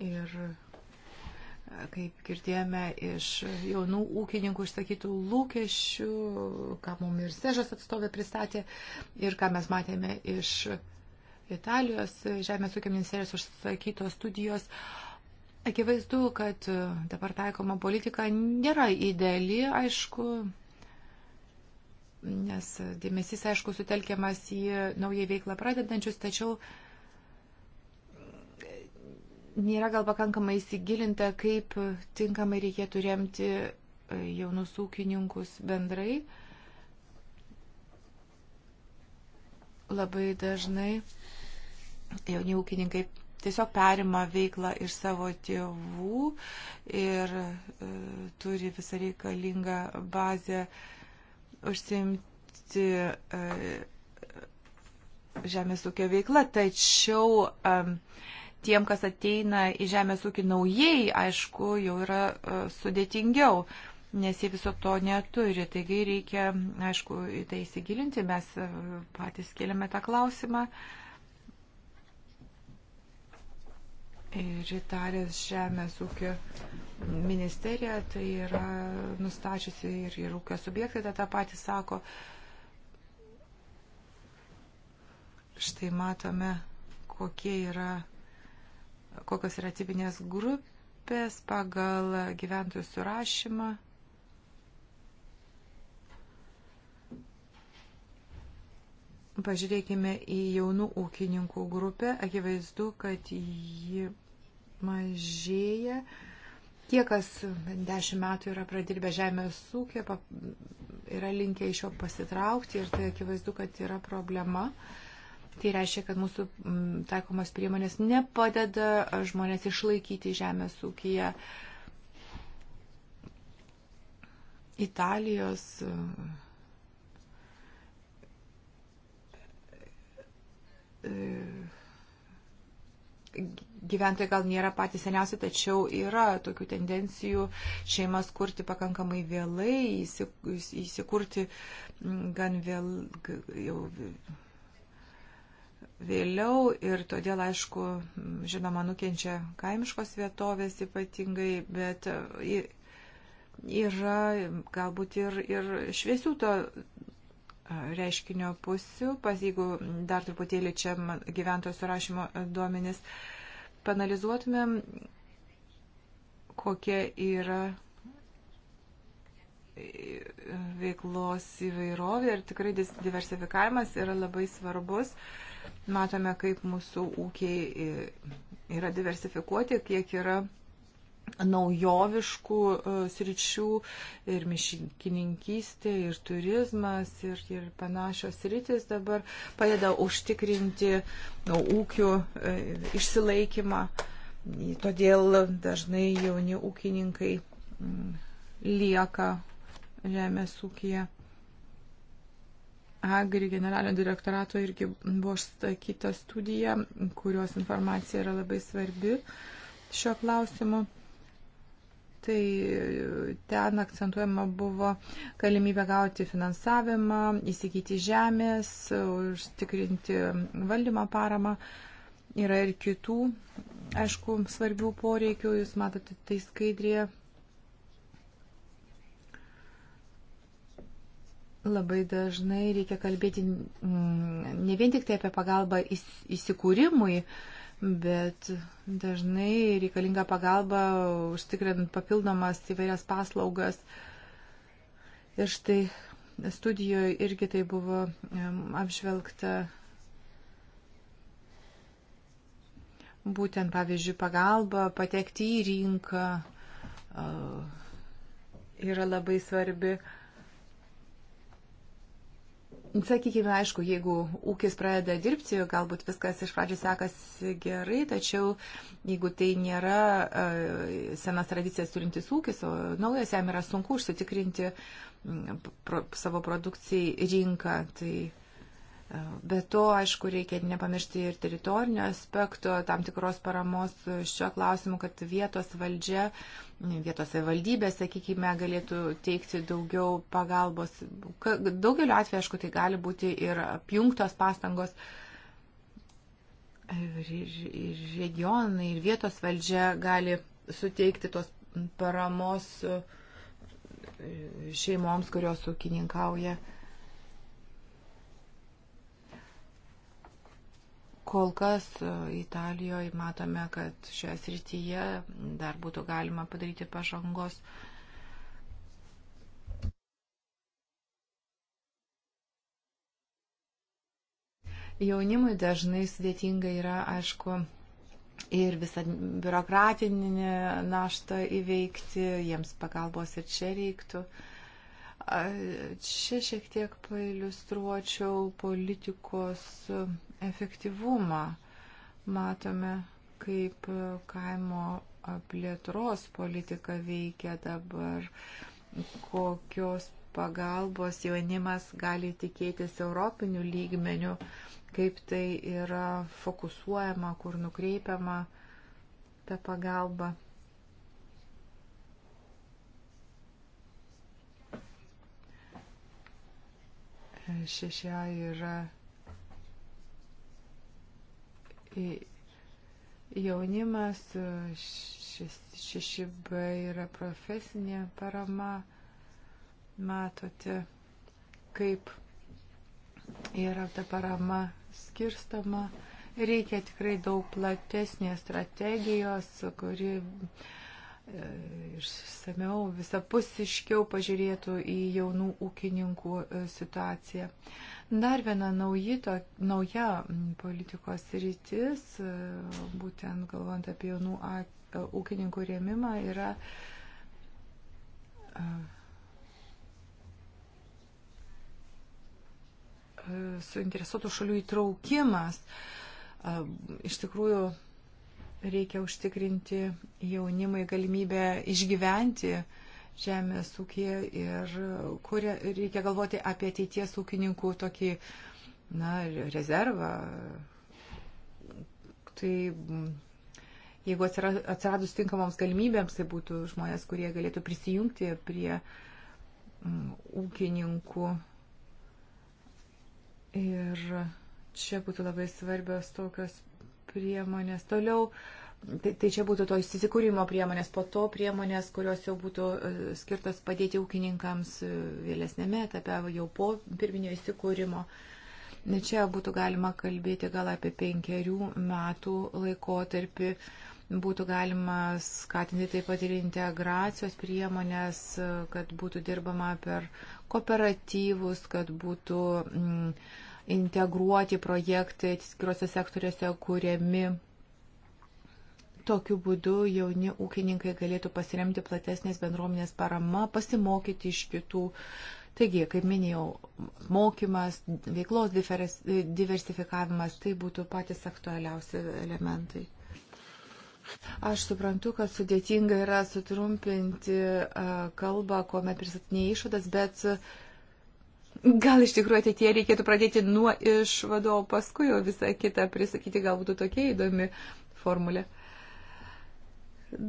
Ir kaip girdėjome iš jaunų ūkininkų išsakytų lūkesčių, ką mums ir Sežas atstovė pristatė ir ką mes matėme iš Italijos Žemės ūkio ministerijos užsakytos studijos. Akivaizdu, kad dabar taikoma politika nėra ideali, aišku, nes dėmesys, aišku, sutelkiamas į naują veiklą pradedančius, tačiau nėra gal pakankamai įsigilinta, kaip tinkamai reikėtų remti e, jaunus ūkininkus bendrai. Labai dažnai jauni ūkininkai tiesiog perima veiklą iš savo tėvų ir e, turi visą reikalingą bazę e, užsimti e, žemės ūkio veikla, tačiau e, tiem, kas ateina į žemės ūkį naujai, aišku, jau yra e, sudėtingiau, nes jie viso to neturi. Taigi reikia, aišku, į tai įsigilinti, mes patys kėlėme tą klausimą. Uh, Ir Italijos žemės ūkio ministerija tai yra nustačiusi ir, ir ūkio subjektai tą patį sako. Štai matome, kokie yra, kokios yra tipinės grupės pagal gyventojų surašymą. Pažiūrėkime į jaunų ūkininkų grupę. Akivaizdu, kad ji jį mažėja. Tie, kas dešimt metų yra pradirbę žemės ūkį, yra linkę iš jo pasitraukti ir tai akivaizdu, kad yra problema. Tai reiškia, kad mūsų taikomas priemonės nepadeda žmonės išlaikyti žemės ūkiją. Italijos gyventojai gal nėra patys seniausi, tačiau yra tokių tendencijų šeimas kurti pakankamai vėlai, įsikurti mm, gan vėl, jau vėliau ir todėl, aišku, žinoma, nukenčia kaimiškos vietovės ypatingai, bet yra galbūt ir, ir šviesių to reiškinio pusių, pas jeigu dar truputėlį čia gyventojų surašymo duomenis. Uh, panalizuotumėm, kokia yra veiklos įvairovė ir tikrai diversifikavimas yra labai svarbus. Matome, kaip mūsų ūkiai yra diversifikuoti, kiek yra naujoviškų e, sričių ir miškininkystė, ir turizmas, ir, ir panašios sritis dabar padeda užtikrinti nu, ūkių e, išsilaikymą. Todėl dažnai jauni ūkininkai m, mm, lieka žemės ūkija. Agri generalinio direktorato irgi buvo užsakyta studija, kurios informacija yra labai svarbi šio klausimu tai e, ten akcentuojama buvo galimybė gauti finansavimą, įsigyti žemės, užtikrinti valdymo paramą. Yra ir kitų, aišku, svarbių poreikių, jūs matote tai skaidrėje. Labai dažnai reikia kalbėti mm, ne vien tik tai apie pagalbą įsikūrimui, įs bet dažnai reikalinga pagalba užtikrint papildomas įvairias paslaugas. Ir štai studijoje irgi tai buvo apžvelgta. Būtent, pavyzdžiui, pagalba patekti į rinką yra labai svarbi. Uh, Sakykime, aišku, jeigu ūkis pradeda dirbti, galbūt viskas iš pradžių sekasi gerai, tačiau jeigu tai nėra e, senas tradicijas turintis ūkis, o naujas jam yra sunku užsitikrinti pro, savo produkcijai rinką, tai Bet to, aišku, reikia nepamiršti ir teritorinio aspekto, tam tikros paramos šio klausimu, kad vietos valdžia, vietos savivaldybė, sakykime, galėtų teikti daugiau pagalbos. Daugeliu atveju, aišku, tai gali būti ir apjungtos pastangos. Ir, ir, ir regionai, ir vietos valdžia gali suteikti tos paramos šeimoms, kurios ūkininkauja. Uh, Kol kas e, Italijoje matome, kad šioje srityje dar būtų galima padaryti pažangos. Jaunimui dažnai sudėtinga yra, aišku, ir visą biurokratinį naštą įveikti, jiems pagalbos ir čia reiktų. Čia šiek tiek pailustruočiau politikos efektyvumą. Matome, kaip kaimo plėtros politika veikia dabar, kokios pagalbos jaunimas gali tikėtis europinių lygmenių, kaip tai yra fokusuojama, kur nukreipiama ta pagalba. šešia yra Jaunimas 6B yra profesinė parama. Matote, kaip yra ta parama skirstama. Reikia tikrai daug platesnės strategijos, kuri uh, E, išsameu, visapusiškiau pažiūrėtų į jaunų ūkininkų e, situaciją. Dar viena nauji, to, nauja politikos rytis, e, būtent galvant apie jaunų ūkininkų rėmimą, yra suinteresuotų šalių įtraukimas. Iš tikrųjų, Reikia užtikrinti jaunimai galimybę išgyventi žemės ūkėje ir kuria, reikia galvoti apie ateities ūkininkų tokį na, rezervą. Tai jeigu atsiradus tinkamoms galimybėms, tai būtų žmonės, kurie galėtų prisijungti prie ūkininkų. Ir čia būtų labai svarbios tokios priemonės. Toliau, tai, tai čia būtų to įsisikūrimo priemonės, po to priemonės, kurios jau būtų e, skirtos padėti ūkininkams e, vėlesnėme etape, jau po pirminio įsikūrimo. Čia būtų galima kalbėti gal apie penkerių metų laikotarpį būtų galima skatinti taip pat ir integracijos priemonės, e, kad būtų dirbama per kooperatyvus, kad būtų mm, integruoti projektai atskiruose sektoriuose kūrėmi. Tokiu būdu jauni ūkininkai galėtų pasiremti platesnės bendruomenės parama, pasimokyti iš kitų. Taigi, kaip minėjau, mokymas, veiklos diversifikavimas, tai būtų patys aktualiausi elementai. Aš suprantu, kad sudėtinga yra sutrumpinti kalbą, kuomet pristatinė išvadas, bet Gal iš tikrųjų ateitie reikėtų pradėti nuo išvado, o paskui jau visą kitą prisakyti, galbūt tokia įdomi formulė.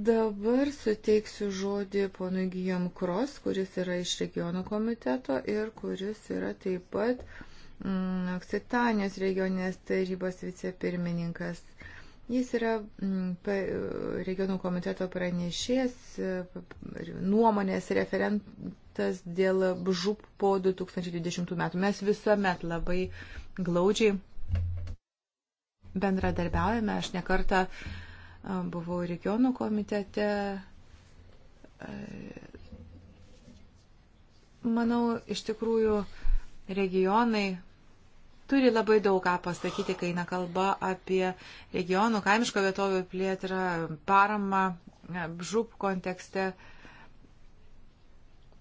Dabar suteiksiu žodį ponui Gijom Kros, kuris yra iš regionų komiteto ir kuris yra taip pat mm, Oksitanijos regioninės tarybos vicepirmininkas. Jis yra mm, regionų komiteto pranešės, nuomonės referent, tekstas dėl žup po 2020 metų. Mes visuomet labai glaudžiai bendradarbiaujame. Aš nekartą buvau regionų komitete. Manau, iš tikrųjų regionai turi labai daug ką pasakyti, kai eina kalba apie regionų kaimiško vietovių plėtrą, paramą, žup kontekste. Uh,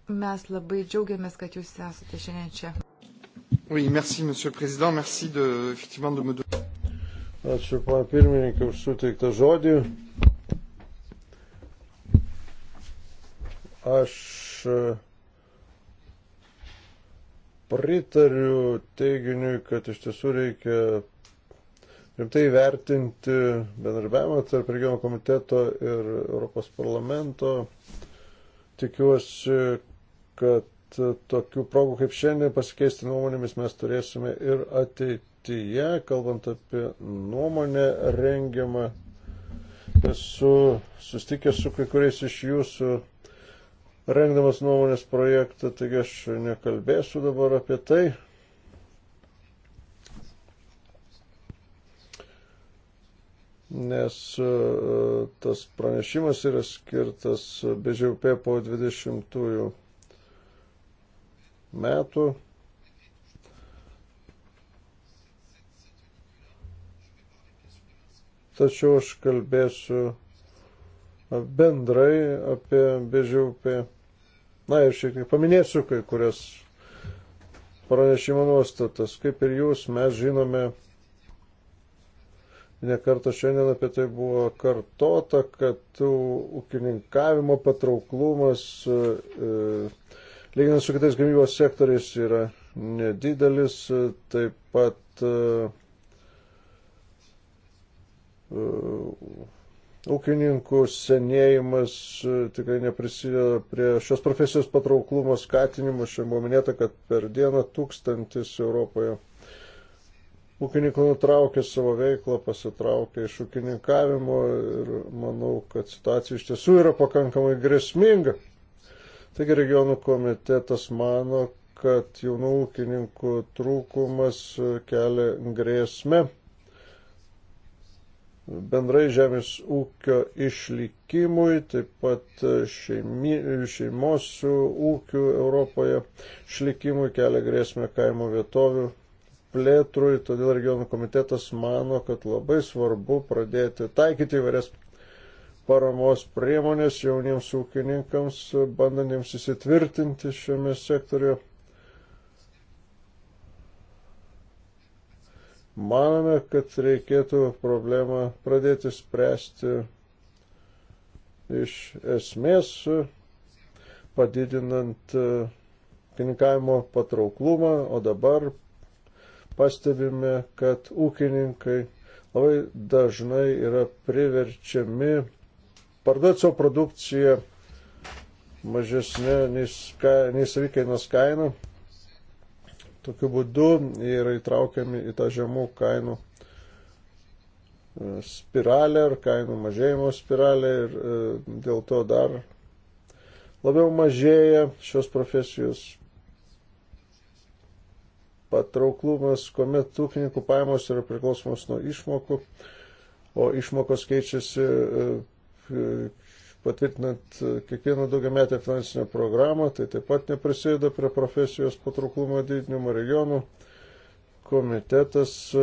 Mes labai džiaugiamės, kad jūs esate šiandien čia. Oui, merci, monsieur le président. Merci de, effectivement, de me donner. Ačiū, pana pirmininkė, už suteiktą žodį. Aš e, pritariu teiginiui, kad iš tiesų reikia rimtai vertinti bendarbiavimą tarp regionų komiteto ir Europos parlamento. Tikiuosi, kad tokių progų kaip šiandien pasikeisti nuomonėmis mes turėsime ir ateityje, kalbant apie nuomonę rengiamą. Esu sustikęs su kai kuriais iš jūsų rengdamas nuomonės projektą, taigi aš nekalbėsiu dabar apie tai. Nes e, tas pranešimas yra skirtas BŽP po 20 metų. Tačiau aš kalbėsiu bendrai apie BŽUP. Na ir šiek tiek paminėsiu kai kurias pranešimo nuostatas. Kaip ir jūs, mes žinome, nekartą šiandien apie tai buvo kartota, kad ūkininkavimo patrauklumas e, lyginant su kitais gamybos sektoriais yra nedidelis, taip pat e, e, ūkininkų senėjimas e, tikrai neprisideda prie šios profesijos patrauklumo skatinimo. Šiandien buvo minėta, kad per dieną tūkstantis Europoje ūkininkų nutraukė savo veiklą, pasitraukė iš ūkininkavimo ir manau, kad situacija iš tiesų yra pakankamai grėsminga. Taigi regionų komitetas mano, kad jaunų ūkininkų trūkumas kelia grėsmę bendrai žemės ūkio išlikimui, taip pat šeimi, šeimos ūkių Europoje išlikimui kelia grėsmę kaimo vietovių plėtrui, todėl regionų komitetas mano, kad labai svarbu pradėti taikyti įvairias paramos priemonės jauniems ūkininkams, bandantiems įsitvirtinti šiame sektoriu. Manome, kad reikėtų problemą pradėti spręsti iš esmės, padidinant e, ūkininkavimo patrauklumą, o dabar pastebime, kad ūkininkai labai dažnai yra priverčiami parduoti savo produkciją mažesnė nei, ska, nei savikainos kaina. Tokiu būdu yra įtraukiami į tą žemų kainų e, spiralę ar kainų mažėjimo spiralę ir e, dėl to dar labiau mažėja šios profesijos patrauklumas, kuomet ūkininkų pajamos yra priklausomos nuo išmokų, o išmokos keičiasi e, patvirtinant e, kiekvieną daugiametę finansinę programą, tai taip pat neprisėda prie profesijos patrauklumo didinimo regionų. Komitetas e,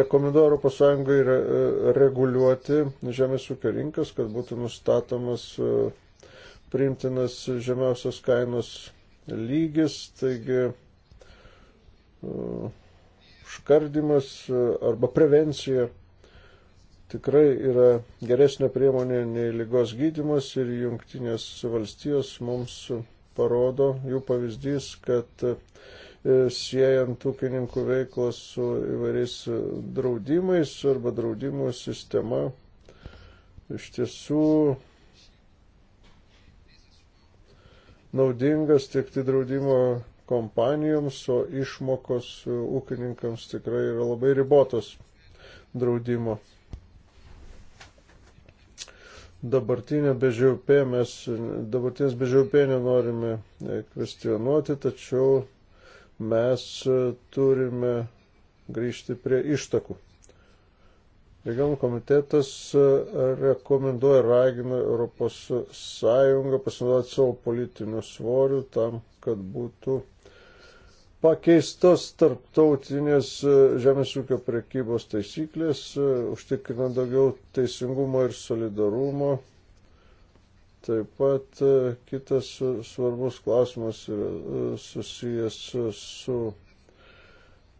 rekomenduoja Europos Sąjungai e, reguliuoti žemės ūkio rinkas, kad būtų nustatomas priimtinas žemiausios kainos lygis, taigi užkardimas arba prevencija tikrai yra geresnė priemonė nei lygos gydimas ir jungtinės valstijos mums parodo jų pavyzdys, kad e, siejant ūkininkų veiklą su įvairiais draudimais arba draudimų sistema iš tiesų naudingas tik tai draudimo kompanijoms, o išmokos ūkininkams tikrai yra labai ribotos draudimo dabartinę BŽUP, mes dabartinės BŽUP nenorime e, kvestionuoti, tačiau mes e, turime grįžti prie ištakų. Regionų komitetas e, rekomenduoja, ragina Europos Sąjungą pasinaudoti savo politiniu svoriu tam, kad būtų pakeistas tarptautinės e, žemės ūkio prekybos taisyklės, e, užtikrinant daugiau teisingumo ir solidarumo. Taip pat e, kitas svarbus klausimas yra susijęs su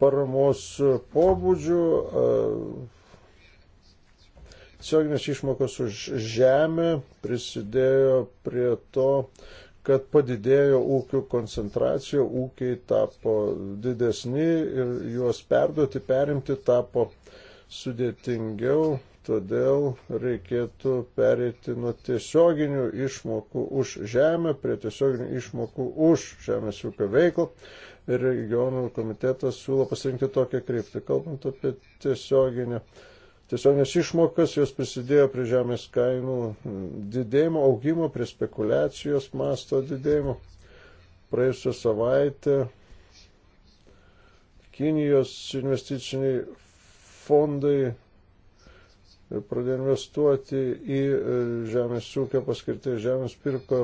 paramos pobūdžiu. Tiesioginės išmokos už žemę prisidėjo prie to, kad padidėjo ūkių koncentracija, ūkiai tapo didesni ir juos perduoti, perimti tapo sudėtingiau, todėl reikėtų pereiti nuo tiesioginių išmokų už žemę prie tiesioginių išmokų už žemės ūkio veiklą. Ir regionų komitetas siūlo pasirinkti tokią kryptį. Kalbant apie tiesioginę tiesioginės išmokas, jos prisidėjo prie žemės kainų didėjimo, augimo, prie spekulacijos masto didėjimo. Praėjusią savaitę Kinijos investiciniai fondai pradėjo investuoti į e, žemės ūkio paskirtį, žemės pirko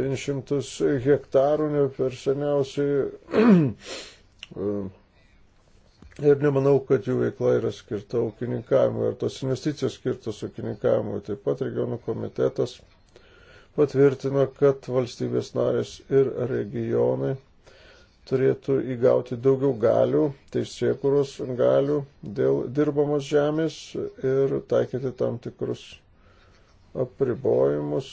900 hektarų, ne per seniausiai e, ir nemanau, kad jų veikla yra skirta ūkininkavimui ir tos investicijos skirtos ūkininkavimui. Taip pat regionų komitetas patvirtino, kad valstybės narės ir regionai turėtų įgauti daugiau galių, teisėkuros galių dėl dirbamos žemės ir taikyti tam tikrus apribojimus,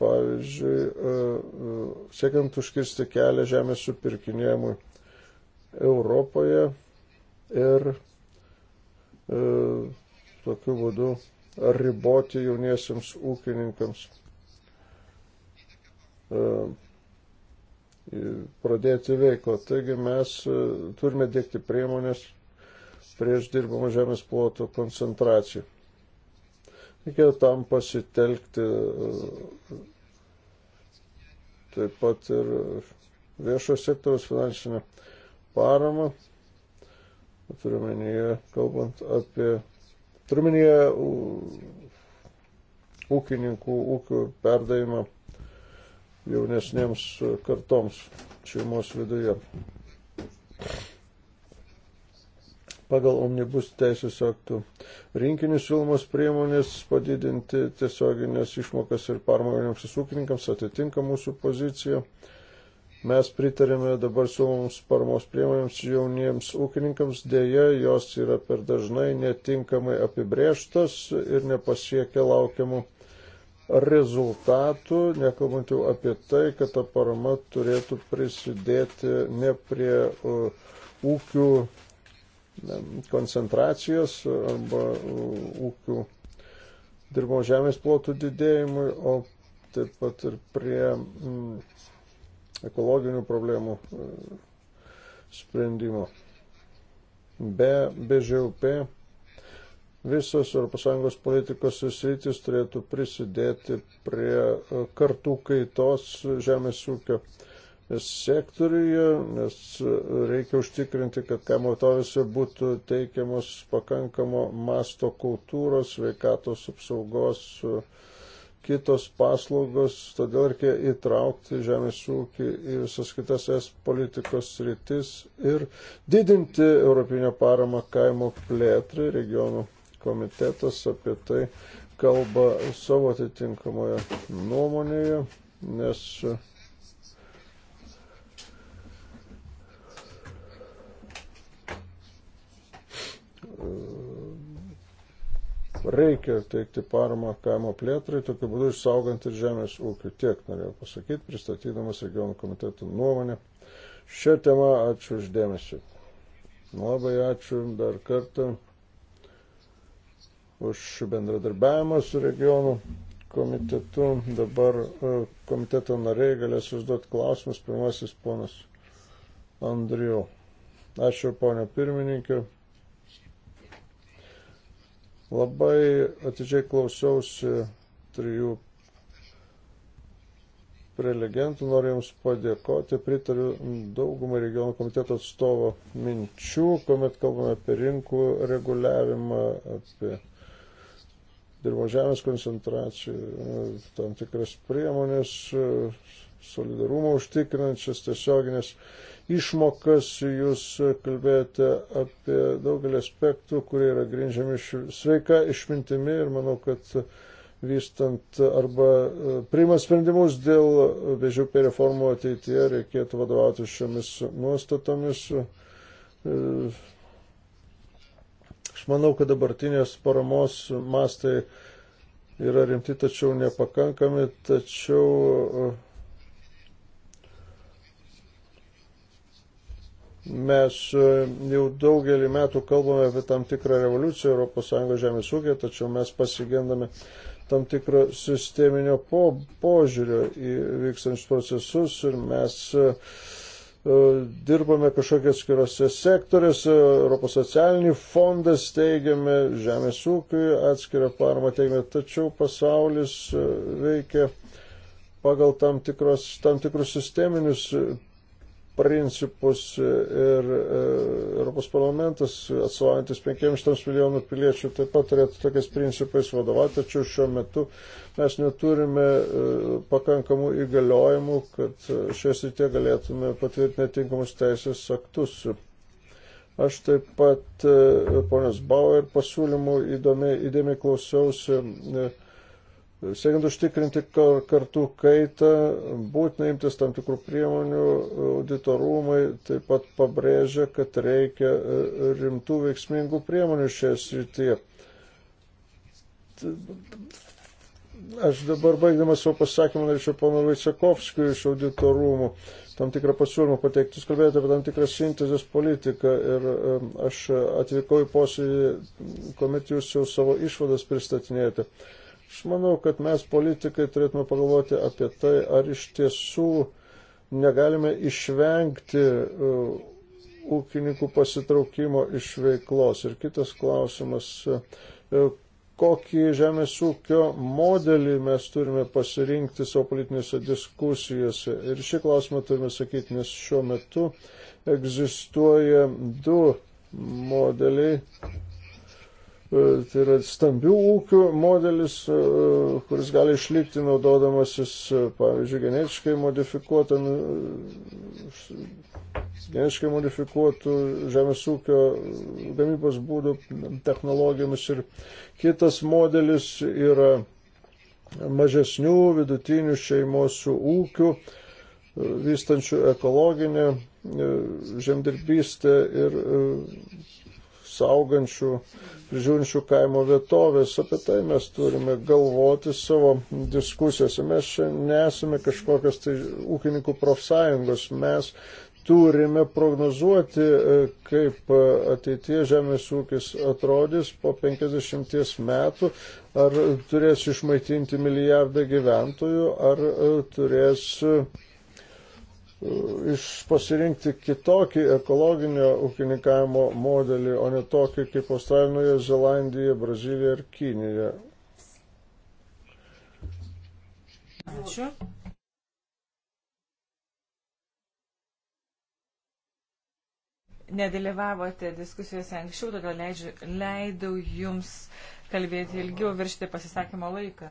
pavyzdžiui, e, e, siekiant užkirsti kelią žemės supirkinėjimui Europoje ir e, tokiu būdu riboti jauniesiams ūkininkams e, pradėti veiklą. Taigi mes e, turime dėkti priemonės prieš dirbamą žemės ploto koncentraciją. Reikėjo tam pasitelkti e, taip pat ir viešo sektoriaus finansinę paramą turiuomenyje, kalbant apie, turiuomenyje ūkininkų ūkių perdavimą jaunesniems kartoms šeimos viduje. Pagal omnibus teisės aktų rinkinį siūlomos priemonės padidinti tiesioginės išmokas ir parmaviniams ūkininkams atitinka mūsų poziciją. Mes pritarėme dabar siūlomoms paramos priemonėms jauniems ūkininkams, dėja jos yra per dažnai netinkamai apibrėžtos ir nepasiekia laukiamų rezultatų, nekalbant jau apie tai, kad ta parama turėtų prisidėti ne prie ūkių koncentracijos arba ūkių dirbamo žemės plotų didėjimui, o taip pat ir prie ekologinių problemų e, sprendimo. Be BŽUP visos ES politikos susirytis turėtų prisidėti prie e, kartų kaitos žemės ūkio sektoriuje, nes e, reikia užtikrinti, kad kaimo vietovėse būtų teikiamos pakankamo masto kultūros, sveikatos apsaugos, uh, kitos paslaugos, todėl reikia įtraukti žemės ūkį į visas kitas es politikos rytis ir didinti Europinę paramą kaimo plėtrai. Regionų komitetas apie tai kalba savo atitinkamoje nuomonėje, nes uh, reikia teikti paramą kaimo plėtrai, tokiu būdu išsaugant ir žemės ūkį. Tiek norėjau pasakyti, pristatydamas regionų komiteto nuomonę. Šią temą ačiū uždėmesi. Labai ačiū dar kartą už bendradarbiavimą su regionų komitetu. Dabar e, komiteto nariai galės užduoti klausimus. Pirmasis ponas Andriu. Ačiū ponio pirmininkė. Labai atidžiai klausiausi trijų prelegentų, noriu Jums padėkoti, pritariu daugumą regionų komiteto atstovo minčių, kuomet kalbame apie rinkų reguliavimą, apie dirbo žemės koncentraciją, tam tikras priemonės solidarumą užtikrinančias tiesioginės išmokas. Jūs kalbėjote apie daugelį aspektų, kurie yra grindžiami sveika išmintimi ir manau, kad vystant arba e, priimant sprendimus dėl BŽP reformų ateityje reikėtų vadovauti šiomis nuostatomis. E, aš manau, kad dabartinės paramos mastai yra rimti, tačiau nepakankami, tačiau e, Mes e, jau daugelį metų kalbame apie tam tikrą revoliuciją ES žemės ūkio, tačiau mes pasigendame tam tikro sisteminio po, požiūrio į vykstančius procesus ir mes e, e, dirbame kažkokie atskirose sektoriuose, Europos socialinį fondą steigiame, žemės ūkiui atskirą paramą teigiame, tačiau pasaulis veikia pagal tam, tikros, tam tikrus sisteminius principus ir e, Europos parlamentas, atstovaujantis 500 milijonų piliečių, taip pat turėtų tokiais principais vadovauti, tačiau šiuo metu mes neturime e, pakankamų įgaliojimų, kad e, šiais rytie galėtume patvirtinti tinkamus teisės aktus. Aš taip pat ponios Bauer pasiūlymų įdomiai, įdėmiai klausiausi Siekiant užtikrinti kartų kaitą, būtina imtis tam tikrų priemonių, auditorumai taip pat pabrėžia, kad reikia e, rimtų veiksmingų priemonių šioje srityje. Aš dabar baigdamas savo pasakymą norėčiau pono Vaisekovskijui iš auditorumų tam tikrą pasiūlymą pateikti. Jūs kalbėjote apie tam tikrą sintezės politiką ir e, aš atvykau į posėdį, kuomet jūs jau savo išvadas pristatinėjate. Aš manau, kad mes politikai turėtume pagalvoti apie tai, ar iš tiesų negalime išvengti uh, ūkininkų pasitraukimo iš veiklos. Ir kitas klausimas, uh, kokį žemės ūkio modelį mes turime pasirinkti savo politinėse diskusijose. Ir šį klausimą turime sakyti, nes šiuo metu egzistuoja du modeliai E, tai yra stambių ūkių modelis, e, kuris gali išlikti naudodamasis, e, pavyzdžiui, genetiškai, genetiškai modifikuotų žemės ūkio gamybos būdų technologijomis ir kitas modelis yra mažesnių vidutinių šeimos ūkių, vystančių ekologinę žemdirbystę ir saugančių, prižiūrinčių kaimo vietovės. Apie tai mes turime galvoti savo diskusijose. Mes čia nesame kažkokios tai ūkininkų profsąjungos. Mes turime prognozuoti, e, kaip e, ateitie žemės ūkis atrodys po 50 metų, ar turės išmaitinti milijardą gyventojų, ar e, turės iš pasirinkti kitokį ekologinio ūkininkavimo modelį, o ne tokį kaip Australijoje, Zelandijoje, Brazilijoje ir Kinijoje. Ačiū. Nedalyvavote diskusijose anksčiau, todėl leidžiu, leidau jums kalbėti ilgiau, viršti pasisakymo laiką.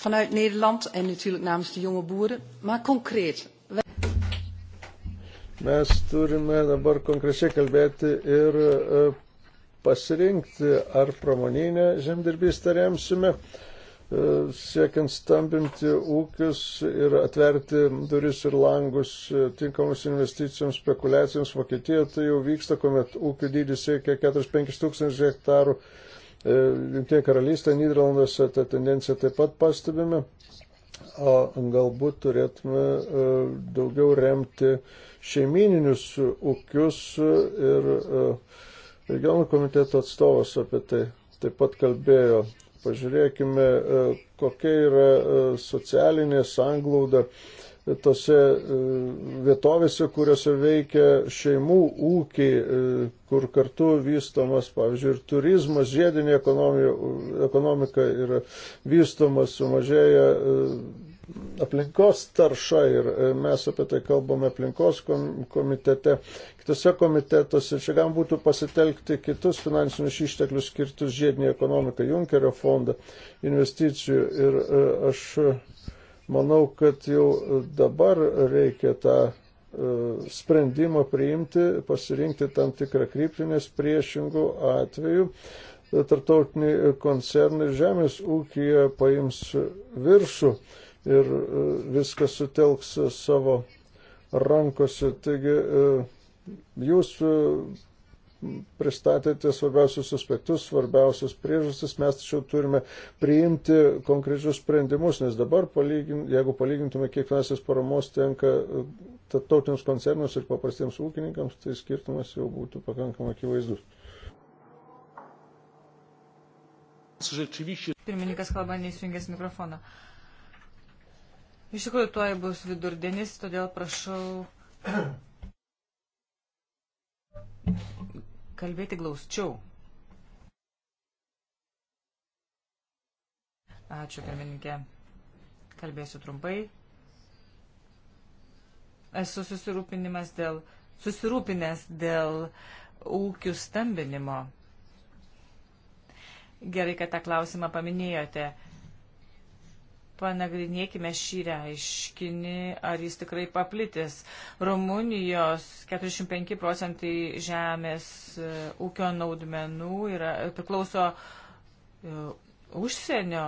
Vanuit Nederland en natuurlijk namens de jonge boeren, maar concreet. Mes turime dabar konkrečiai kalbėti ir e, pasirinkti, ar pramoninę žemdirbystę remsime, e, siekiant stambinti ūkius ir atverti duris ir langus e, tinkamus investicijoms, spekulacijoms. Vokietijoje tai jau vyksta, kuomet ūkių dydis siekia 45 tūkstančių hektarų E, Junktinė karalystė, Niderlanduose tą tendenciją taip pat pastebime. O galbūt turėtume e, daugiau remti šeimininius ūkius ir e, regionų komiteto atstovas apie tai taip pat kalbėjo. Pažiūrėkime, kokia yra socialinė sanglauda tose e, vietovėse, kuriuose veikia šeimų ūkiai, e, kur kartu vystomas, pavyzdžiui, ir turizmas, žiedinė ekonomija, ekonomika yra vystomas, sumažėja e, aplinkos tarša ir mes apie tai kalbame aplinkos komitete, kitose komitetuose, čia galima būtų pasitelkti kitus finansinius išteklius skirtus žiedinį ekonomiką, Junkerio fondą investicijų ir aš Manau, kad jau dabar reikia tą e, sprendimą priimti, pasirinkti tam tikrą kryptį, nes priešingų atvejų tarptautiniai koncernai žemės ūkija paims viršų ir e, viską sutelks savo rankose. Taigi e, jūs pristatėte svarbiausius aspektus, svarbiausias priežastis, mes tačiau turime priimti konkrečius sprendimus, nes dabar, palygin, jeigu palygintume, kiek finansinės paramos tenka e, tautiniams koncernams ir paprastiems ūkininkams, tai skirtumas jau būtų pakankamai akivaizdus. Pirmininkas kalba neįsijungęs mikrofoną. Iš tikrųjų, tuoj bus vidurdienis, todėl prašau kalbėti glausčiau. Ačiū, pirmininkė. Kalbėsiu trumpai. Esu susirūpinimas dėl, susirūpinęs dėl ūkių stambinimo. Gerai, kad tą klausimą paminėjote. Panagrinėkime šį reiškinį, ar jis tikrai paplitis. Rumunijos 45 procentai žemės e, ūkio naudmenų yra, e, priklauso e, užsienio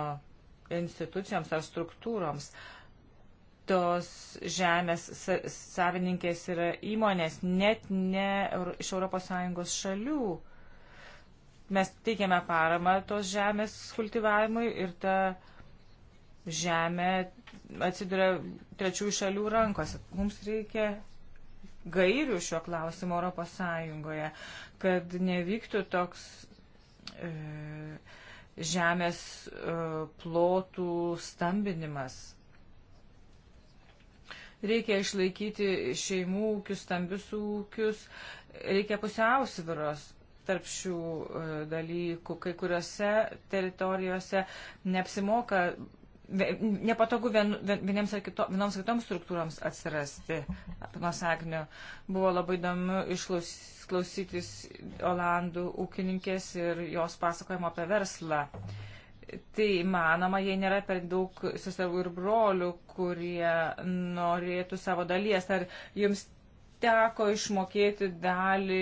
institucijoms ar struktūroms. Tos žemės savininkės yra įmonės, net ne iš ES šalių. Mes teikiame paramą tos žemės kultivavimui ir ta uh, žemė atsiduria trečiųjų šalių rankose. Mums reikia gairių šio klausimo Europos Sąjungoje, kad nevyktų toks e, žemės e, plotų stambinimas. Reikia išlaikyti šeimų ūkius, stambius ūkius, reikia pusiausviros tarp šių e, dalykų. Kai kuriuose teritorijose neapsimoka nepatogu vien, vieniems ar kito, vienoms ar kitoms struktūroms atsirasti. Nuosagnio buvo labai įdomu išklausytis Olandų ūkininkės ir jos pasakojimo apie verslą. Tai manoma, jei nėra per daug seserų ir brolių, kurie norėtų savo dalies. Ar jums teko išmokėti dalį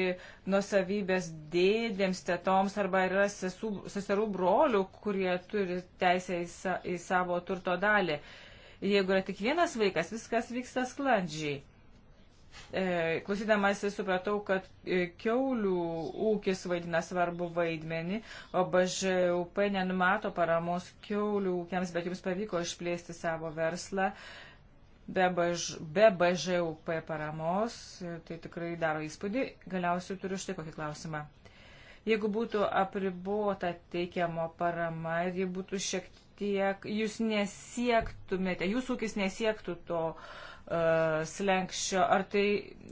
nusavybės dėdėms, tetoms arba yra sesų, seserų brolių, kurie turi teisę į, sa, į savo turto dalį. Jeigu yra tik vienas vaikas, viskas vyksta sklandžiai. E, klausydamasi supratau, kad e, keulių ūkis vaidina svarbu vaidmenį, o BŽUP nenumato paramos keulių ūkiams, bet jums pavyko išplėsti savo verslą. E, be, baž, be BŽUP paramos, tai tikrai daro įspūdį. Galiausiai turiu štai kokį klausimą. Jeigu būtų apribuota teikiamo parama ir ji būtų šiek tiek, jūs nesiektumėte, jūsų ūkis nesiektų to uh, e, slengščio, ar tai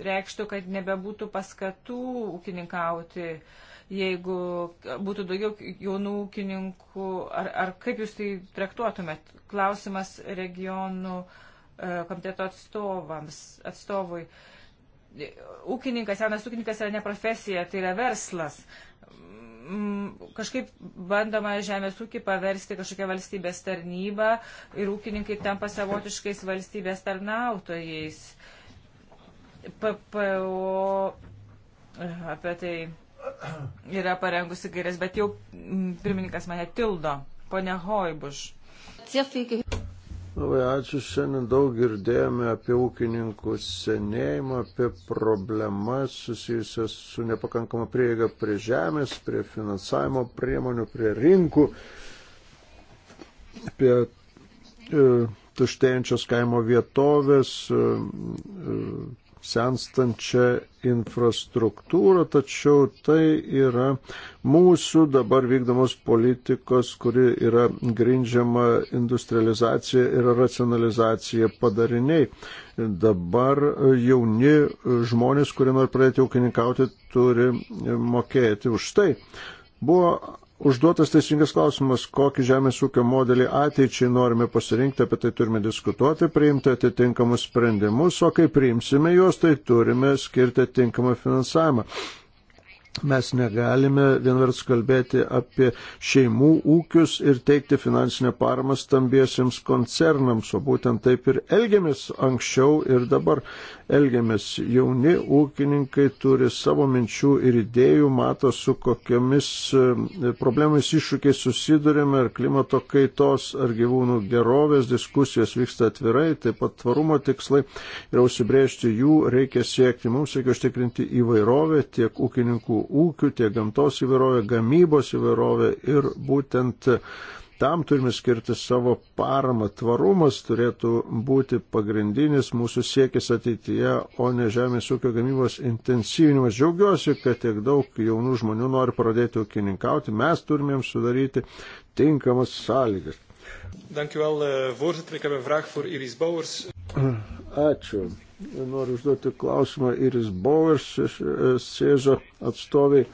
reikštų, kad nebebūtų paskatų ūkininkauti, jeigu būtų daugiau jaunų ūkininkų, ar, ar kaip jūs tai traktuotumėt? Klausimas regionų uh, E, komiteto atstovams, atstovui. Ūkininkas, jaunas ūkininkas yra ne profesija, tai yra verslas. Mm, kažkaip bandoma žemės ūkį paversti kažkokią valstybės tarnybą ir ūkininkai tampa savotiškais valstybės tarnautojais. PPO apie tai yra parengusi gairės, bet jau mm, pirmininkas mane tildo, ponia Hoibuš. Labai ačiū. Šiandien daug girdėjome apie ūkininkų senėjimą, apie problemas susijusias su nepakankama prieiga prie žemės, prie finansavimo priemonių, prie rinkų, apie e, tuštėjančias kaimo vietovės, e, e, senstančią infrastruktūrą, tačiau tai yra mūsų dabar vykdomos politikos, kuri yra grindžiama industrializacija ir racionalizacija padariniai. Dabar jauni žmonės, kurie nori pradėti ūkininkauti, turi mokėti už tai. Buvo Užduotas teisingas klausimas, kokį žemės ūkio modelį ateičiai norime pasirinkti, apie tai turime diskutuoti, priimti atitinkamus sprendimus, o kai priimsime juos, tai turime skirti atitinkamą finansavimą. Mes negalime vienvertus kalbėti apie šeimų ūkius ir teikti finansinę paramą stambiesiems koncernams, o būtent taip ir elgiamės anksčiau ir dabar elgiamės. Jauni ūkininkai turi savo minčių ir idėjų, mato su kokiamis e, problemais iššūkiais susidurime, ar klimato kaitos, ar gyvūnų gerovės diskusijos vyksta atvirai, taip pat tvarumo tikslai yra užsibriežti jų, reikia siekti, mums reikia užtikrinti įvairovę tiek ūkininkų ūkių, tiek gamtos įvairovė, gamybos įvairovė ir būtent tam turime skirti savo paramą. Tvarumas turėtų būti pagrindinis mūsų siekis ateityje, o ne žemės ūkio gamybos intensyvinimas. Džiaugiuosi, kad tiek daug jaunų žmonių nori pradėti ūkininkauti. Mes turime jiems sudaryti tinkamas sąlygas. Dank u wel, eh, voorzitter. Ik heb een vraag voor Iris Bouwers. Ačiū noriu užduoti klausimą Iris Bowers, Sėžo atstoviai.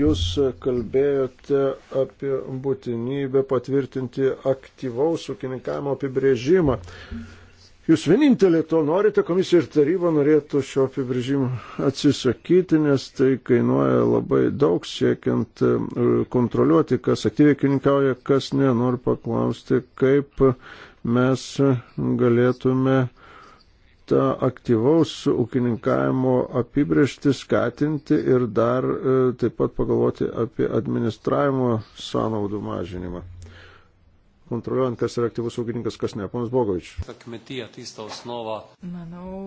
Jūs kalbėjote apie būtinybę patvirtinti aktyvaus ūkininkavimo apibrėžimą. Jūs vienintelė to norite, komisija ir taryba norėtų šio apibrėžimo atsisakyti, nes tai kainuoja labai daug siekiant e, kontroliuoti, kas aktyviai kininkauja, kas ne. Noriu paklausti, kaip mes galėtume uh, ta aktyvaus ūkininkavimo apibriešti skatinti ir dar e, taip pat pagalvoti apie administravimo sąnaudų mažinimą. Kontroliuojant, kas yra aktyvus ūkininkas, kas ne. Ponas Bogovič. Manau,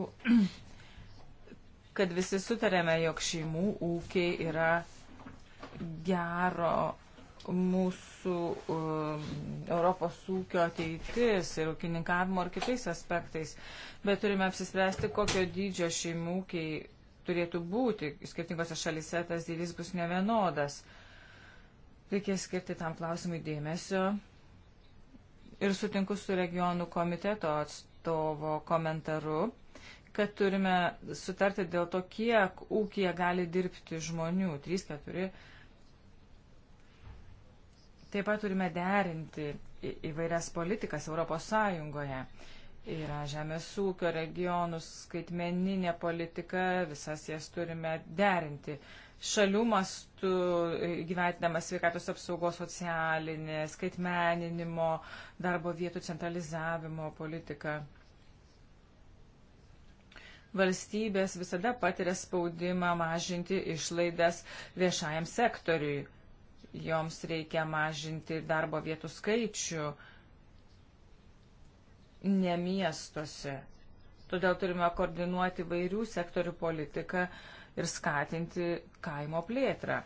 kad visi sutarėme, jog šeimų ūkiai yra gero mūsų uh, Europos ūkio ateitis ir ūkininkavimo ir kitais aspektais, bet turime apsispręsti, kokio dydžio šeimų ūkiai turėtų būti. Skirtingose šalise tas dydis bus nevienodas. Reikia skirti tam klausimui dėmesio. Ir sutinku su regionų komiteto atstovo komentaru, kad turime sutarti dėl to, kiek ūkija gali dirbti žmonių. 3-4 Taip pat turime derinti įvairias politikas Europos Sąjungoje. Yra žemės ūkio regionus, skaitmeninė politika, visas jas turime derinti. Šalių mastų e, gyventinamas sveikatos apsaugos socialinė, skaitmeninimo, darbo vietų centralizavimo politika. Valstybės visada patiria spaudimą mažinti išlaidas viešajam sektoriui joms reikia mažinti darbo vietų skaičių ne miestuose. Todėl turime koordinuoti vairių sektorių politiką ir skatinti kaimo plėtrą.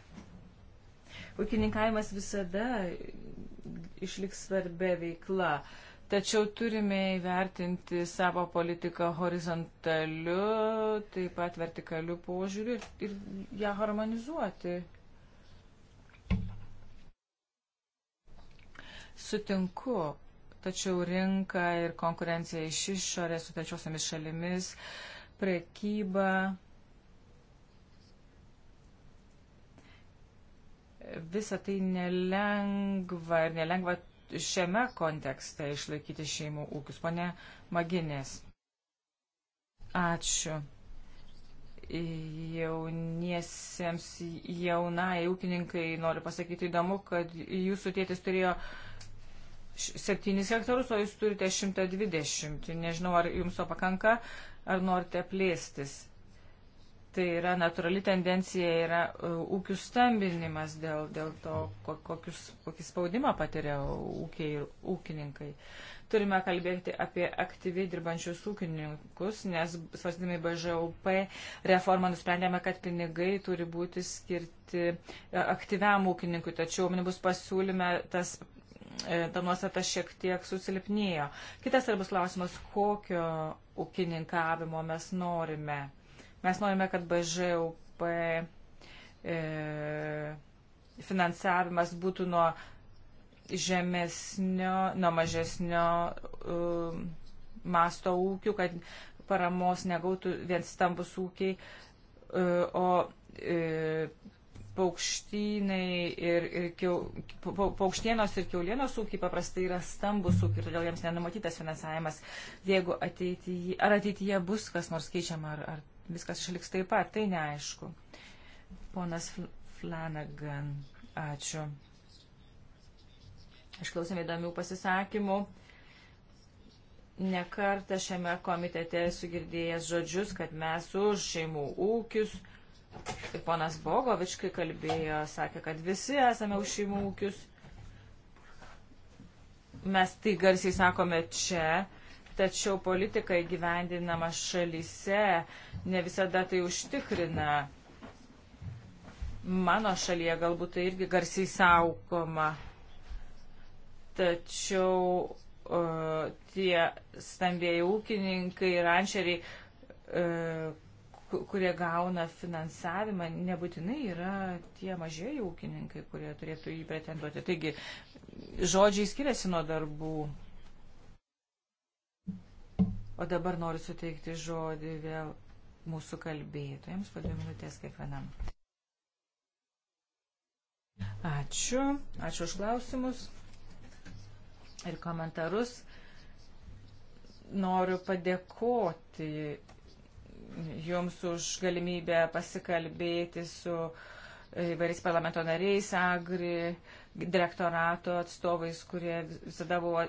Ūkininkavimas visada išliks svarbia veikla, tačiau turime įvertinti savo politiką horizontaliu, taip pat vertikaliu požiūriu ir ją harmonizuoti. Sutinku, tačiau rinka ir konkurencija iš išorės su trečiosiamis šalimis, prekyba. Visa tai nelengva ir nelengva šiame kontekste išlaikyti šeimų ūkius. Pone Maginės. Ačiū jauniesiems jaunai ūkininkai noriu pasakyti įdomu, kad jūsų tėtis turėjo uh, 7 hektarus, o jūs turite 120. Nežinau, ar jums to pakanka, ar norite plėstis. Tai yra natūrali tendencija, yra e, ūkių stambinimas dėl, dėl to, kokius, kokį spaudimą patiria ūkiai ir ūkininkai. Turime kalbėti apie aktyviai dirbančius ūkininkus, nes svarstydami BŽUP reformą nusprendėme, kad pinigai turi būti skirti e, aktyviam ūkininkui, tačiau minibus pasiūlyme tas E, ta nuostata šiek tiek susilpnėjo. Kitas svarbus klausimas, kokio ūkininkavimo mes norime. Mes norime, kad BŽUP e, finansavimas būtų nuo žemesnio, nuo mažesnio e, masto ūkių, kad paramos negautų vien stambus ūkiai, e, o e, paukštynai ir, ir kiau, paukštienos ir kiaulienos ūkiai paprastai yra stambus ūkiai, todėl jiems nenumatytas finansavimas. Jeigu ateityje, ar ateityje bus kas nors keičiama, ar, ar viskas išliks taip pat, tai neaišku. Ponas Flanagan, ačiū. Išklausėme įdomių pasisakymų. Nekartą šiame komitete esu girdėjęs žodžius, kad mes už šeimų ūkius Ponas Bogovič, kai kalbėjo, sakė, kad visi esame už šeimų ūkius. Mes tai garsiai sakome čia, tačiau politika įgyvendinama šalyse ne visada tai užtikrina. Mano šalyje galbūt tai irgi garsiai saukoma. Tačiau uh, tie stambėjai ūkininkai ir rančeriai uh, kurie gauna finansavimą, nebūtinai yra tie mažieji ūkininkai, kurie turėtų jį pretenduoti. Taigi, žodžiai skiriasi nuo darbų. O dabar noriu suteikti žodį vėl mūsų kalbėtojams, po dvi minutės kiekvienam. Ačiū, ačiū už klausimus ir komentarus. Noriu padėkoti Jums už galimybę pasikalbėti su įvairiais parlamento nariais, agri, direktorato atstovais, kurie visada buvo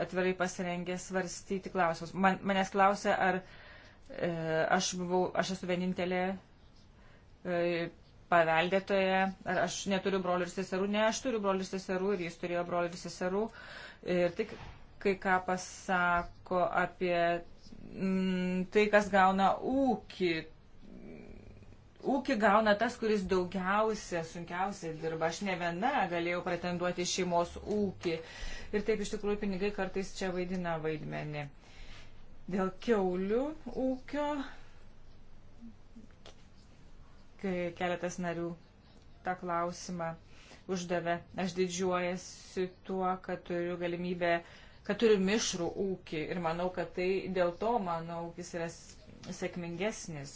atvirai pasirengę svarstyti klausimus. Man, manęs klausia, ar e, aš, buvau, aš esu vienintelė e, paveldėtoje, ar aš neturiu brolių ir seserų. Ne, aš turiu brolių ir seserų ir jis turėjo brolių ir seserų. Ir tik kai ką pasako apie Mm, tai, kas gauna ūkį. Ūkį gauna tas, kuris daugiausia, sunkiausiai dirba. Aš ne viena galėjau pretenduoti šeimos ūkį. Ir taip iš tikrųjų pinigai kartais čia vaidina vaidmenį. Dėl keulių ūkio keletas narių tą klausimą uždavė. Aš didžiuojasi tuo, kad turiu galimybę uh, kad turiu mišrų ūkį ir manau, kad tai dėl to mano ūkis yra sėkmingesnis.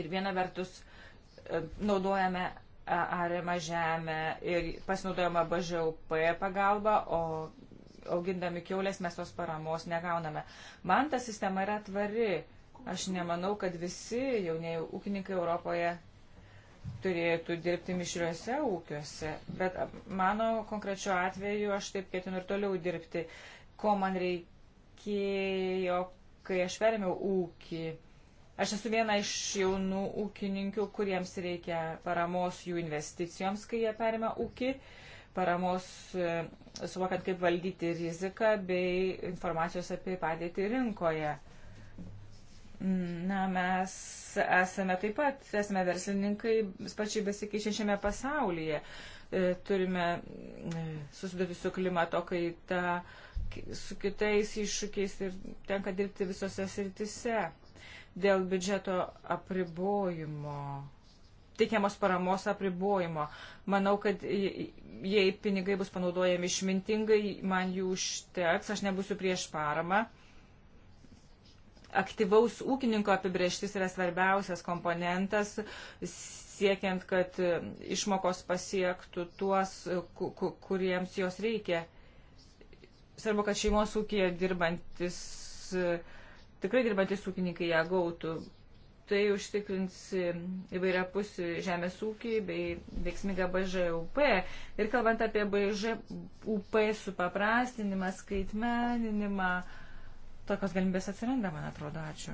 Ir viena vertus e, naudojame arimą žemę ir pasinaudojama BŽUP pagalba, o augindami keulės mes tos paramos negauname. Man ta sistema yra tvari. Aš nemanau, kad visi jaunieji ūkininkai Europoje turėtų dirbti mišriuose ūkiuose, bet mano konkrečiu atveju aš taip ketinu ir toliau dirbti, ko man reikėjo, kai aš perėmiau ūkį. Aš esu viena iš jaunų ūkininkų, kuriems reikia paramos jų investicijoms, kai jie perima ūkį, paramos e, suvokant, kaip valdyti riziką bei informacijos apie padėtį rinkoje. Na, mes esame taip pat, esame verslininkai sparčiai besikeičiančiame pasaulyje. E, turime e, susidurti su klimato kaita, su kitais iššūkiais ir tenka dirbti visose sritise. Dėl biudžeto apribojimo, teikiamos paramos apribojimo. Manau, kad jei pinigai bus panaudojami išmintingai, man jų užteks, aš nebusiu prieš paramą aktyvaus ūkininko apibrieštis yra svarbiausias komponentas siekiant, kad išmokos pasiektų tuos, kuriems jos reikia. Svarbu, kad šeimos ūkija dirbantis, tikrai dirbantis ūkininkai ją gautų. Tai užtikrins įvairia pusė žemės ūkį bei veiksmingą BŽUP. Ir kalbant apie BŽUP supaprastinimą, skaitmeninimą, uh, tokios galimybės atsiranda, man atrodo. Ačiū.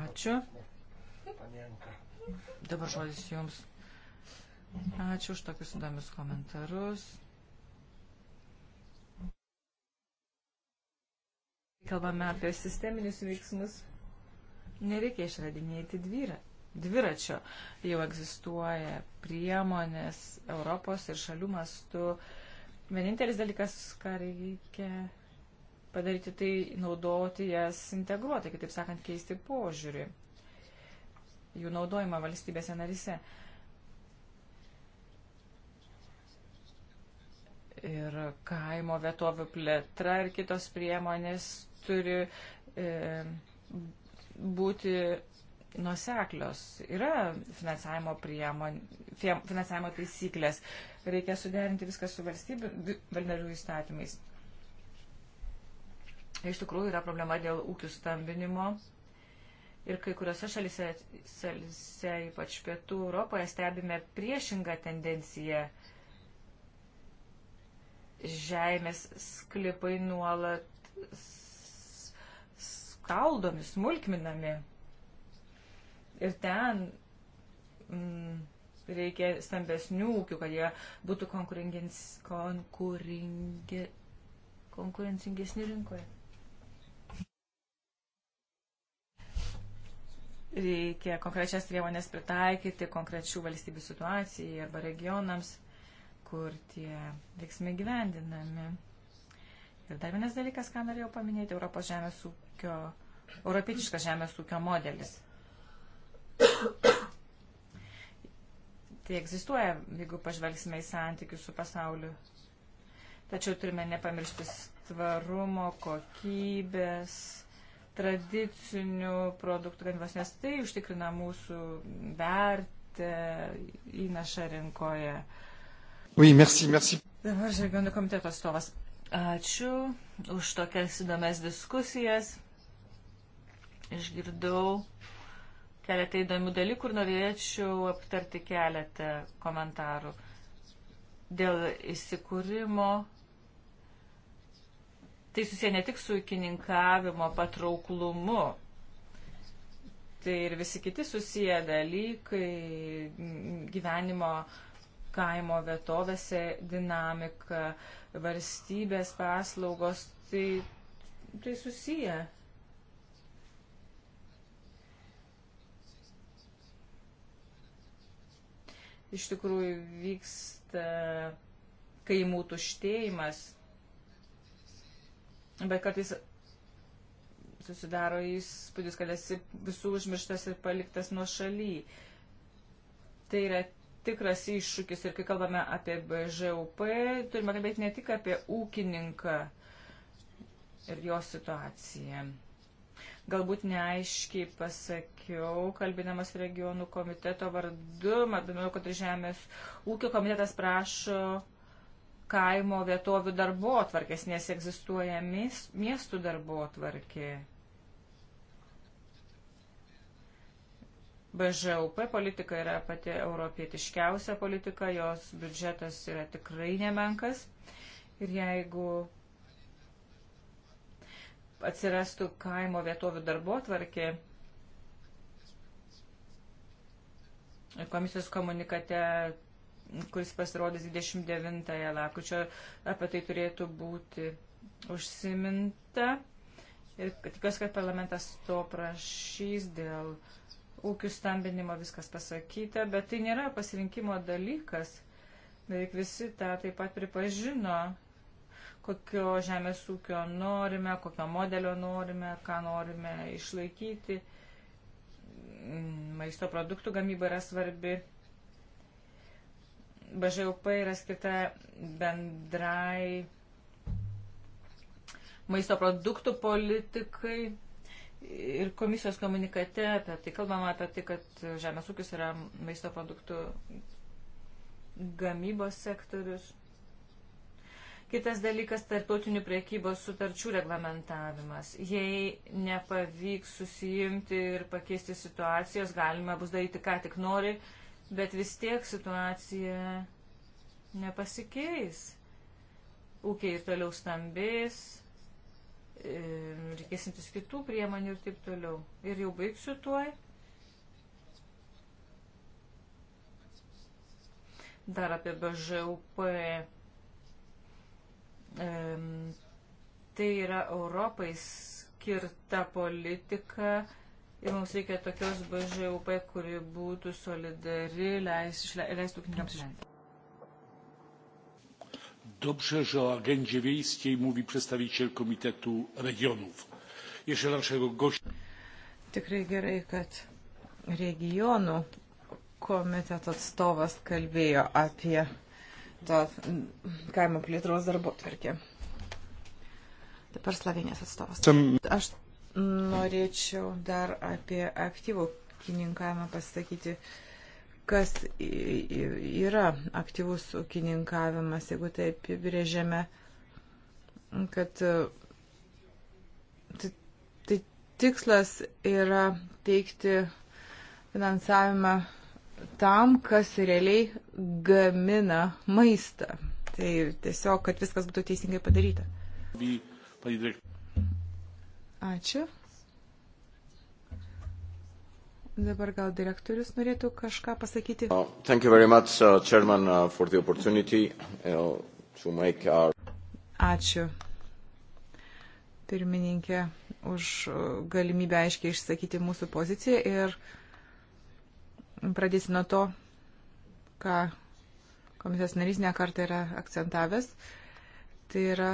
Ačiū. Dabar žodis jums. Ačiū už tokius įdomius komentarus. Kalbame apie sisteminius veiksmus. Nereikia išradinėti dvira, dviračio. Jau egzistuoja priemonės Europos ir šalių mastu. Vienintelis dalykas, ką reikia padaryti, tai naudoti jas integruotai, kitaip sakant, keisti požiūrį, jų naudojimą valstybėse narise. ir kaimo vietovių plėtra ir kitos priemonės turi e, būti nuseklios. Yra finansavimo priemon, finansavimo taisyklės. Reikia suderinti viską su valstybių valnarių įstatymais. Iš tikrųjų yra problema dėl ūkių stambinimo. Ir kai kuriuose šalise, šalise, ypač pietų Europoje, stebime priešingą tendenciją. Žemės sklypai nuolat skaldomi, smulkminami. Ir ten mm, reikia stambesnių ūkių, kad jie būtų konkurengi, konkurencingesni rinkoje. Reikia konkrečias priemonės pritaikyti konkrečių valstybių situacijai arba regionams, kur tie veiksmai gyvendinami. Ir dar vienas dalykas, ką norėjau paminėti, Europos žemės ūkio, europietiškas žemės ūkio modelis Tai egzistuoja, jeigu pažvelgsime į santykius su pasauliu. Tačiau turime nepamiršti tvarumo, kokybės, tradicinių produktų gamybos, nes tai užtikrina mūsų vertę įnašą rinkoje. Oui, merci, merci. Dabar žirgionų komiteto atstovas. Ačiū už tokias įdomias diskusijas. Išgirdau keletą įdomių dalykų ir norėčiau aptarti keletą komentarų. Dėl įsikūrimo tai susiję ne tik su ūkininkavimo patrauklumu, tai ir visi kiti susiję dalykai gyvenimo kaimo vietovėse, dinamika, valstybės paslaugos, tai, tai susiję. iš tikrųjų vyksta kaimų tuštėjimas, bet kartais susidaro įspūdis, kad esi visų užmirštas ir paliktas nuo šaly. Tai yra tikras iššūkis ir kai kalbame apie BŽUP, turime kalbėti ne tik apie ūkininką ir jo situaciją. Galbūt neaiškiai pasakiau, kalbinamas regionų komiteto vardu, matome, kad Žemės ūkio komitetas prašo kaimo vietovių darbo atvarkės, nes egzistuoja miestų darbo atvarkė. BŽUP politika yra pati europietiškiausia politika, jos biudžetas yra tikrai nemenkas. Ir jeigu atsirastų kaimo vietovių darbo tvarkė. Komisijos komunikate, kuris pasirodys 29 lakučio, apie tai turėtų būti užsiminta. Ir tikiuosi, kad parlamentas to prašys dėl ūkių stambinimo viskas pasakyta, bet tai nėra pasirinkimo dalykas. Beveik visi tą taip pat pripažino kokio žemės ūkio norime, kokio modelio norime, ką norime išlaikyti. Mm, maisto produktų gamyba yra svarbi. BŽUP yra skirta bendrai maisto produktų politikai. Ir komisijos komunikate apie tai kalbama apie tai, kad žemės ūkis yra maisto produktų gamybos sektorius. Kitas dalykas - tarptautinių priekybos sutarčių reglamentavimas. Jei nepavyks susijimti ir pakeisti situacijos, galima bus daryti ką tik nori, bet vis tiek situacija nepasikeis. Ūkiai ir toliau stambės, reikės imtis kitų priemonių ir taip toliau. Ir jau baigsiu tuoj. Dar apie BŽUP Tai yra Europai skirta politika ir mums reikia tokios BŽUP, kuri būtų solidari, leis, leistų knygams išvengti. Dobrze, że o agendzie wiejskiej mówi przedstawiciel Komitetu Regionów. Jeszcze naszego gościa. Tikrai gerai, kad regionų komiteto atstovas kalbėjo apie tą kaimo plėtros darbo tvarkę. Dabar Slovenijos atstovas. Aš norėčiau dar apie aktyvų kininkavimą pasakyti kas yra aktyvus ūkininkavimas, jeigu tai apibrėžiame, kad tai, tai tikslas yra teikti finansavimą tam, kas realiai gamina maistą. Tai tiesiog, kad viskas būtų teisingai padaryta. Ačiū. Dabar gal direktorius norėtų kažką pasakyti. Uh, thank you very much, uh, Chairman, uh, for the opportunity uh, to make our. Ačiū. Pirmininkė už uh, galimybę aiškiai išsakyti mūsų poziciją ir uh, Pradėsiu nuo to, ką komisijos narys nekart yra akcentavęs. Tai yra,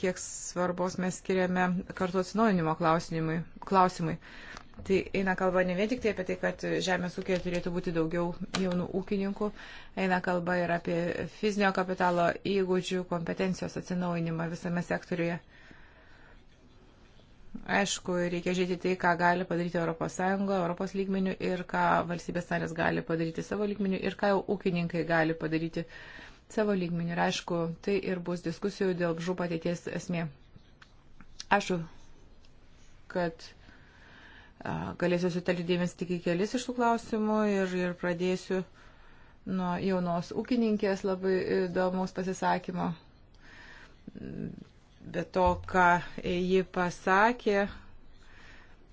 kiek svarbos mes skiriame kartu atsinaujinimo klausimui. klausimui. Tai eina kalba ne vien tik tai apie tai, kad žemės ūkėje turėtų būti daugiau jaunų ūkininkų, eina kalba ir apie fizinio kapitalo įgūdžių, kompetencijos atsinaujinimą visame sektoriuje. Aišku, reikia žiūrėti tai, ką gali padaryti ES, Europos lygmenių ir ką valstybės narės gali padaryti savo lygmenių ir ką jau ūkininkai gali padaryti savo lygmenių. Ir aišku, tai ir bus diskusijų dėl žų pateities esmė. Ašu, kad galėsiu sutelkti dėmesį tik į kelis iš tų klausimų ir, ir pradėsiu nuo jaunos ūkininkės labai įdomaus pasisakymo Bet to, ką ji pasakė,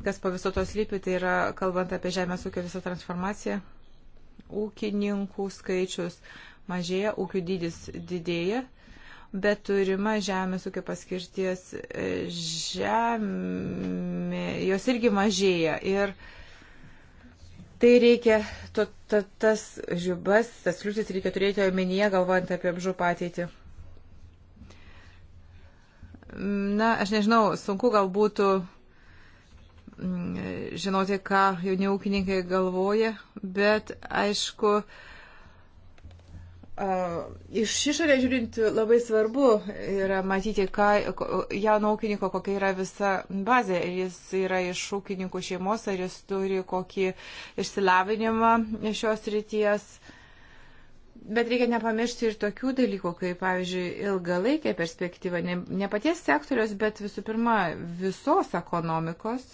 kas po viso to slypi, tai yra, kalbant apie žemės ūkio visą transformaciją, ūkininkų skaičius mažėja, ūkių dydis didėja, bet turima žemės ūkio paskirties e, žemė, jos irgi mažėja. Ir tai reikia, to, ta, tas žibas, tas kliūtis reikia turėti omenyje, galvojant apie apžų pateitį. Na, aš nežinau, sunku gal būtų mm, žinoti, ką jauni ūkininkai galvoja, bet aišku, iš išorės žiūrint labai svarbu yra matyti, ką jauno ūkininko, kokia yra visa bazė, ar jis yra iš ūkininkų šeimos, ar jis turi kokį išsilavinimą šios ryties. Bet reikia nepamiršti ir tokių dalykų, kaip, pavyzdžiui, ilgalaikė perspektyva, ne, ne paties sektorius, bet visų pirma visos ekonomikos,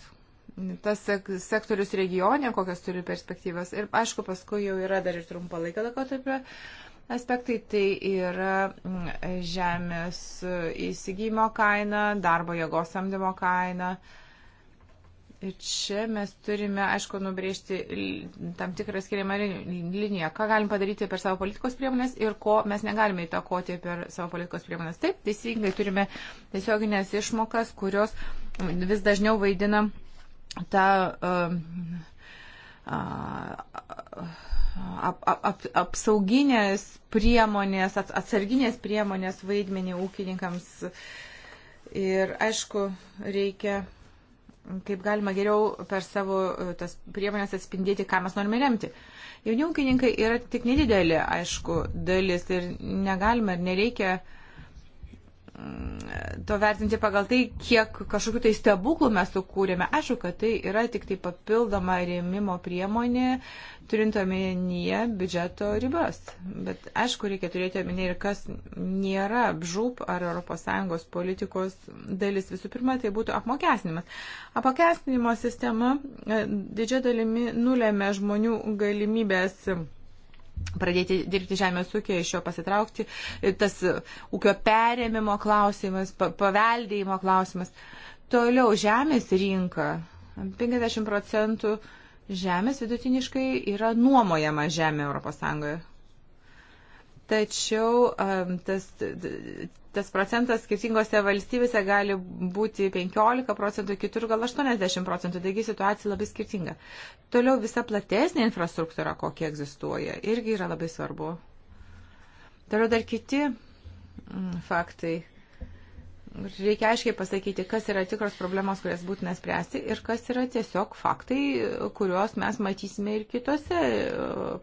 tas sektorius regione, kokias turi perspektyvas. Ir aišku, paskui jau yra dar ir trumpalaikio laikotarpio aspektai, tai yra mm, žemės įsigymo kaina, darbo jėgos samdymo kaina. Uh, Ir čia mes turime, aišku, nubrėžti tam tikrą skiriamą liniją, ką galim padaryti per savo politikos priemonės ir ko mes negalime įtakoti per savo politikos priemonės. Taip, teisingai turime tiesioginės išmokas, kurios vis dažniau vaidina tą. Uh, uh, ap, ap, ap, apsauginės priemonės, atsarginės priemonės vaidmenį ūkininkams. Ir aišku, reikia kaip galima geriau per savo e, tas priemonės atspindėti, ką mes norime remti. Jauni ūkininkai yra tik nedidelė, aišku, dalis ir negalima ir nereikia uh, Mm, to vertinti pagal tai, kiek kažkokiu tai stebuklų mes sukūrėme. Aišku, kad tai yra tik tai papildoma rėmimo priemonė, turint omenyje biudžeto ribas. Bet aišku, reikia turėti omenyje ir kas nėra BŽUP ar ES politikos dalis. Visų pirma, tai būtų apmokesnimas. Apmokesnimo sistema e, didžia dalimi nulėmė žmonių galimybės pradėti dirbti žemės ūkio, iš jo pasitraukti, tas ūkio perėmimo klausimas, paveldėjimo klausimas. Toliau žemės rinka. 50 procentų žemės vidutiniškai yra nuomojama žemė ES tačiau tas, tas procentas skirtingose valstybėse gali būti 15 procentų, kitur gal 80 procentų, taigi situacija labai skirtinga. Toliau visa platesnė infrastruktūra, kokia egzistuoja, irgi yra labai svarbu. Toliau dar kiti mm, faktai reikia aiškiai pasakyti, kas yra tikros problemos, kurias būtina spręsti ir kas yra tiesiog faktai, kuriuos mes matysime ir kitose e,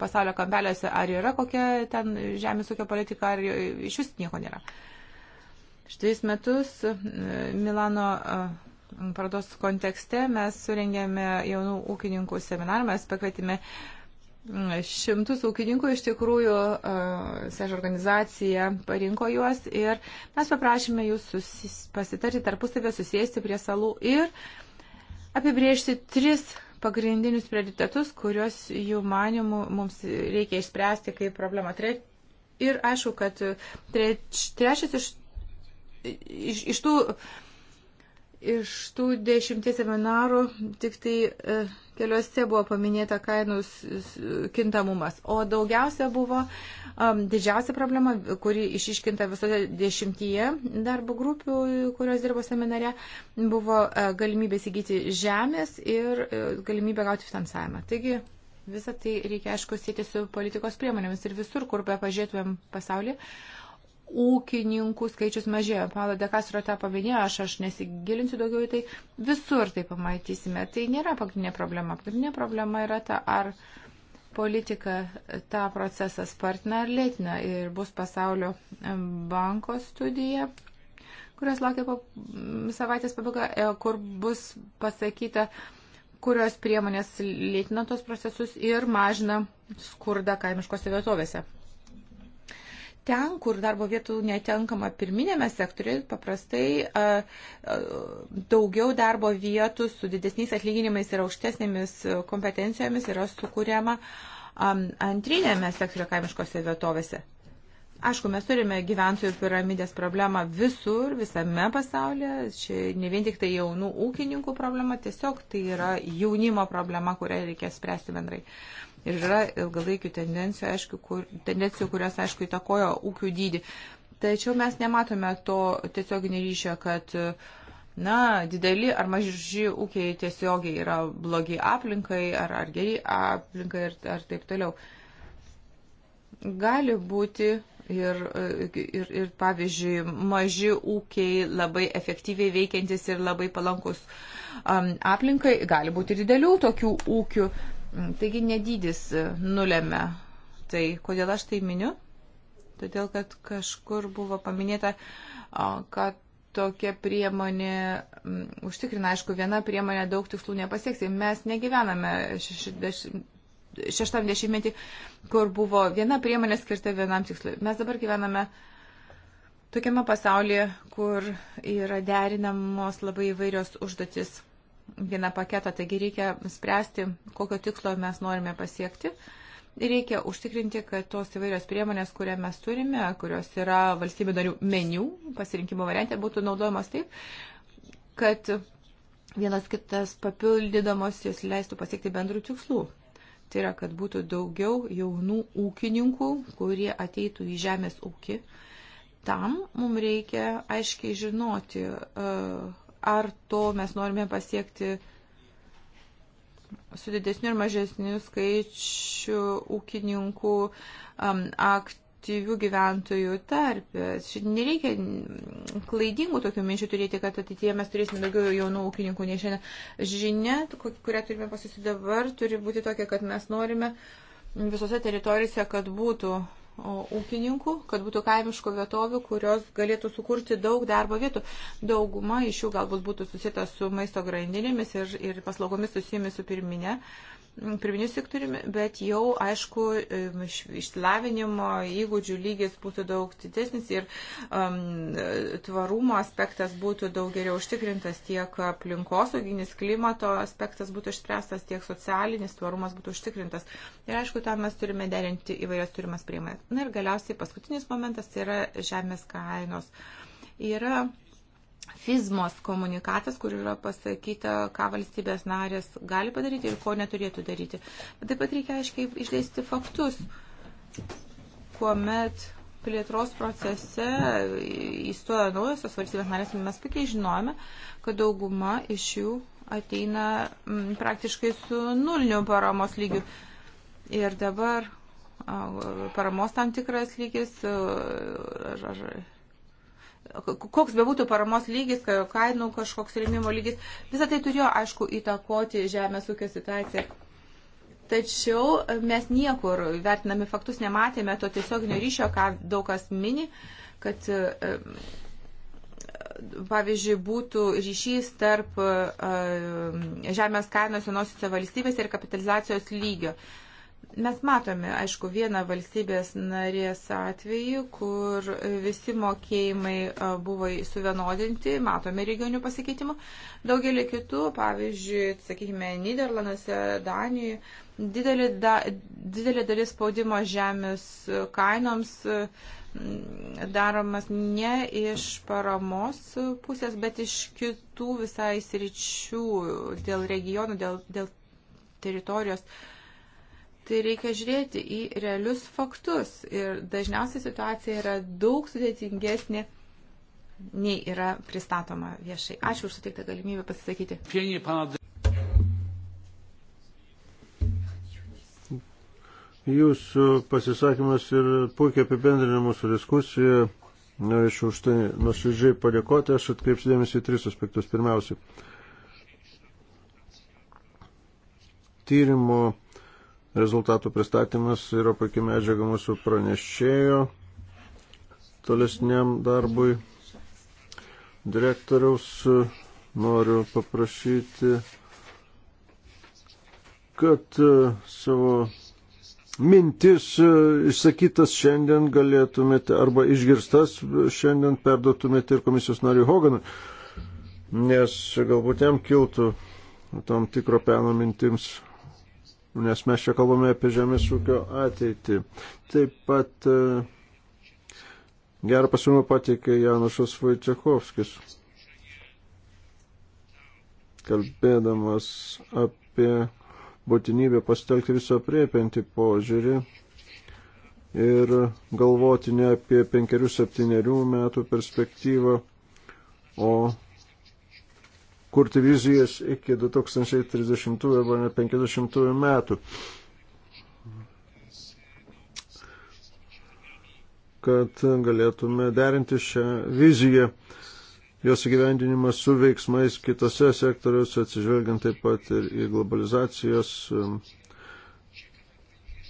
pasaulio kampeliuose, ar yra kokia ten žemės ūkio politika, ar iš vis nieko nėra. Štais metus e, Milano e, parodos kontekste mes surengėme jaunų ūkininkų seminarą, mes pakvietėme uh, Šimtus ūkininkų iš tikrųjų SEŽ organizacija parinko juos ir mes paprašėme jūs susis, pasitarti tarpusavę, susėsti prie salų ir apibriežti tris pagrindinius prioritetus, kuriuos jų manimų mums reikia išspręsti kaip problemą. Tre, ir aišku, kad treč, trečias iš, iš, iš tų iš tų dešimties seminarų tik tai e, Keliuose buvo paminėta kainų kintamumas, o daugiausia buvo um, didžiausia problema, kuri išiškinta visose dešimtyje darbo grupių, kurios dirbo seminare, buvo uh, galimybė įsigyti žemės ir uh, galimybė gauti finansavimą. Taigi visą tai reikia, aišku, sėti su politikos priemonėmis ir visur, kur be pažiūrėtumėm pasaulį. Uh, ūkininkų skaičius mažėja. Paulo de Castro tą paminėjo, aš, aš nesigilinsiu daugiau į tai. Visur tai pamatysime. Tai nėra pagrindinė problema. Pagrindinė problema yra ta, ar politika tą procesą spartina ar lėtina. Ir bus pasaulio banko studija kurios laukia po savaitės pabaiga, e, kur bus pasakyta, kurios priemonės lėtina tos procesus ir mažina skurdą kaimiškose vietovėse ten, kur darbo vietų netenkama pirminėme sektoriuje, paprastai daugiau darbo vietų su didesniais atlyginimais ir aukštesnėmis kompetencijomis yra sukūriama antrinėme sektoriuje kaimiškose vietovėse. Aišku, mes turime gyventojų piramidės problemą visur, visame pasaulyje. Čia ne vien tik tai jaunų ūkininkų problema, tiesiog tai yra jaunimo problema, kurią reikės spręsti bendrai. Ir yra ilgalaikių tendencijų, aišku, kur, tendencijų kurios, aišku, įtakojo ūkių dydį. Tačiau mes nematome to tiesioginį ryšio, kad na, dideli ar maži ūkiai tiesiogiai yra blogi aplinkai ar, ar geri aplinkai ir, ar taip toliau. Gali būti ir, ir, ir pavyzdžiui, maži ūkiai labai efektyviai veikiantis ir labai palankus um, aplinkai, gali būti ir didelių tokių ūkių, Taigi nedydis e, nulėmė. Tai kodėl aš tai miniu? Todėl, kad kažkur buvo paminėta, kad tokia priemonė užtikrina, aišku, viena priemonė daug tikslų nepasieks. Tai mes negyvename 60-metį, kur buvo viena priemonė skirta vienam tikslui. Mes dabar gyvename tokiame pasaulyje, kur yra derinamos labai įvairios užduotis vieną paketą, taigi reikia spręsti, kokio tikslo mes norime pasiekti. Reikia užtikrinti, kad tos įvairios priemonės, kurią mes turime, kurios yra valstybių darių meniu pasirinkimo variantė, būtų naudojamos taip, kad vienas kitas papildydamos jos leistų pasiekti bendrų tikslų. Tai yra, kad būtų daugiau jaunų ūkininkų, kurie ateitų į žemės ūkį. Tam mums reikia aiškiai žinoti, uh, ar to mes norime pasiekti su didesniu ir mažesniu skaičiu ūkininkų um, aktyvių gyventojų tarpę. Šiandien nereikia klaidingų tokių minčių turėti, kad ateityje mes turėsime daugiau jaunų ūkininkų nei šiandien. Žinia, kurią turime pasisudyti dabar, turi būti tokia, kad mes norime visose teritorijose, kad būtų ūkininkų, kad būtų kaimiškų vietovių, kurios galėtų sukurti daug darbo vietų. Dauguma iš jų galbūt būtų susita su maisto grandinėmis ir, ir paslaugomis susijomis su pirminė uh, pirminių sektoriumi, bet jau, aišku, um, išsilavinimo įgūdžių lygis būtų daug didesnis ir um, tvarumo aspektas būtų daug geriau užtikrintas, tiek aplinkosauginis klimato aspektas būtų išspręstas, tiek socialinis tvarumas būtų užtikrintas. Ir, aišku, tam mes turime derinti įvairias turimas priemonės. Na ir galiausiai paskutinis momentas tai yra žemės kainos. Yra fizmos komunikatas, kur yra pasakyta, ką valstybės narės gali padaryti ir ko neturėtų daryti. Bet taip pat reikia aiškiai išdėsti faktus, kuomet plėtros procese įstojo naujosios valstybės narės, mes puikiai žinojame, kad dauguma iš jų ateina m, mm, praktiškai su nuliniu paramos lygiu. Ir dabar paramos tam tikras lygis ar, ar koks bebūtų paramos lygis, kainų kažkoks rėmimo lygis, visą tai turėjo, aišku, įtakoti žemės ūkio situaciją. Tačiau mes niekur, vertinami faktus, nematėme to tiesioginio ryšio, ką daug kas mini, kad e, pavyzdžiui, būtų ryšys tarp e, žemės kainos senosiuose valstybėse ir kapitalizacijos lygio. Uh, Mes matome, aišku, vieną valstybės narės atvejį, kur visi mokėjimai buvo suvienodinti, matome regionių pasikeitimų. Daugelį kitų, pavyzdžiui, sakykime, Niderlanduose, Danijoje, didelė, da, didelė dalis spaudimo žemės kainoms daromas ne iš paramos pusės, bet iš kitų visai sričių dėl regionų, dėl, dėl teritorijos. Uh, Tai reikia žiūrėti į realius faktus. Ir dažniausiai situacija yra daug sudėtingesnė, nei yra pristatoma viešai. Ačiū už suteiktą galimybę pasisakyti. Jūsų pasisakymas ir puikiai apibendrina mūsų diskusiją. Norėčiau už tai nuoširdžiai padėkoti. Aš atkreipsiu dėmesį į tris aspektus. Pirmiausia, tyrimo Rezultatų pristatymas yra puikia medžiaga mūsų pranešėjo tolesniam darbui. Direktoriaus noriu paprašyti, kad e, savo mintis e, išsakytas šiandien galėtumėte arba išgirstas šiandien perduotumėte ir komisijos nariui Hoganui, nes galbūt jam kiltų tam tikro peno mintims nes mes čia kalbame apie žemės ūkio ateitį. Taip pat e, gerą pasiūlymą pateikė Janošas Vaitsiechovskis, kalbėdamas apie būtinybę pasitelkti visą priepiantį požiūrį ir galvoti ne apie penkerių, septyniarių metų perspektyvą, o kurti vizijas iki 2030 arba 50 metų. kad galėtume derinti šią viziją, jos įgyvendinimą su veiksmais kitose sektoriuose, atsižvelgiant taip pat ir į globalizacijos um,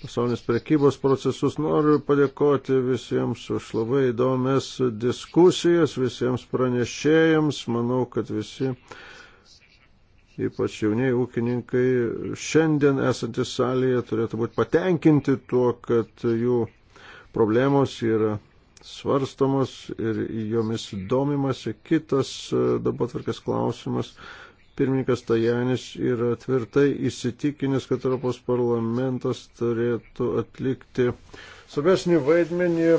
pasaulinės prekybos procesus. Noriu padėkoti visiems už labai įdomias diskusijas, visiems pranešėjams. Manau, kad visi ypač jaunieji ūkininkai, šiandien esantis salėje turėtų būti patenkinti tuo, kad jų problemos yra svarstamos ir jomis domimasi. Kitas e, dabar tvarkės klausimas. Pirmininkas Tajanis yra tvirtai įsitikinęs, kad Europos parlamentas turėtų atlikti uh, svarbesnį vaidmenį e,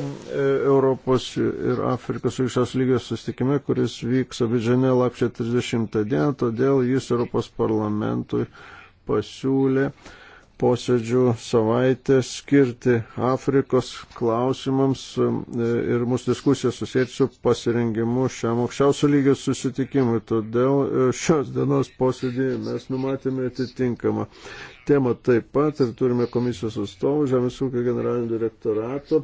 Europos ir Afrikos aukščiaus lygios sustikime, kuris vyks Abidžane lapčio 30 dieną, todėl jis Europos parlamentui pasiūlė posėdžių savaitę skirti Afrikos klausimams e, ir mūsų diskusiją susėti su pasirengimu šiam aukščiausio lygio susitikimui. Todėl e, šios dienos posėdėje mes numatėme atitinkamą temą taip pat ir turime komisijos atstovų Žemės ūkio generalinio direktorato.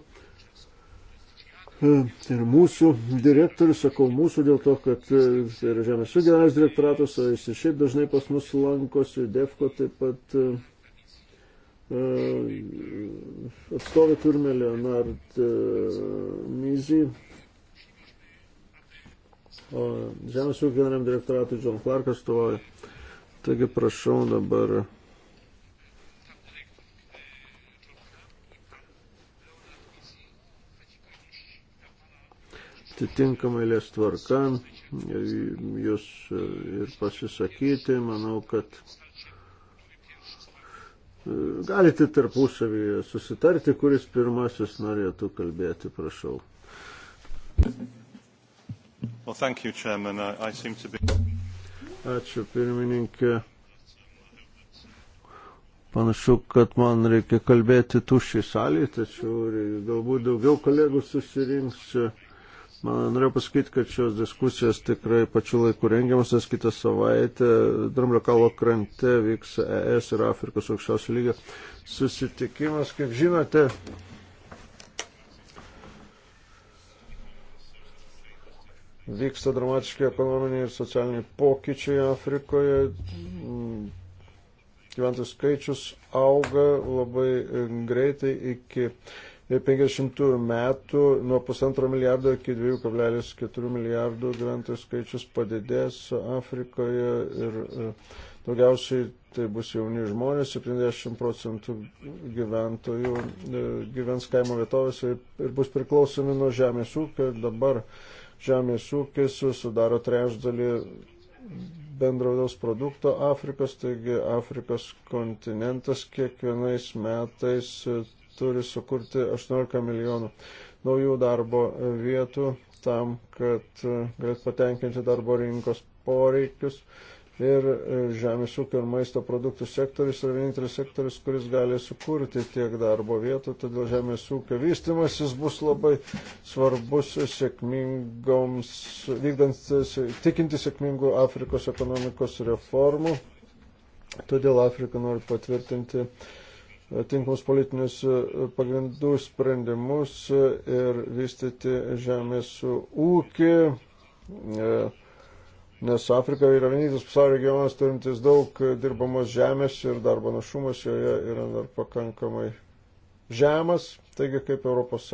E, ir mūsų direktorius, sakau mūsų dėl to, kad ir tai Žemės ūkio generalinis direktoratas, jis ir šiaip dažnai pas mus lankosi, DEFCO taip pat E, atstovę turime Leonard e, Mizį, o Žemės ūkio generaliniam direktoratui John Clark atstovauja. Taigi prašau dabar. Atitinkamai lės tvarka, jūs ir pasisakyti, manau, kad Galite tarpusavyje susitarti, kuris pirmasis norėtų kalbėti, prašau. Well, thank you, Chairman. I, I seem to be... Ačiū, pirmininkė. Panašu, kad man reikia kalbėti tuščiai salėje, tačiau galbūt daugiau kolegų susirinks čia Norėjau pasakyti, kad šios diskusijos tikrai pačiu laiku rengiamas, nes kitą savaitę Dramblio kalo krante vyks ES ir Afrikos aukščiausio lygio susitikimas. Kaip žinote, vyksta dramatiški ekonominiai ir socialiniai pokyčiai Afrikoje. Mm, gyventojų skaičius auga labai greitai iki 50 metų nuo pusantro milijardo iki 2,4 milijardų gyventojų skaičius padidės Afrikoje ir e, daugiausiai tai bus jauni žmonės, 70 procentų gyventojų e, gyvens kaimo vietovėse ir bus priklausomi nuo žemės ūkio. Dabar žemės ūkis sudaro trečdalį bendraudaus produkto Afrikos, taigi Afrikos kontinentas kiekvienais metais turi sukurti 18 milijonų naujų darbo vietų tam, kad e, galėtų patenkinti darbo rinkos poreikius. Ir e, žemės ūkio ir maisto produktų sektorius yra vienintelis sektorius, kuris gali sukurti tiek darbo vietų, todėl žemės ūkio vystimasis bus labai svarbus sėkmingoms, vykdant, tikinti sėkmingų Afrikos ekonomikos reformų. Todėl Afrika nori patvirtinti uh, tinkamus politinius e, pagrindų sprendimus e, ir vystyti žemės ūkį, e, nes Afrika yra vienintelis pasaulio regionas turintis daug dirbamos žemės ir darbo našumas joje yra dar pakankamai žemas, taigi kaip ES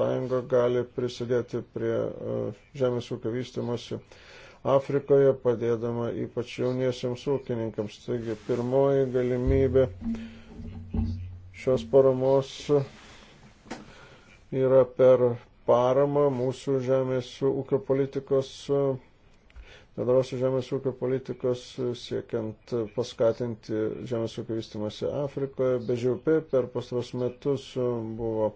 gali prisidėti prie žemės ūkio vystimosi. Afrikoje padėdama ypač jauniesiams ūkininkams. Taigi pirmoji galimybė šios paramos yra per paramą mūsų žemės ūkio politikos, bendrosios žemės ūkio politikos siekiant paskatinti žemės ūkio vystimąsi Afrikoje. BŽP per pastaros metus buvo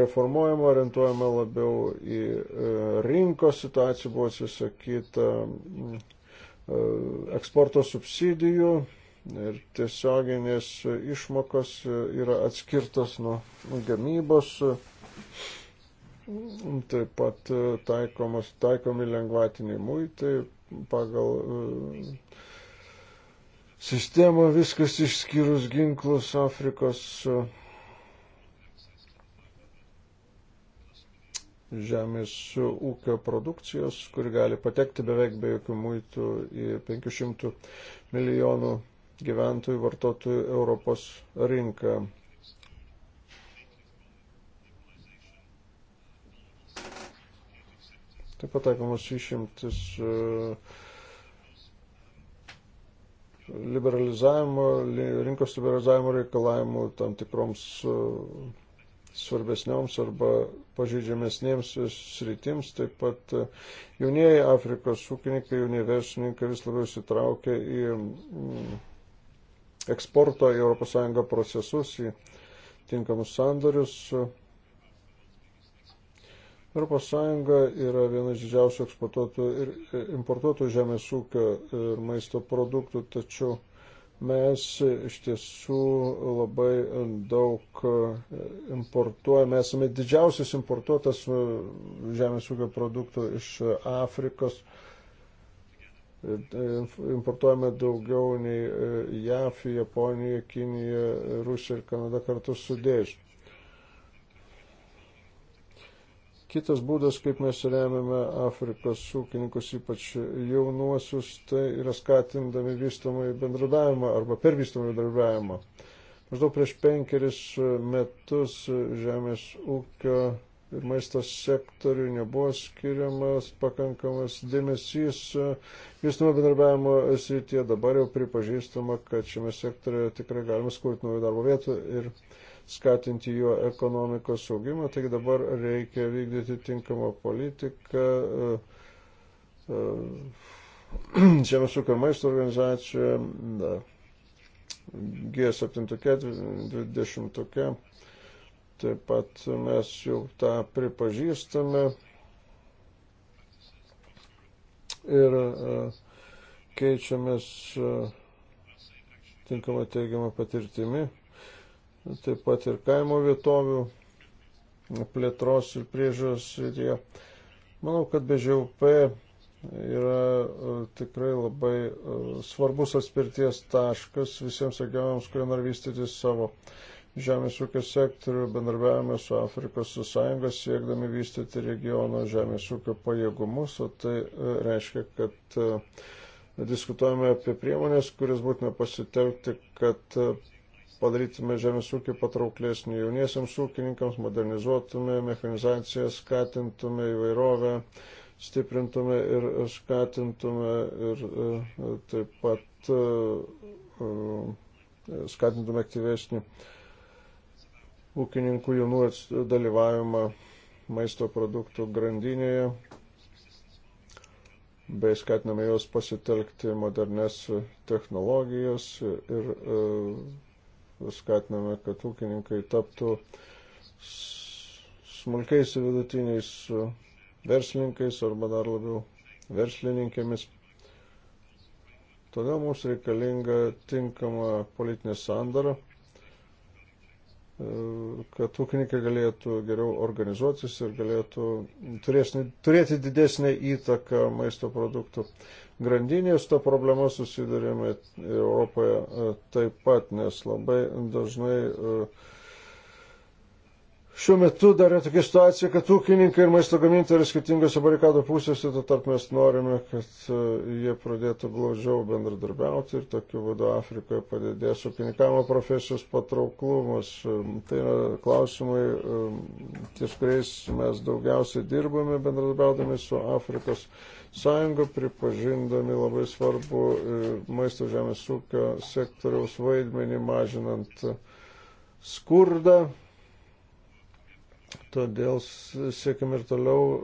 reformuojama, orientuojama labiau į e, rinkos situaciją, buvo atsisakyta e, eksporto subsidijų ir tiesioginės išmokos yra atskirtos nuo gamybos, taip pat taikomos, taikomi lengvatiniai muitai pagal e, sistemą viskas išskyrus ginklus Afrikos e, žemės ūkio produkcijos, kuri gali patekti beveik be jokių muitų į 500 milijonų gyventojų vartotojų Europos rinką. Taip pat taikomas išimtis e, liberalizavimo, rinkos liberalizavimo reikalavimų tam tikroms e, svarbesnioms arba pažeidžiamesnėms sritims. Taip pat e, jaunieji Afrikos ūkininkai, jaunieji verslininkai vis labiau sitraukia į eksporto į ES procesus, į tinkamus sandorius. ES yra vienas didžiausių eksportuotų ir e, importuotų žemės ūkio ir maisto produktų, tačiau mes iš tiesų labai daug e, importuojame, esame didžiausias importuotas e, žemės ūkio produktų iš Afrikos importuojame daugiau nei e, JAF, Japonija, Kinija, Rusija ir Kanada kartu sudėjus. Kitas būdas, kaip mes remiame Afrikos ūkininkus, ypač jaunuosius, tai yra skatindami vystomąjį bendradavimą arba per vystomąjį bendradavimą. Maždaug prieš penkeris metus Žemės ūkio maisto sektoriui nebuvo skiriamas pakankamas dėmesys e, vystumo bendarbiavimo srityje. Dabar jau pripažįstama, kad šiame sektoriuje tikrai galima skurti naujų darbo vietų ir skatinti jo ekonomikos augimą. Taigi dabar reikia vykdyti tinkamą politiką. E, e, Žemės ūkio maisto organizacija G7, 20. Taip pat mes jau tą pripažįstame. Ir e, keičiamės e, tinkamą teigiamą patirtimį. Taip pat ir kaimo vietovių plėtros ir priežiūros srityje. Manau, kad be ŽUP yra e, tikrai labai svarbus atspirties taškas visiems regionams, kurie nori vystyti savo žemės ūkio sektorių, bendarbiavame su Afrikos su sąjunga, siekdami vystyti regiono žemės ūkio pajėgumus, o tai e, reiškia, kad e, diskutuojame apie priemonės, kuris būtume pasitelkti, kad e, padarytume žemės ūkį patrauklesnį jauniesiams ūkininkams, modernizuotume, mechanizaciją skatintume įvairovę, stiprintume ir skatintume ir taip pat skatintume aktyvesnį uh, ūkininkų jaunų dalyvavimą maisto produktų grandinėje bei skatiname juos pasitelkti modernes technologijas ir e, skatiname, kad ūkininkai taptų smulkiais ir vidutiniais e, verslininkais arba dar labiau verslininkėmis. Todėl mums reikalinga tinkama politinė sandara kad ūkininkai galėtų geriau organizuotis ir galėtų turėsni, turėti didesnį įtaką maisto produktų grandinėje. Su to problema susidurėme Europoje e, taip pat, nes labai dažnai uh, Šiuo metu dar yra tokia situacija, kad ūkininkai ir maisto gamintojai yra skirtingose barikadų pusėse, tuo tarp mes norime, kad e, jie pradėtų glaudžiau bendradarbiauti ir tokiu būdu Afrikoje padidės ūkininkavimo profesijos patrauklumas. E, tai yra klausimai, e, ties kuriais mes daugiausiai dirbame bendradarbiaudami su Afrikos sąjunga, pripažindami labai svarbu maisto žemės ūkio sektoriaus vaidmenį mažinant skurdą Todėl siekime ir toliau e,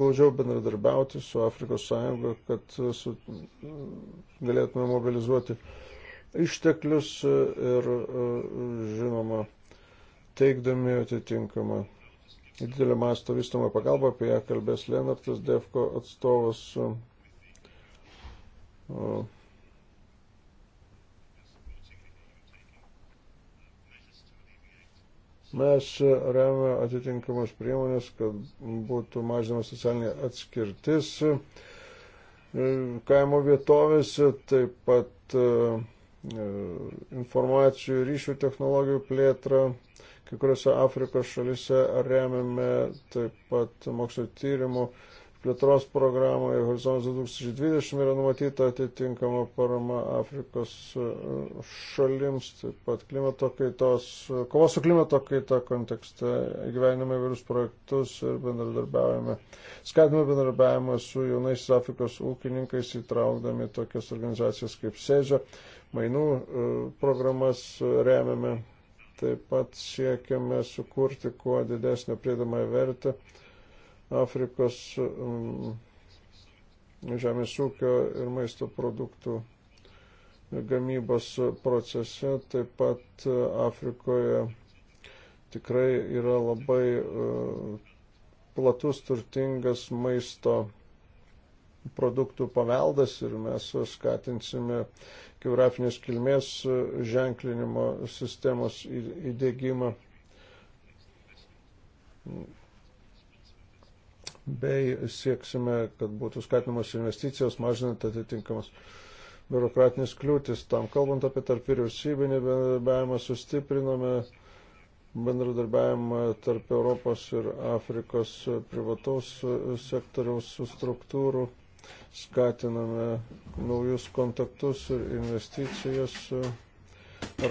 glaudžiau bendradarbiauti su Afrikos Sąjunga, kad e, su, galėtume mobilizuoti išteklius e, ir, žinoma, teikdami atitinkamą didelio masto vystomą pagalbą, apie ją kalbės Lenartas Defko atstovas. Uh, Mes remia atitinkamas priemonės, kad būtų mažinama socialinė atskirtis e, kaimo vietovėse, taip pat e, e, informacijų ryšių technologijų plėtra. Kai kuriuose Afrikos šalise remiame taip pat mokslo tyrimų plėtros programoje Horizontas 2020 yra numatyta atitinkama parama Afrikos e, šalims, taip pat klimato kaitos, kovos su klimato kaita kontekste gyvenime įvairius projektus ir bendradarbiavime. Skatime bendradarbiavimą su jaunais Afrikos ūkininkais įtraukdami tokias organizacijas kaip Sėdžia, mainų e, programas e, remiame, taip pat siekiame sukurti kuo didesnę priedamą vertę Afrikos um, žemės ūkio ir maisto produktų gamybos procese. Taip pat uh, Afrikoje tikrai yra labai uh, platus, turtingas maisto produktų paveldas ir mes skatinsime geografinės kilmės uh, ženklinimo sistemos įdėgymą bei sieksime, kad būtų skatinamos investicijos, mažinant atitinkamas biurokratinės kliūtis. Tam kalbant apie tarp vyriausybinį bendradarbiavimą, sustiprinome bendradarbiavimą tarp Europos ir Afrikos privataus sektoriaus struktūrų, skatiname naujus kontaktus ir investicijas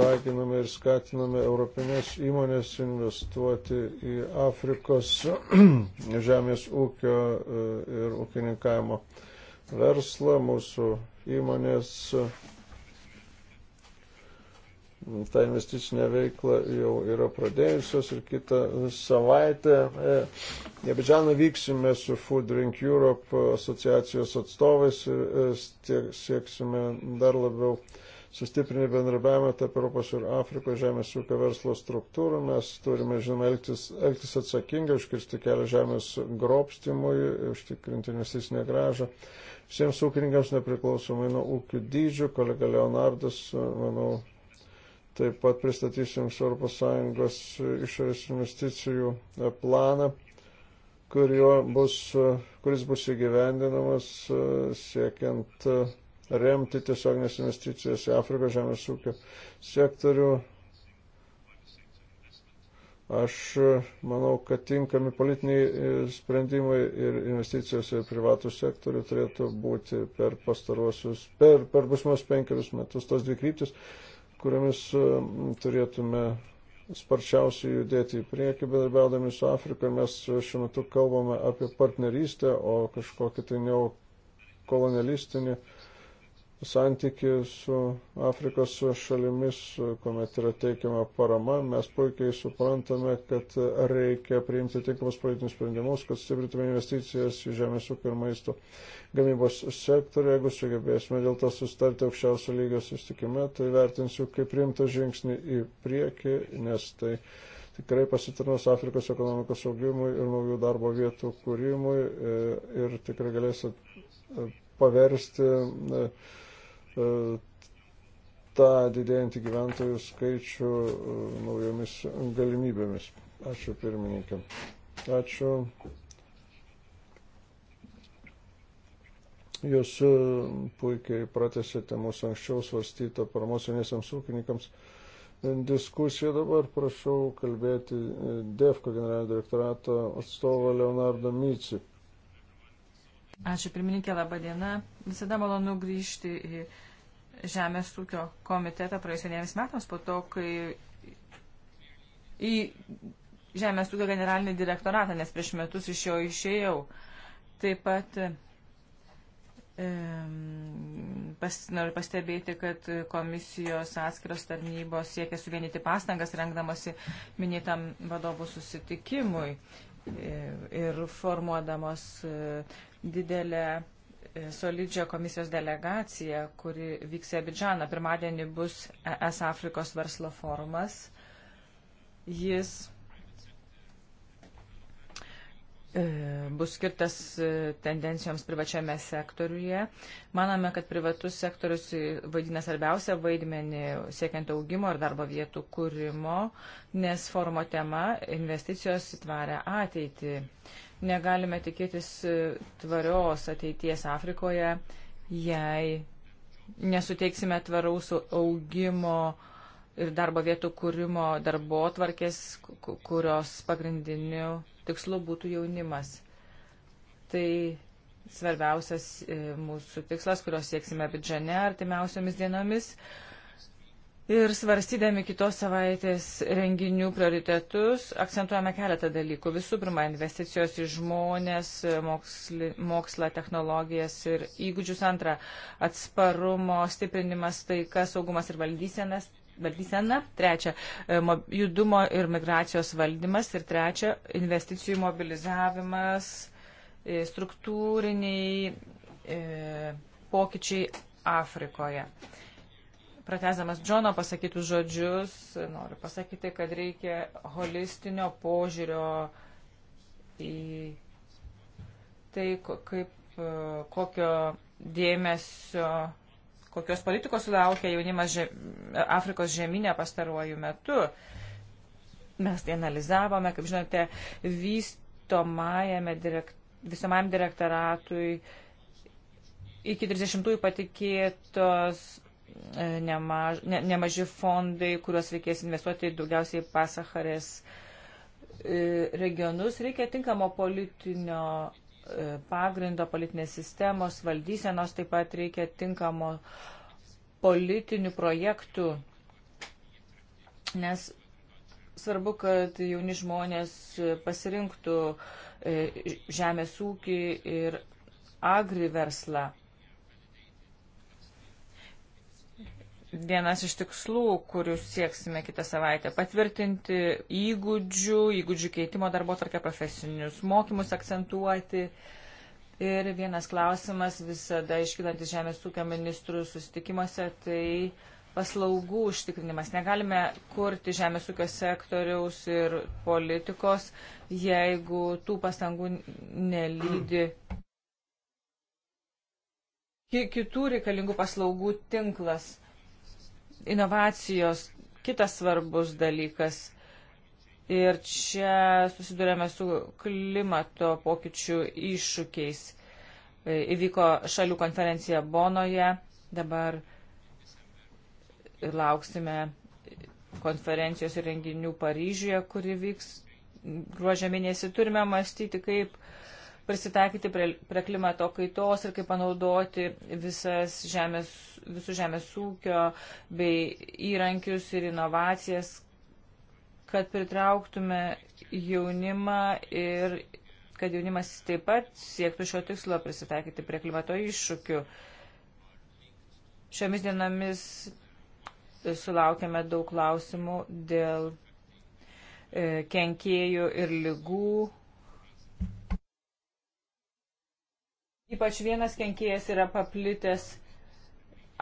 raginame ir skatiname europinės įmonės investuoti į Afrikos žemės ūkio e, ir ūkininkavimo verslą. Mūsų įmonės e, tą investicinę veiklą jau yra pradėjusios ir kitą savaitę e, į Abidžaną vyksime su Food Drink Europe asociacijos atstovais ir sieksime dar labiau sustiprinę bendrabiavimą tarp Europos ir Afrikos žemės ūkio verslo struktūrų. Mes turime, žinoma, elgtis, elgtis atsakingai, užkirsti kelią žemės grobstimui, užtikrinti investicinę gražą. Visiems ūkininkams nepriklausomai nuo ūkių dydžių, kolega Leonardas, manau, taip pat pristatys jums ES išorės investicijų planą kurio bus, kuris bus įgyvendinamas siekiant remti tiesioginės investicijas į Afrikos žemės ūkio sektorių. Aš e, manau, kad tinkami politiniai e, sprendimai ir investicijos į privatų sektorių turėtų būti per pastaruosius, per, per busmos penkerius metus tos dvi kryptis, kuriamis e, turėtume sparčiausiai judėti į priekį, bendarbiaudami su Afrika. Mes šiuo metu kalbame apie partnerystę, o kažkokį tai neokolonialistinį santykių su Afrikos šalimis, kuomet yra teikiama parama, mes puikiai suprantame, kad reikia priimti tinkamus politinius sprendimus, kad stiprintume investicijas į žemės ūkio ir maisto gamybos sektorių. Jeigu sugebėsime dėl to sustarti aukščiausio lygio sustikime, tai vertinsiu kaip rimtą žingsnį į priekį, nes tai tikrai pasitarnaus Afrikos ekonomikos augimui ir naujų darbo vietų kūrimui e, ir tikrai galės e, paversti e, E, tą didėjantį gyventojų skaičių e, naujomis galimybėmis. Ačiū pirmininkė. Ačiū. Jūs e, puikiai pratesėte mūsų anksčiau svarstytą paramos jauniesiams ūkininkams diskusiją. Dabar prašau kalbėti DEFCO generalinio direktorato atstovą Leonardą Mycį. Ačiū pirmininkė, laba diena. Visada malonu grįžti į Žemės ūkio komitetą praėjusienėms metams po to, kai į Žemės ūkio generalinį direktoratą, nes prieš metus iš jo išėjau. Taip pat e, pas, noriu pastebėti, kad komisijos atskiros tarnybos siekia suvienyti pastangas, rengdamasi minėtam vadovų susitikimui ir formuodamos e, didelę e, solidžią komisijos delegaciją, kuri vyks į Abidžaną. Pirmadienį bus ES Afrikos verslo forumas. Jis E, bus skirtas e, tendencijoms privačiame sektoriuje. Maname, kad privatus sektorius vaidina svarbiausią vaidmenį siekiant augimo ir darbo vietų kūrimo, nes forumo tema - investicijos į tvarę ateitį. Negalime tikėtis e, tvarios ateities Afrikoje, jei nesuteiksime tvaraus augimo ir darbo vietų kūrimo darbo tvarkės, kurios pagrindiniu tikslu būtų jaunimas. Tai svarbiausias e, mūsų tikslas, kurios sieksime Abidžane artimiausiomis dienomis. Ir svarstydami kitos savaitės renginių prioritetus, akcentuojame keletą dalykų. Visų pirma, investicijos į žmonės, moksli, mokslą, technologijas ir įgūdžius. Antra, atsparumo stiprinimas, taika, saugumas ir valdysenas valdysena, trečia e, judumo ir migracijos valdymas ir trečia investicijų mobilizavimas, e, struktūriniai e, pokyčiai Afrikoje. Pratesamas Džono pasakytų žodžius, noriu pasakyti, kad reikia holistinio požiūrio į tai, kaip, kokio dėmesio kokios politikos sulaukia jaunimas že, Afrikos žemynė pastaruoju metu. Mes tai analizavome, kaip žinote, vystomajame direkt, visomajam direktoratui iki 30-ųjų patikėtos e, nemaž, ne, nemaži fondai, kuriuos reikės investuoti daugiausiai pasaharės e, regionus. Reikia tinkamo politinio pagrindo, politinės sistemos, valdysenos, taip pat reikia tinkamo politinių projektų, nes svarbu, kad jauni žmonės pasirinktų e, žemės ūkį ir agri verslą. vienas iš tikslų, kurius sieksime kitą savaitę - patvirtinti įgūdžių, įgūdžių keitimo darbo tarkia profesinius mokymus akcentuoti. Ir vienas klausimas visada iškilantis Žemės ūkio ministrų susitikimuose - tai paslaugų užtikrinimas. Negalime kurti žemės ūkio sektoriaus ir politikos, jeigu tų pastangų nelydi kitų reikalingų paslaugų tinklas. Inovacijos kitas svarbus dalykas. Ir čia susidurėme su klimato pokyčių iššūkiais. E, įvyko šalių konferencija Bonoje, dabar lauksime konferencijos ir renginių Paryžiuje, kuri vyks gruožė mėnesį. Turime mąstyti, kaip prisitaikyti prie, prie klimato kaitos ir kaip panaudoti visas žemės, visų žemės ūkio bei įrankius ir inovacijas, kad pritrauktume jaunimą ir kad jaunimas taip pat siektų šio tikslo prisitaikyti prie klimato iššūkių. Šiomis dienomis sulaukėme daug klausimų dėl e, kenkėjų ir lygų Ypač vienas kenkėjas yra paplitęs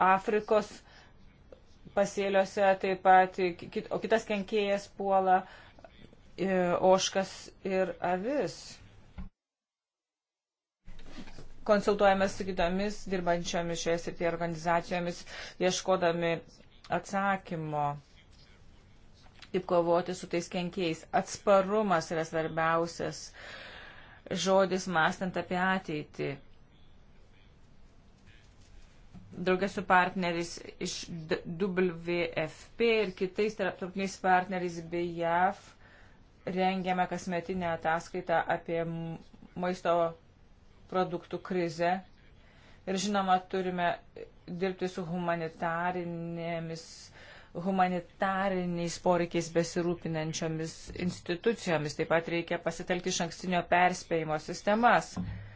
Afrikos pasėliuose, taip pat, o kitas kenkėjas puola e, oškas ir avis. Konsultuojame su kitomis dirbančiomis šioje srityje organizacijomis, ieškodami atsakymo, kaip kovoti su tais kenkėjais. Atsparumas yra svarbiausias žodis, mąstant apie ateitį draugės su partneriais iš WFP ir kitais tarptautiniais partneriais bei JAV rengiame kasmetinę ataskaitą apie maisto produktų krizę. Ir žinoma, turime dirbti su humanitarinėmis humanitariniais poreikiais besirūpinančiomis institucijomis. Taip pat reikia pasitelkti iš ankstinio perspėjimo sistemas. Mhm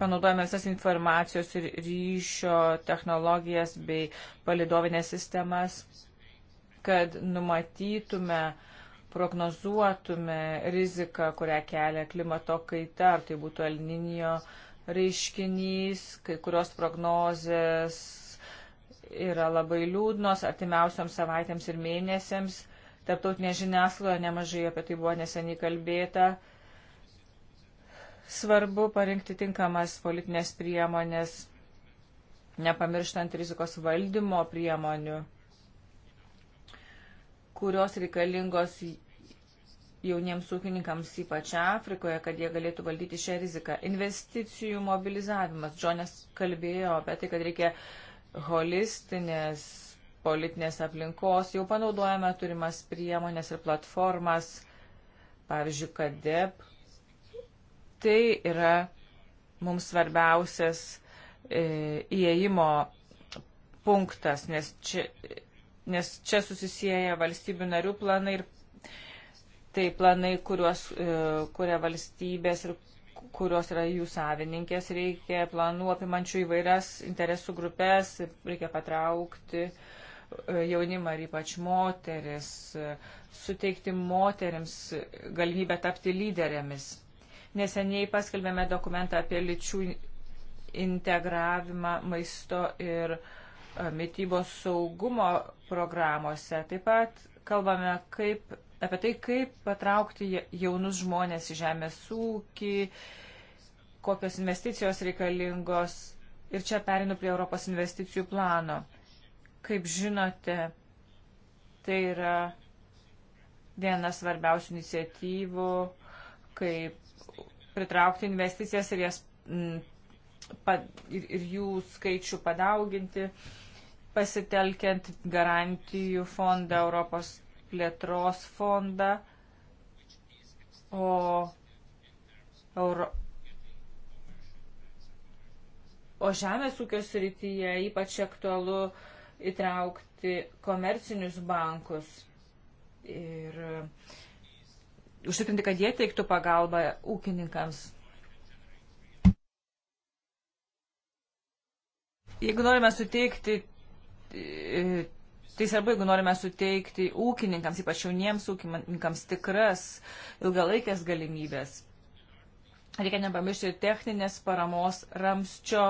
panaudojame visas informacijos ir ryšio technologijas bei palidovinės sistemas, kad numatytume, prognozuotume riziką, kurią kelia klimato kaita, ar tai būtų Elninio reiškinys, kai kurios prognozės yra labai liūdnos artimiausioms savaitėms ir mėnesiams. Tarptautinė žiniasklaidoje nemažai apie tai buvo neseniai kalbėta Svarbu parinkti tinkamas politinės priemonės, nepamirštant rizikos valdymo priemonių, kurios reikalingos jauniems ūkininkams, ypač Afrikoje, kad jie galėtų valdyti šią riziką. Investicijų mobilizavimas. Džonas kalbėjo apie tai, kad reikia holistinės politinės aplinkos. Jau panaudojame turimas priemonės ir platformas, pavyzdžiui, KADEP, tai yra mums svarbiausias e, įėjimo punktas, nes čia, nes čia susisieja valstybių narių planai ir tai planai, kuriuos e, kuria valstybės ir kurios yra jų savininkės, reikia planų apimančių įvairias interesų grupės, reikia patraukti e, jaunimą ir ypač moteris, e, suteikti moteriams galimybę tapti lyderėmis. Neseniai paskelbėme dokumentą apie lyčių integravimą maisto ir e, mytybos saugumo programuose. Taip pat kalbame kaip, apie tai, kaip patraukti jaunus žmonės į žemės ūkį, kokios investicijos reikalingos. Ir čia perinu prie Europos investicijų plano. Kaip žinote, tai yra viena svarbiausių iniciatyvų, kaip pritraukti investicijas ir, jas, m, mm, pa, ir, ir jų skaičių padauginti, pasitelkiant garantijų fondą, Europos plėtros fondą, o, Euro, o žemės ūkio srityje ypač aktualu įtraukti komercinius bankus. Ir uh, užtikrinti, kad jie teiktų pagalbą ūkininkams. Jeigu norime suteikti, e, tai svarbu, jeigu norime suteikti ūkininkams, ypač jauniems ūkininkams, tikras ilgalaikės galimybės, reikia nepamiršti techninės paramos ramščio,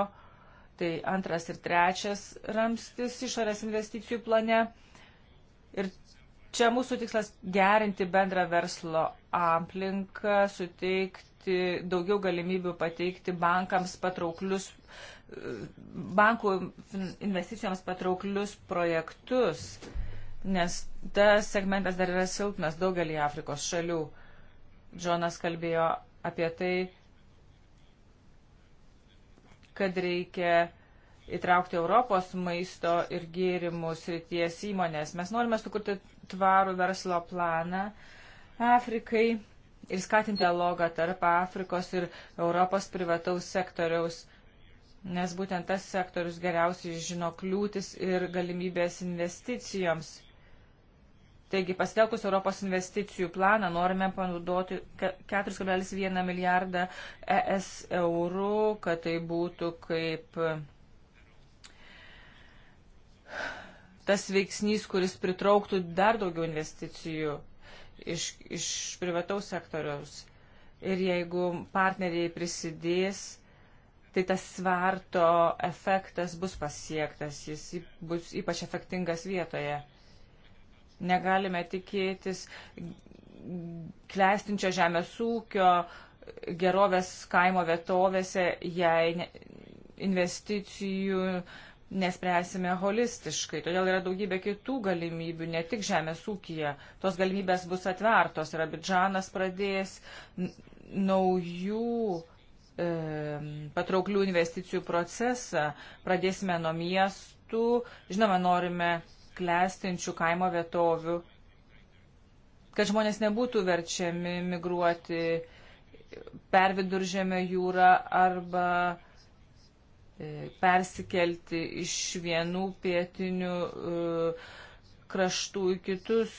tai antras ir trečias ramstis išorės investicijų plane. Ir Čia mūsų tikslas gerinti bendrą verslo aplinką, suteikti daugiau galimybių pateikti bankams patrauklius, bankų investicijoms patrauklius projektus, nes tas segmentas dar yra silpnas daugelį Afrikos šalių. Džonas kalbėjo apie tai, kad reikia įtraukti Europos maisto ir gėrimų srities įmonės. Mes norime sukurti tvarų verslo planą Afrikai ir skatinti dialogą tarp Afrikos ir Europos privataus sektoriaus, nes būtent tas sektorius geriausiai žino kliūtis ir galimybės investicijoms. Taigi, pasitelkus Europos investicijų planą, norime panaudoti 4,1 milijardą ES eurų, kad tai būtų kaip tas veiksnys, kuris pritrauktų dar daugiau investicijų iš, iš privataus sektoriaus. Ir jeigu partneriai prisidės, tai tas svarto efektas bus pasiektas, jis bus ypač efektingas vietoje. Negalime tikėtis klestinčio žemės ūkio gerovės kaimo vietovėse, jei investicijų nespręsime holistiškai. Todėl yra daugybė kitų galimybių, ne tik žemės ūkija. Tos galimybės bus atvertos ir Abidžanas pradės naujų e, patrauklių investicijų procesą. Pradėsime nuo miestų, žinoma, norime klestinčių kaimo vietovių, kad žmonės nebūtų verčiami migruoti per viduržėmio jūrą arba E, persikelti iš vienų pietinių e, kraštų į kitus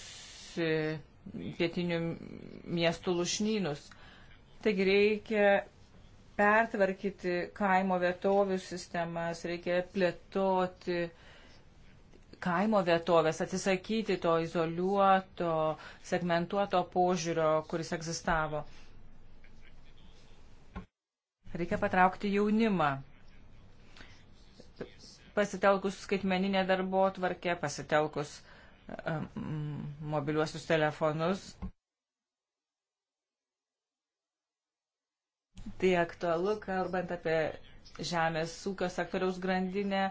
e, pietinių miestų lušnynus. Taigi reikia pertvarkyti kaimo vietovių sistemas, reikia plėtoti kaimo vietovės, atsisakyti to izoliuoto, segmentuoto požiūrio, kuris egzistavo. Reikia patraukti jaunimą pasitelkus skaitmeninę darbo tvarkę, pasitelkus e, mobiliuosius telefonus. Tai aktualu, kalbant apie žemės ūkio sektoriaus grandinę,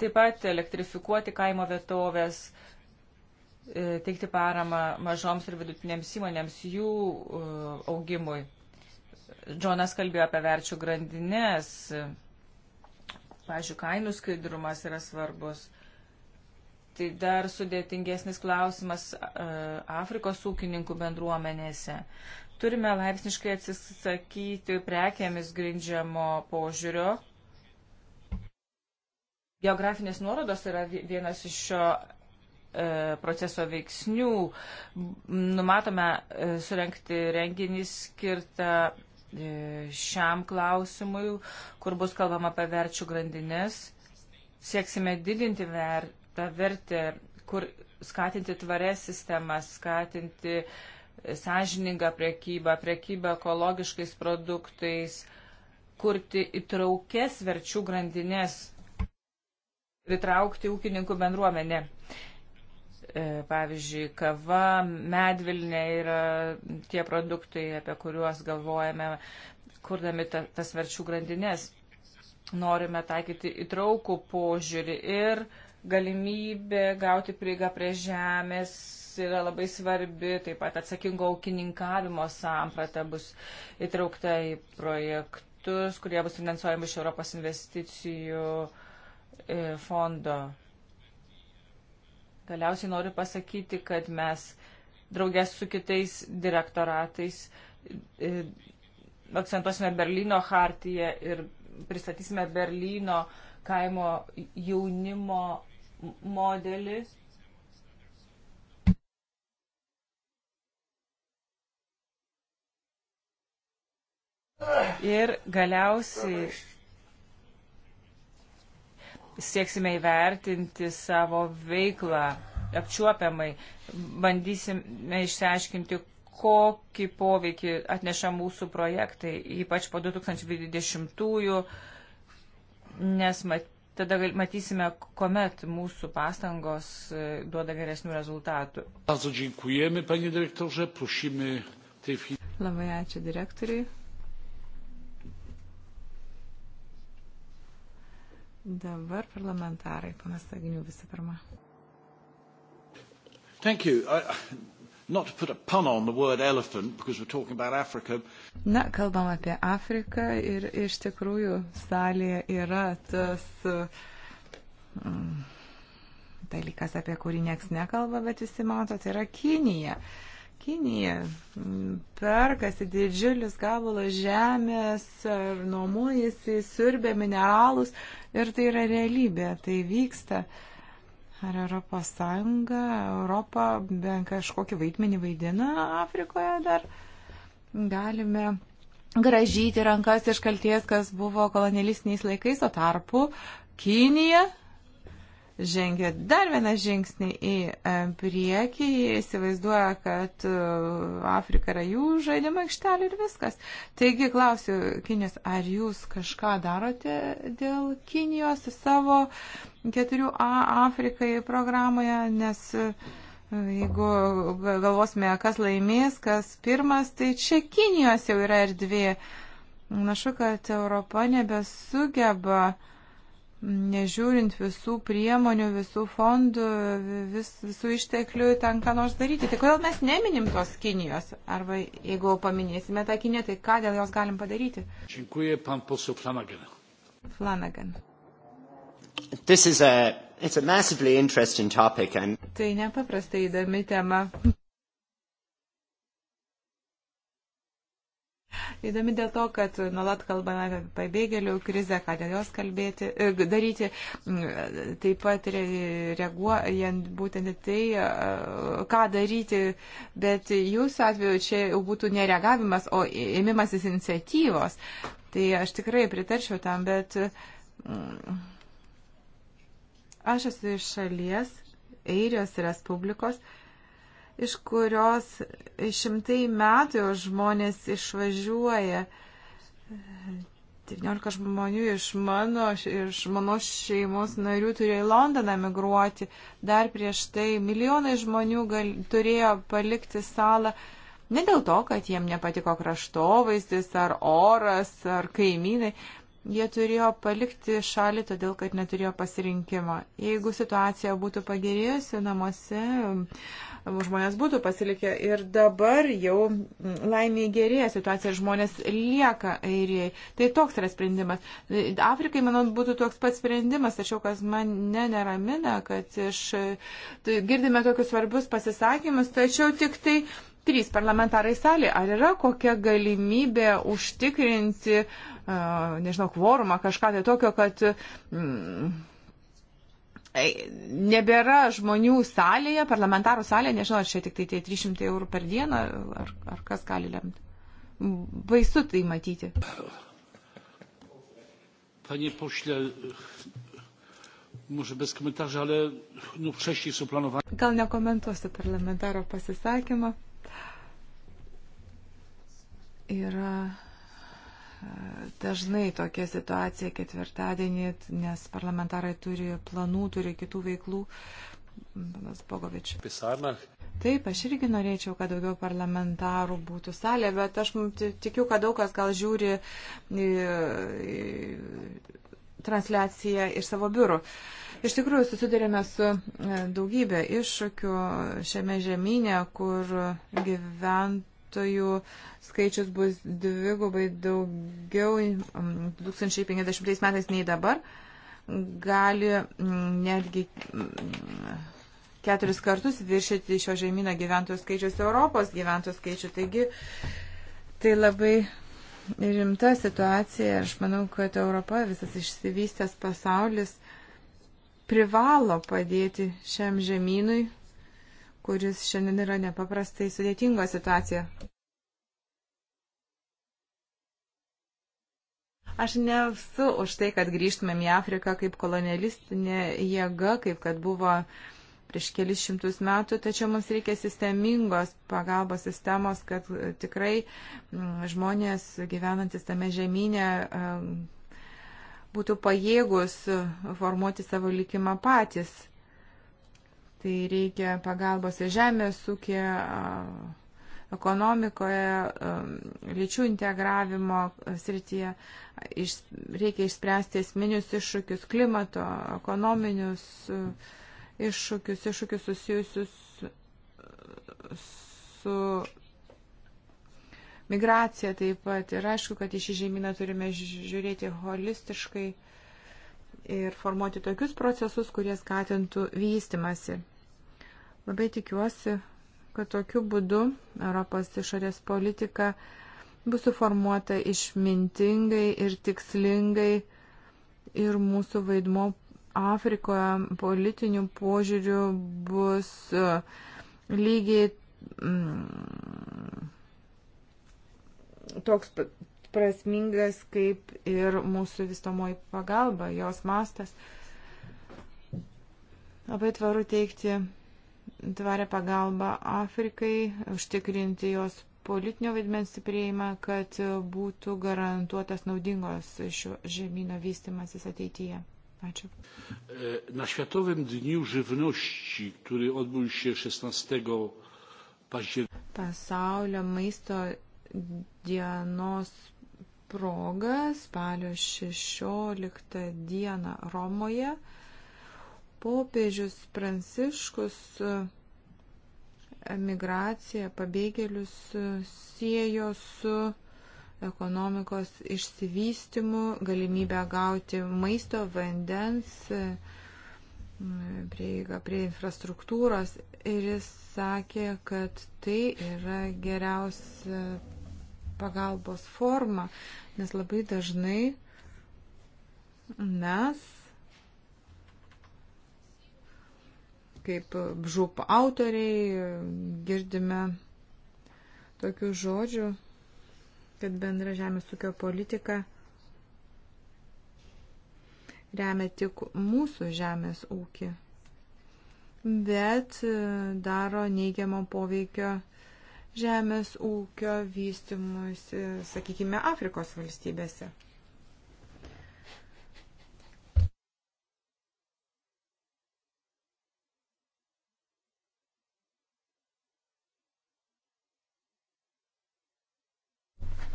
taip pat elektrifikuoti kaimo vietovės, e, teikti paramą mažoms ir vidutinėms įmonėms jų e, augimui. Džonas kalbėjo apie verčių grandinės, Pavyzdžiui, kainų skaidrumas yra svarbus. Tai dar sudėtingesnis klausimas e, Afrikos ūkininkų bendruomenėse. Turime laipsniškai atsisakyti prekėmis grindžiamo požiūrio. Geografinės nuorodos yra vienas iš šio e, proceso veiksnių. Numatome e, surenkti renginį skirtą E, šiam klausimui, kur bus kalbama apie verčių grandinės. Sieksime didinti ver, tą vertę, kur skatinti tvarias sistemas, skatinti e, sąžiningą priekybą, priekybą ekologiškais produktais, kurti įtraukės verčių grandinės ir įtraukti ūkininkų bendruomenę. E, pavyzdžiui, kava, medvilnė yra tie produktai, apie kuriuos galvojame, kurdami ta, tas verčių grandinės. Norime taikyti įtraukų požiūrį ir galimybė gauti prieigą prie žemės yra labai svarbi, taip pat atsakingo aukininkavimo samprata bus įtraukta į projektus, kurie bus finansuojami iš Europos investicijų e, fondo. Galiausiai noriu pasakyti, kad mes draugės su kitais direktoratais e, akcentuosime Berlyno hartiją ir pristatysime Berlyno kaimo jaunimo modelį. Ir galiausiai sieksime įvertinti savo veiklą apčiuopiamai, bandysime išsiaiškinti, kokį poveikį atneša mūsų projektai, ypač po 2020-ųjų, nes mat, tada matysime, kuomet mūsų pastangos e, duoda geresnių rezultatų. Labai ačiū direktoriui. Dabar parlamentarai, panas Agnių visų pirma. Thank you. I, not to put a pun on the word elephant, because we're talking about Africa. Na, kalbam apie Afriką ir iš tikrųjų salėje yra tas mm, dalykas, apie kurį nieks nekalba, bet visi mato, tai yra Kinija. Uh, Kinija perkasi didžiulis gabalas žemės ar nuomojasi, siurbia mineralus ir tai yra realybė, tai vyksta. Ar Europos Sąjunga, Europa bent kažkokį vaidmenį vaidina Afrikoje dar? Galime gražyti rankas iš kalties, kas buvo kolonialistiniais laikais, o tarpu Kinija žengia dar vieną žingsnį į e, priekį, jie įsivaizduoja, kad e, Afrika yra jų žaidimo aikštelė ir viskas. Taigi klausiu Kinijos, ar jūs kažką darote dėl Kinijos savo 4A Afrikai programoje, nes e, Jeigu galvosime, kas laimės, kas pirmas, tai čia Kinijos jau yra erdvė. Našu, kad Europa nebesugeba uh, nežiūrint visų priemonių, visų fondų, vis, visų išteklių, ten ką nors daryti. Tai kodėl mes neminim tos Kinijos? Arba jeigu paminėsime tą Kiniją, tai ką dėl jos galim padaryti? Dziękuję, pan poseł Flanagan. Flanagan. A, and... Tai nepaprastai įdomi tema. įdomi dėl to, kad nuolat kalbame apie pabėgėlių krizę, ką dėl jos kalbėti, e, daryti, mm, taip pat reaguojant būtent į tai, e, ką daryti, bet jūsų atveju čia jau būtų nereagavimas, o ėmimasis iniciatyvos. Tai aš tikrai pritarčiau tam, bet mm, aš esu iš šalies, Eirijos Respublikos, iš kurios šimtai metų žmonės išvažiuoja. 19 žmonių iš mano, iš mano šeimos narių turėjo į Londoną migruoti. Dar prieš tai milijonai žmonių gal, turėjo palikti salą. Ne dėl to, kad jiem nepatiko kraštovaizdis ar oras ar kaimynai. Jie turėjo palikti šalį, todėl kad neturėjo pasirinkimo. Jeigu situacija būtų pagerėjusi namuose, uh, žmonės būtų pasilikę. Ir dabar jau laimiai gerėja situacija ir žmonės lieka airijai. Tai toks yra sprendimas. Afrikai, manau, būtų toks pats sprendimas, tačiau kas mane neramina, kad iš, tai girdime tokius svarbius pasisakymus, tačiau tik tai trys parlamentarai salė. Ar yra kokia galimybė užtikrinti, nežinau, kvorumą, kažką tai tokio, kad. Mm, nebėra žmonių salėje, parlamentarų salėje, nežinau, ar čia tik tai tie 300 eurų per dieną, ar, ar kas gali lemti. Baisu tai matyti. Panie pośle, może bez komentarzy, ale no wcześniej są planowane. Gal nekomentuosiu parlamentaro pasisakymą. Yra dažnai tokia situacija ketvirtadienį, nes parlamentarai turi planų, turi kitų veiklų. Panas Bogovič. Pisarna. Taip, aš irgi norėčiau, kad daugiau parlamentarų būtų salė, bet aš tikiu, kad daug kas gal žiūri transliaciją iš savo biurų. Iš tikrųjų, susidurėme su e, daugybė iššūkių šiame žemynė, kur gyvent darbuotojų skaičius bus dvigubai daugiau 2050 metais nei dabar. Gali netgi keturis kartus viršyti šio žemyną gyventojų skaičius Europos gyventojų skaičių. Taigi tai labai rimta situacija. Aš manau, kad Europa, visas išsivystęs pasaulis privalo padėti šiam žemynui kuris šiandien yra nepaprastai sudėtinga situacija. Aš nesu už tai, kad grįžtumėm į Afriką kaip kolonialistinė jėga, kaip kad buvo prieš kelis šimtus metų, tačiau mums reikia sistemingos pagalbos sistemos, kad tikrai mm, žmonės gyvenantis tame žemynė mm, būtų pajėgus formuoti savo likimą patys. Tai reikia pagalbos ir žemės ūkė, ekonomikoje, lyčių integravimo srityje. Iš, reikia išspręsti esminius iššūkius klimato, ekonominius iššūkius, iššūkius susijusius su migracija taip pat. Ir aišku, kad į šį žemyną turime žiūrėti holistiškai ir formuoti tokius procesus, kurie skatintų vystimasi. Labai tikiuosi, kad tokiu būdu Europos išorės politika bus suformuota išmintingai ir tikslingai ir mūsų vaidmo Afrikoje politinių požiūrių bus uh, lygiai mm, toks prasmingas kaip ir mūsų vystomoji pagalba, jos mastas. Labai tvaru teikti tvarę pagalbą Afrikai, užtikrinti jos politinio vaidmens stiprėjimą, kad būtų garantuotas naudingos šio žemyno vystimasis ateityje. Ačiū. E, na Światowym Dniu Żywności, który odbył się 16 października. Pasaulio maisto dienos proga spalio 16 dieną Romoje popiežius Pranciškus e, migraciją, pabėgėlius e, siejo su ekonomikos išsivystimu, galimybę gauti maisto, vandens, e, prieigą prie infrastruktūros. Ir jis sakė, kad tai yra geriausia pagalbos forma, nes labai dažnai mes kaip žūp autoriai, girdime tokių žodžių, kad bendra žemės ūkio politika remia tik mūsų žemės ūkį, bet e, daro neigiamą poveikio žemės ūkio vystimuisi, sakykime, Afrikos valstybėse.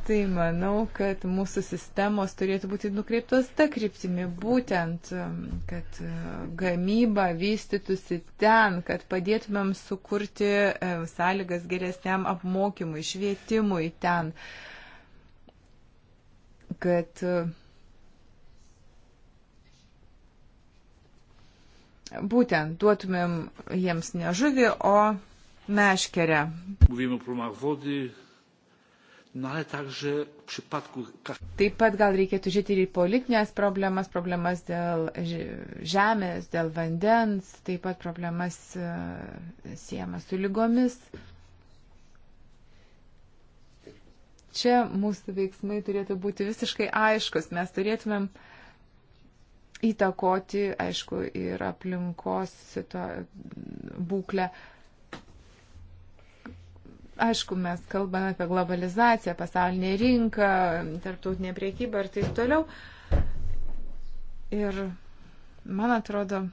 tai manau, kad mūsų sistemos turėtų būti nukreiptos tą kryptimį, būtent, um, kad uh, gamyba vystytųsi ten, kad padėtumėm sukurti uh, sąlygas geresniam apmokymui, švietimui ten, kad uh, būtent duotumėm jiems ne žuvį, o meškerę. Mówimy o problemach wody, Taip pat gal reikėtų žiūrėti ir į politinės problemas, problemas dėl žemės, dėl vandens, taip pat problemas e, siemas su lygomis. Čia mūsų veiksmai turėtų būti visiškai aiškus. Mes turėtumėm įtakoti, aišku, ir aplinkos būklę. Uh, Aišku, mes kalbame apie globalizaciją, pasaulinę rinką, tarptautinę priekybą ir taip toliau. Ir man atrodo,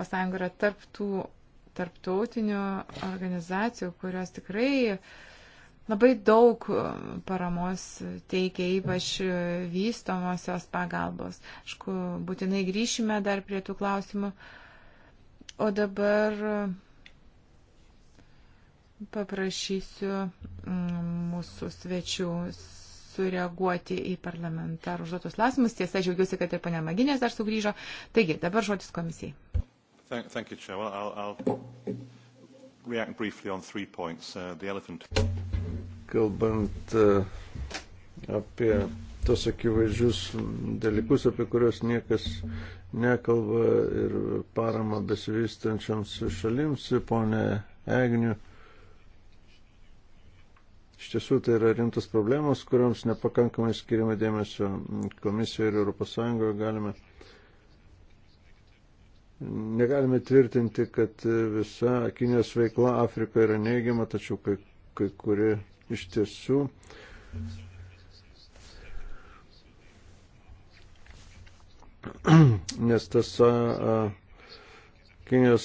ES yra tarptų tarptautinių organizacijų, kurios tikrai labai daug paramos teikia, ypač vystomosios pagalbos. Aišku, būtinai grįšime dar prie tų klausimų. O dabar Paprašysiu mm, mūsų svečių sureaguoti į parlamentarų užduotus klausimus. Tiesa, džiaugiuosi, kad ir ponia Maginės dar sugrįžo. Taigi, dabar žodis komisijai. Thank, thank you, Chair. Well, I'll, I'll react briefly on three points. Uh, the elephant. Kalbant uh, apie tos akivaizdžius dalykus, apie kuriuos niekas nekalba ir parama besivystančiams šalims, ponė Egniu Iš tiesų tai yra rimtas problemos, kuriams nepakankamai skiriama dėmesio komisijoje ir ES galime. Negalime tvirtinti, kad visa Kinijos veikla Afrikoje yra neigiama, tačiau kai, kai kuri iš tiesų. Nes tas a, a, Kinijos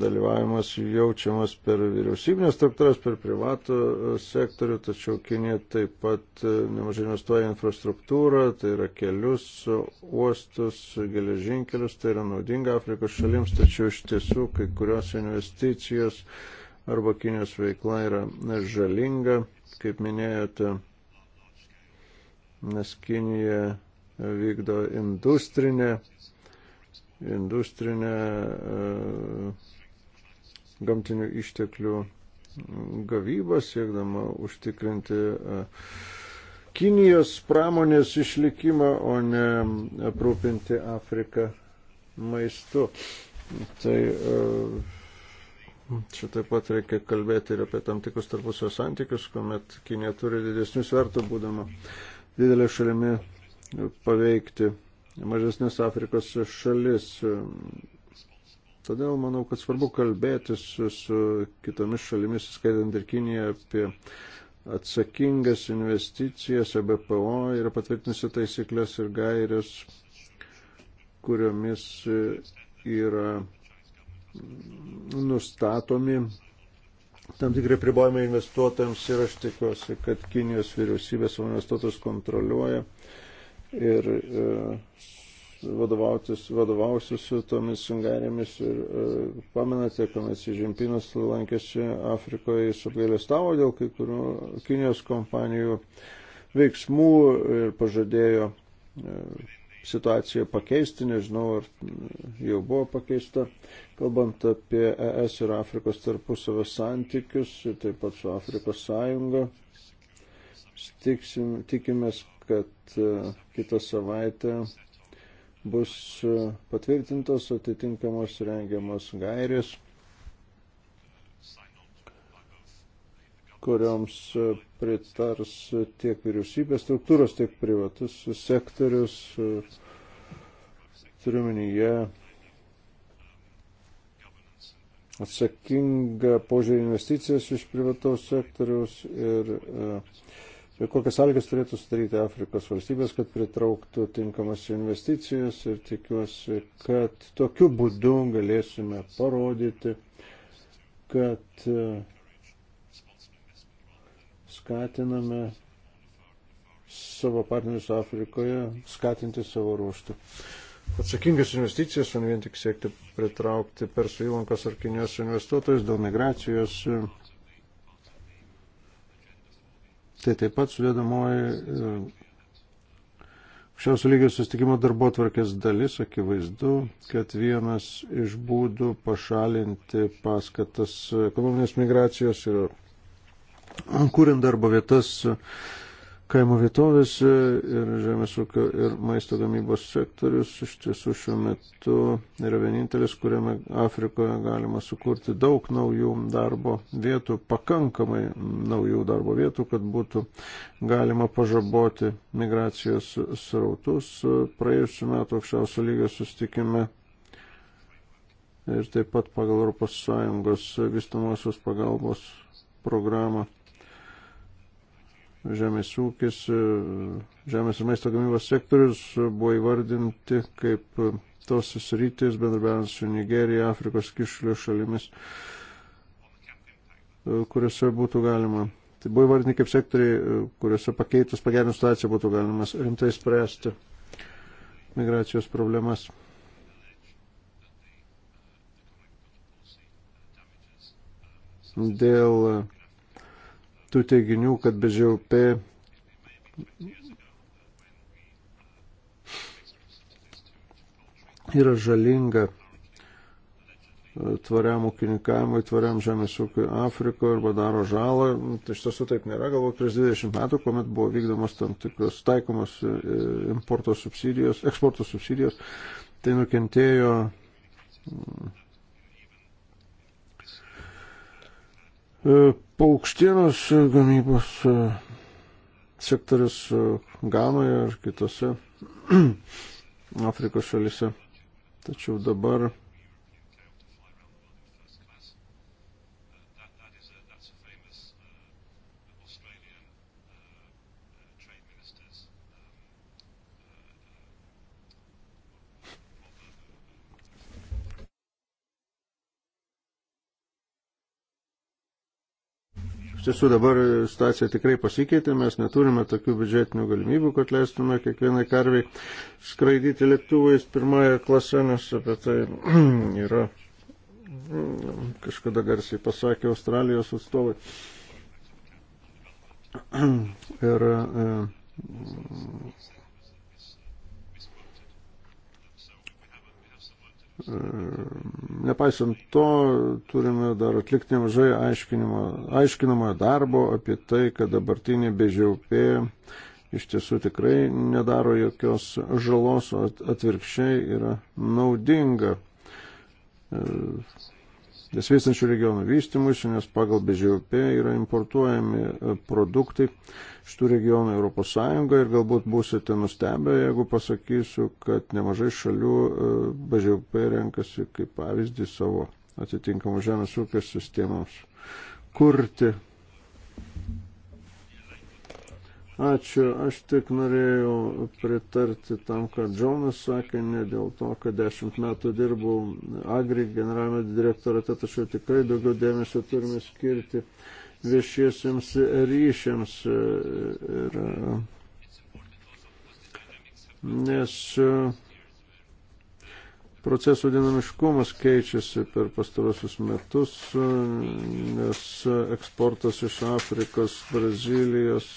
dalyvavimas jaučiamas per vyriausybinės struktūras, per privatų e, sektorių, tačiau Kinija taip pat e, nemažai investuoja infrastruktūrą, tai yra kelius, uostus, geležinkelius, tai yra naudinga Afrikos šalims, tačiau iš tiesų kai kurios investicijos arba Kinijos veikla yra žalinga, kaip minėjote, nes Kinija vykdo industrinę industrinę e, gamtinių išteklių gavybą, siekdama užtikrinti e, Kinijos pramonės išlikimą, o ne aprūpinti Afriką maistu. Tai e, čia taip pat reikia kalbėti ir apie tam tikrus tarpusio santykius, kuomet Kinė turi didesnių svertų, būdama didelė šalimi paveikti mažesnės Afrikos šalis. Todėl manau, kad svarbu kalbėtis su, su kitomis šalimis, skaitant ir Kiniją, apie atsakingas investicijas, ABPO e yra patvirtinusi taisyklės ir gairės, kuriomis yra nustatomi tam tikrai pribojimai investuotojams ir aš tikiuosi, kad Kinijos vyriausybės investuotojus kontroliuoja ir e, vadovausius su tomis sungarėmis ir e, pamenate, kuomet Žempinas lankėsi Afrikoje, jis apgailestavo dėl kai kurių Kinijos kompanijų veiksmų ir pažadėjo e, situaciją pakeisti, nežinau, ar jau buvo pakeista, kalbant apie ES ir Afrikos tarpusavio santykius, taip pat su Afrikos sąjunga. Tiksim, tikimės kad e, kitą savaitę bus e, patvirtintos atitinkamos rengiamos gairės, kurioms e, pritars tiek vyriausybės struktūros, tiek privatus sektorius. Turiuomenyje atsakingą požiūrį investicijas iš privataus sektoriaus ir uh, ir kokias sąlygas turėtų sudaryti Afrikos valstybės, kad pritrauktų tinkamas investicijas ir tikiuosi, kad tokiu būdu galėsime parodyti, kad e, skatiname savo partnerius Afrikoje skatinti savo ruoštų. Atsakingas investicijas, o ne vien tik siekti pritraukti per Svilankos ar Kinijos investuotojus dėl migracijos Tai taip pat sudėdamoji e, aukščiausio lygio sustikimo darbo tvarkės dalis, akivaizdu, kad vienas iš būdų pašalinti paskatas ekonominės migracijos ir kuriant darbo vietas kaimo vietovėse ir žemės ūkio ir maisto gamybos sektorius iš tiesų šiuo metu yra vienintelis, kuriame Afrikoje galima sukurti daug naujų darbo vietų, pakankamai naujų darbo vietų, kad būtų galima pažaboti migracijos srautus. Praėjusiu metu aukščiausio lygio sustikime ir taip pat pagal ES vystamosios pagalbos programą žemės ūkis, e, žemės ir maisto gamybos sektorius buvo įvardinti kaip e, tos sritis bendrabiavant su Nigerija, Afrikos kišlio šalimis, e, kuriuose būtų galima. Tai buvo įvardinti kaip sektoriai, kuriuose pakeitus pagerinus situaciją būtų galima rimtai spręsti migracijos problemas. Dėl tų teiginių, kad BŽUP yra žalinga e, tvariam ūkininkavimui, tvariam žemės ūkiui Afrikoje arba daro žalą. Tai iš tiesų taip nėra, galbūt prieš 20 metų, kuomet buvo vykdomas tam tikros taikomos e, importo subsidijos, eksporto subsidijos, tai nukentėjo e, paukštienos e, gamybos e, sektorius e, Ganoje ir kitose Afrikos šalise. Tačiau dabar tiesų dabar situacija tikrai pasikeitė, mes neturime tokių biudžetinių galimybių, kad leistume kiekvienai karviai skraidyti lėktuvais pirmąją klasę, nes apie tai yra mm, kažkada garsiai pasakė Australijos atstovai. Ir e, Nepaisant to, turime dar atlikti nemažai aiškinamojo darbo apie tai, kad dabartinė BŽP iš tiesų tikrai nedaro jokios žalos, o atvirkščiai yra naudinga nesveistančių regionų vystimuisi, nes pagal BŽP yra importuojami e, produktai šitų regionų Europos Sąjunga ir galbūt būsite nustebę, jeigu pasakysiu, kad nemažai šalių e, BŽP renkasi kaip pavyzdį savo atitinkamų žemės ūkės sistemams kurti. Ačiū, aš tik norėjau pritarti tam, ką Džonas sakė, ne dėl to, kad dešimt metų dirbau Agri generalinio direktorate, tačiau tikrai daugiau dėmesio turime skirti viešiesiems ryšiams. Ir, nes procesų dinamiškumas keičiasi per pastarosius metus, nes eksportas iš Afrikos, Brazilijos,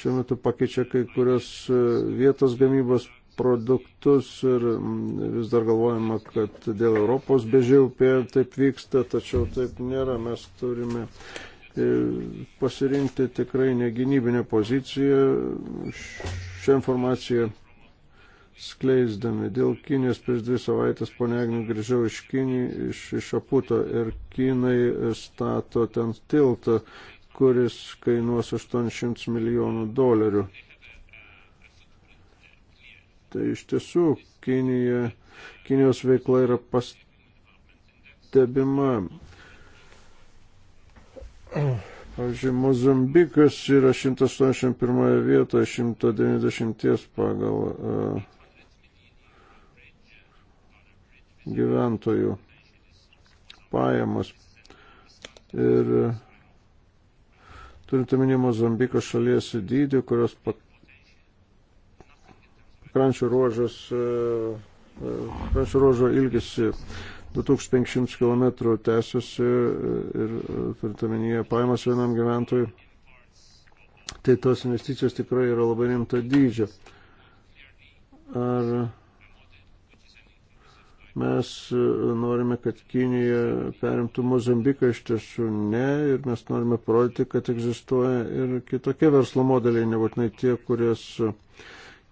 šiuo metu pakeičia kai kurios e, vietos gamybos produktus ir mm, vis dar galvojama, kad dėl Europos BŽUP taip vyksta, tačiau taip nėra. Mes turime e, pasirinkti tikrai negynybinę poziciją šią informaciją skleisdami. Dėl Kinijos prieš dvi savaitės ponegnių grįžau iš Kinijos, iš, iš Aputo ir Kinai stato ten tiltą kuris kainuos 800 milijonų dolerių. Tai iš tiesų Kinija, Kinijos veikla yra pastebima. Pavyzdžiui, Mozambikas yra 181 vietoje 190 pagal uh, gyventojų pajamas. Ir uh, turint omeny Mozambiko šalies dydį, kurios pakrančių ruožas, e, e, pakrančių ruožo ilgis 2500 km tęsiasi e, ir turint omenyje pajamas vienam gyventojui, tai tos investicijos tikrai yra labai rimto dydžio. Ar Mes e, norime, kad Kinija perimtų Mozambiką iš tiesų ne ir mes norime parodyti, kad egzistuoja ir kitokie verslo modeliai, nebūtinai tie, kurias e,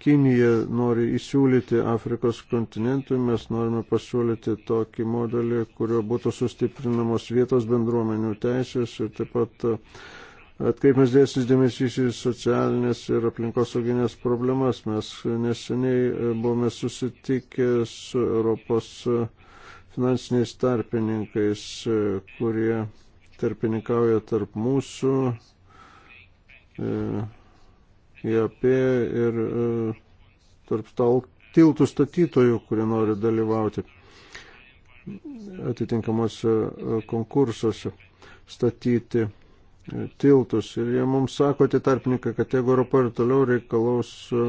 Kinija nori įsiūlyti Afrikos kontinentui, mes norime pasiūlyti tokį modelį, kurio būtų sustiprinamos vietos bendruomenių teisės ir taip pat uh, atkreipimas dėsis dėmesys į socialinės ir aplinkosauginės problemas. Mes neseniai e, buvome susitikę su Europos e, finansiniais tarpininkais, e, kurie tarpininkauja tarp mūsų, IAP ir tarp tiltų statytojų, kurie nori dalyvauti atitinkamuose konkursuose statyti tiltus. Ir jie mums sako, tie tarpininkai, kad jeigu Europa ir toliau reikalaus, e,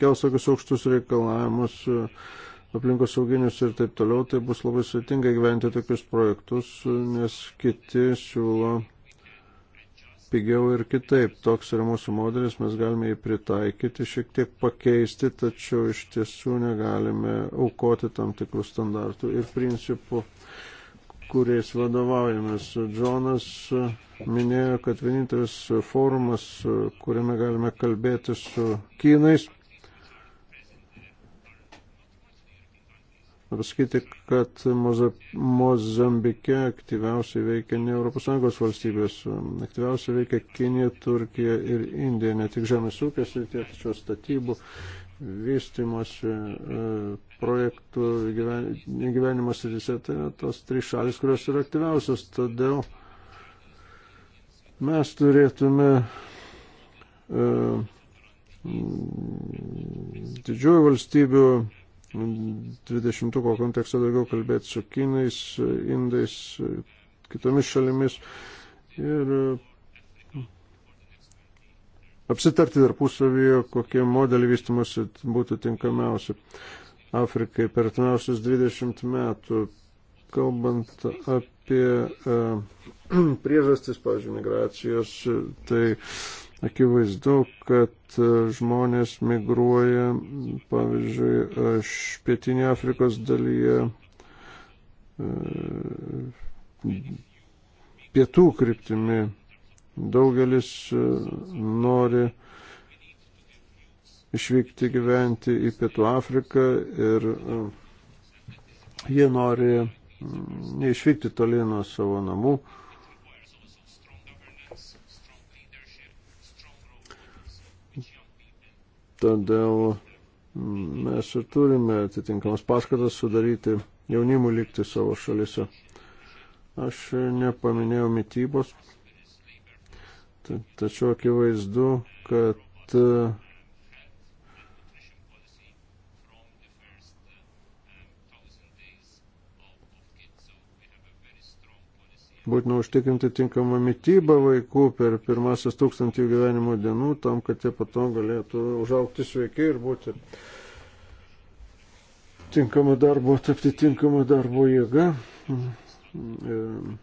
kels tokius aukštus reikalavimus, e, aplinkos sauginius ir taip toliau, tai bus labai sudėtinga gyventi tokius projektus, e, nes kiti siūlo pigiau ir kitaip. Toks yra mūsų modelis, mes galime jį pritaikyti, šiek tiek pakeisti, tačiau iš tiesų negalime aukoti tam tikrų standartų ir principų kuriais vadovaujamės. Džonas minėjo, kad vienintelis forumas, kuriame galime kalbėti su Kinais, pasakyti, kad Mozambike aktyviausiai veikia ne ES valstybės, aktyviausiai veikia Kinija, Turkija ir Indija, ne tik žemės ūkės, tačiau statybų vystimosi e, projektų gyvenimo srityse, tai yra tos trys šalis, kurios yra aktyviausios. Todėl mes turėtume e, didžiųjų valstybių 20-ko kontekste daugiau kalbėti su kinais, indais, kitomis šalimis ir apsitarti tarpusavyje, kokie modeliai vystimosi būtų tinkamiausi Afrikai per artimiausius 20 metų. Kalbant apie e, priežastis, pavyzdžiui, migracijos, tai akivaizdu, kad e, žmonės migruoja, pavyzdžiui, aš pietinė Afrikos dalyje, e, pietų kryptimi Daugelis e, nori išvykti gyventi į Pietų Afriką ir e, jie nori neišvykti toli nuo savo namų. Todėl mes ir turime atitinkamas paskatas sudaryti jaunimui likti savo šalise. Aš nepaminėjau mytybos Tačiau akivaizdu, kad e, būtina užtikrinti tinkamą mytybą vaikų per pirmasis tūkstantį gyvenimo dienų, tam, kad jie pato galėtų užaukti sveiki ir būti tinkama darbo, tapti tinkama darbo jėga. Ir mm, mm,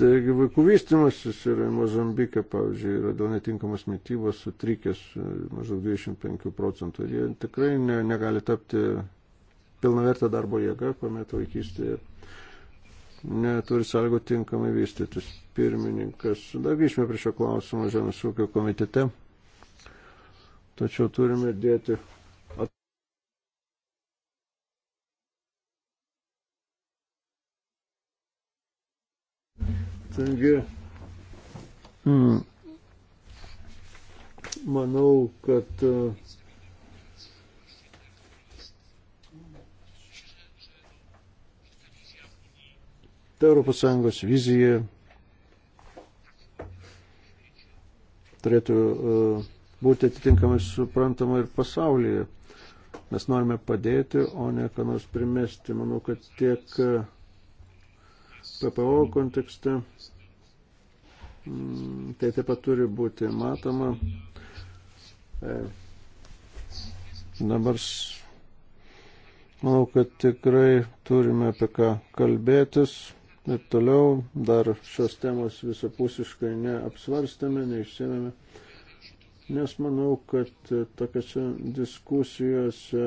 Taigi e, vaikų vystimasis yra Mozambike, pavyzdžiui, yra dėl netinkamas mytybos sutrikęs e, maždaug 25 procentų. Jie tikrai ne, negali tapti pilnavertę darbo jėgą, kuomet vaikystėje neturi sąlygų tinkamai vystytis. Pirmininkas, dar grįžime prie šio klausimo Žemės ūkio komitete, tačiau turime dėti Taigi, mm, manau, kad e, ta Europos Sąjungos vizija turėtų e, būti atitinkamai suprantama ir pasaulyje. Mes norime padėti, o ne ką nors primesti. Manau, kad tiek e, PPO kontekste. Mm, tai taip pat turi būti matoma. E, dabar manau, kad tikrai turime apie ką kalbėtis. Ir toliau dar šios temos visapusiškai neapsvarstėme, neišsėmėme, nes manau, kad tokiuose diskusijose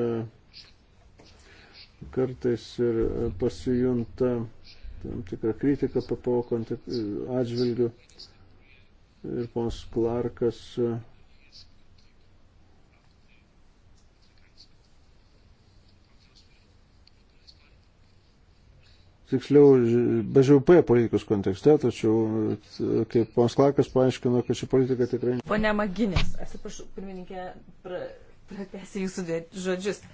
kartais ir pasijunta tam tikrą kritiką PPO atžvilgių. Ir pons Klarkas tiksliau BŽP politikos kontekste, tačiau kaip pons Klakas paaiškino, kad ši politika tikrai. Pone Maginės, atsiprašau, pirmininkė, pratęsiu jūsų žodžius.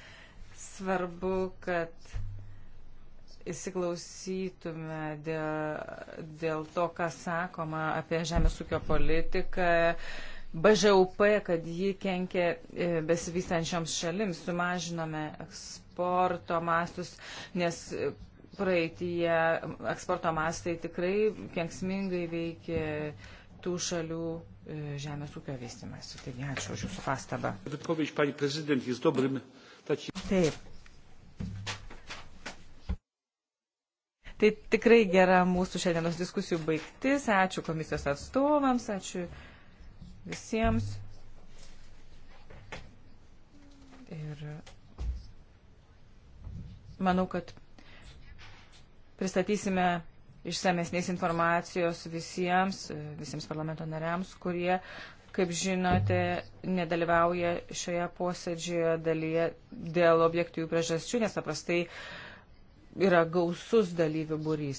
Svarbu, kad įsiklausytume dėl, dėl to, kas sakoma apie žemės ūkio politiką, BŽUP, kad ji kenkia e, besivystančioms šalims, sumažinome eksporto mastus, nes praeitie eksporto mastai tikrai kenksmingai veikė tų šalių e, žemės ūkio vystimas. Taigi ačiū už Jūsų pastabą. Taip. Tai tikrai gera mūsų šiandienos diskusijų baigtis. Ačiū komisijos atstovams, ačiū visiems. Ir manau, kad pristatysime išsamesnės informacijos visiems, visiems parlamento nariams, kurie, kaip žinote, nedalyvauja šioje posėdžioje dalyje dėl objektyvių priežasčių, nes paprastai uh, yra gausus dalyvių būrys.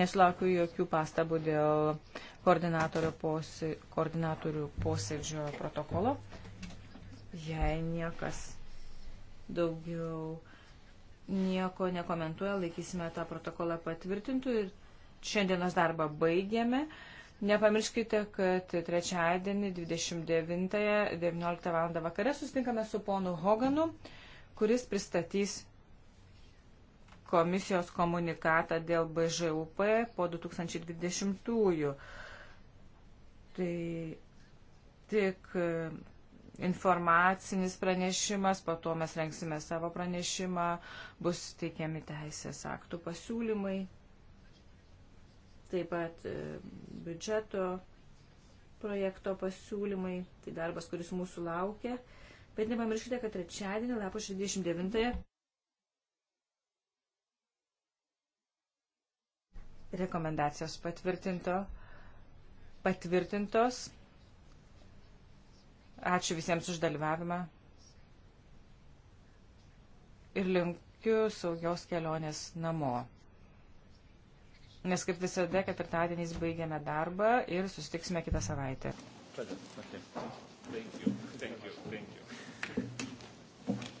Neslaukiu jokių pastabų dėl posė, koordinatorių posėdžio protokolo. Jei niekas daugiau nieko nekomentuoja, laikysime tą protokolą patvirtintų ir šiandienos darbą baigėme. Nepamirškite, kad trečiadienį 29.19 val. vakare susitinkame su ponu Hoganu, kuris pristatys komisijos komunikatą dėl BŽUP po 2020-ųjų. Tai tik e, informacinis pranešimas, po to mes rengsime savo pranešimą, bus teikiami teisės aktų pasiūlymai, taip pat e, biudžeto projekto pasiūlymai, tai darbas, kuris mūsų laukia. Bet nepamirškite, kad trečiadienį, lapo 69, rekomendacijos patvirtinto, patvirtintos. Ačiū visiems už dalyvavimą ir linkiu saugios kelionės namo. Nes kaip visada, ketvirtadieniais baigiame darbą ir susitiksime kitą savaitę. Thank you. Thank you. Thank you.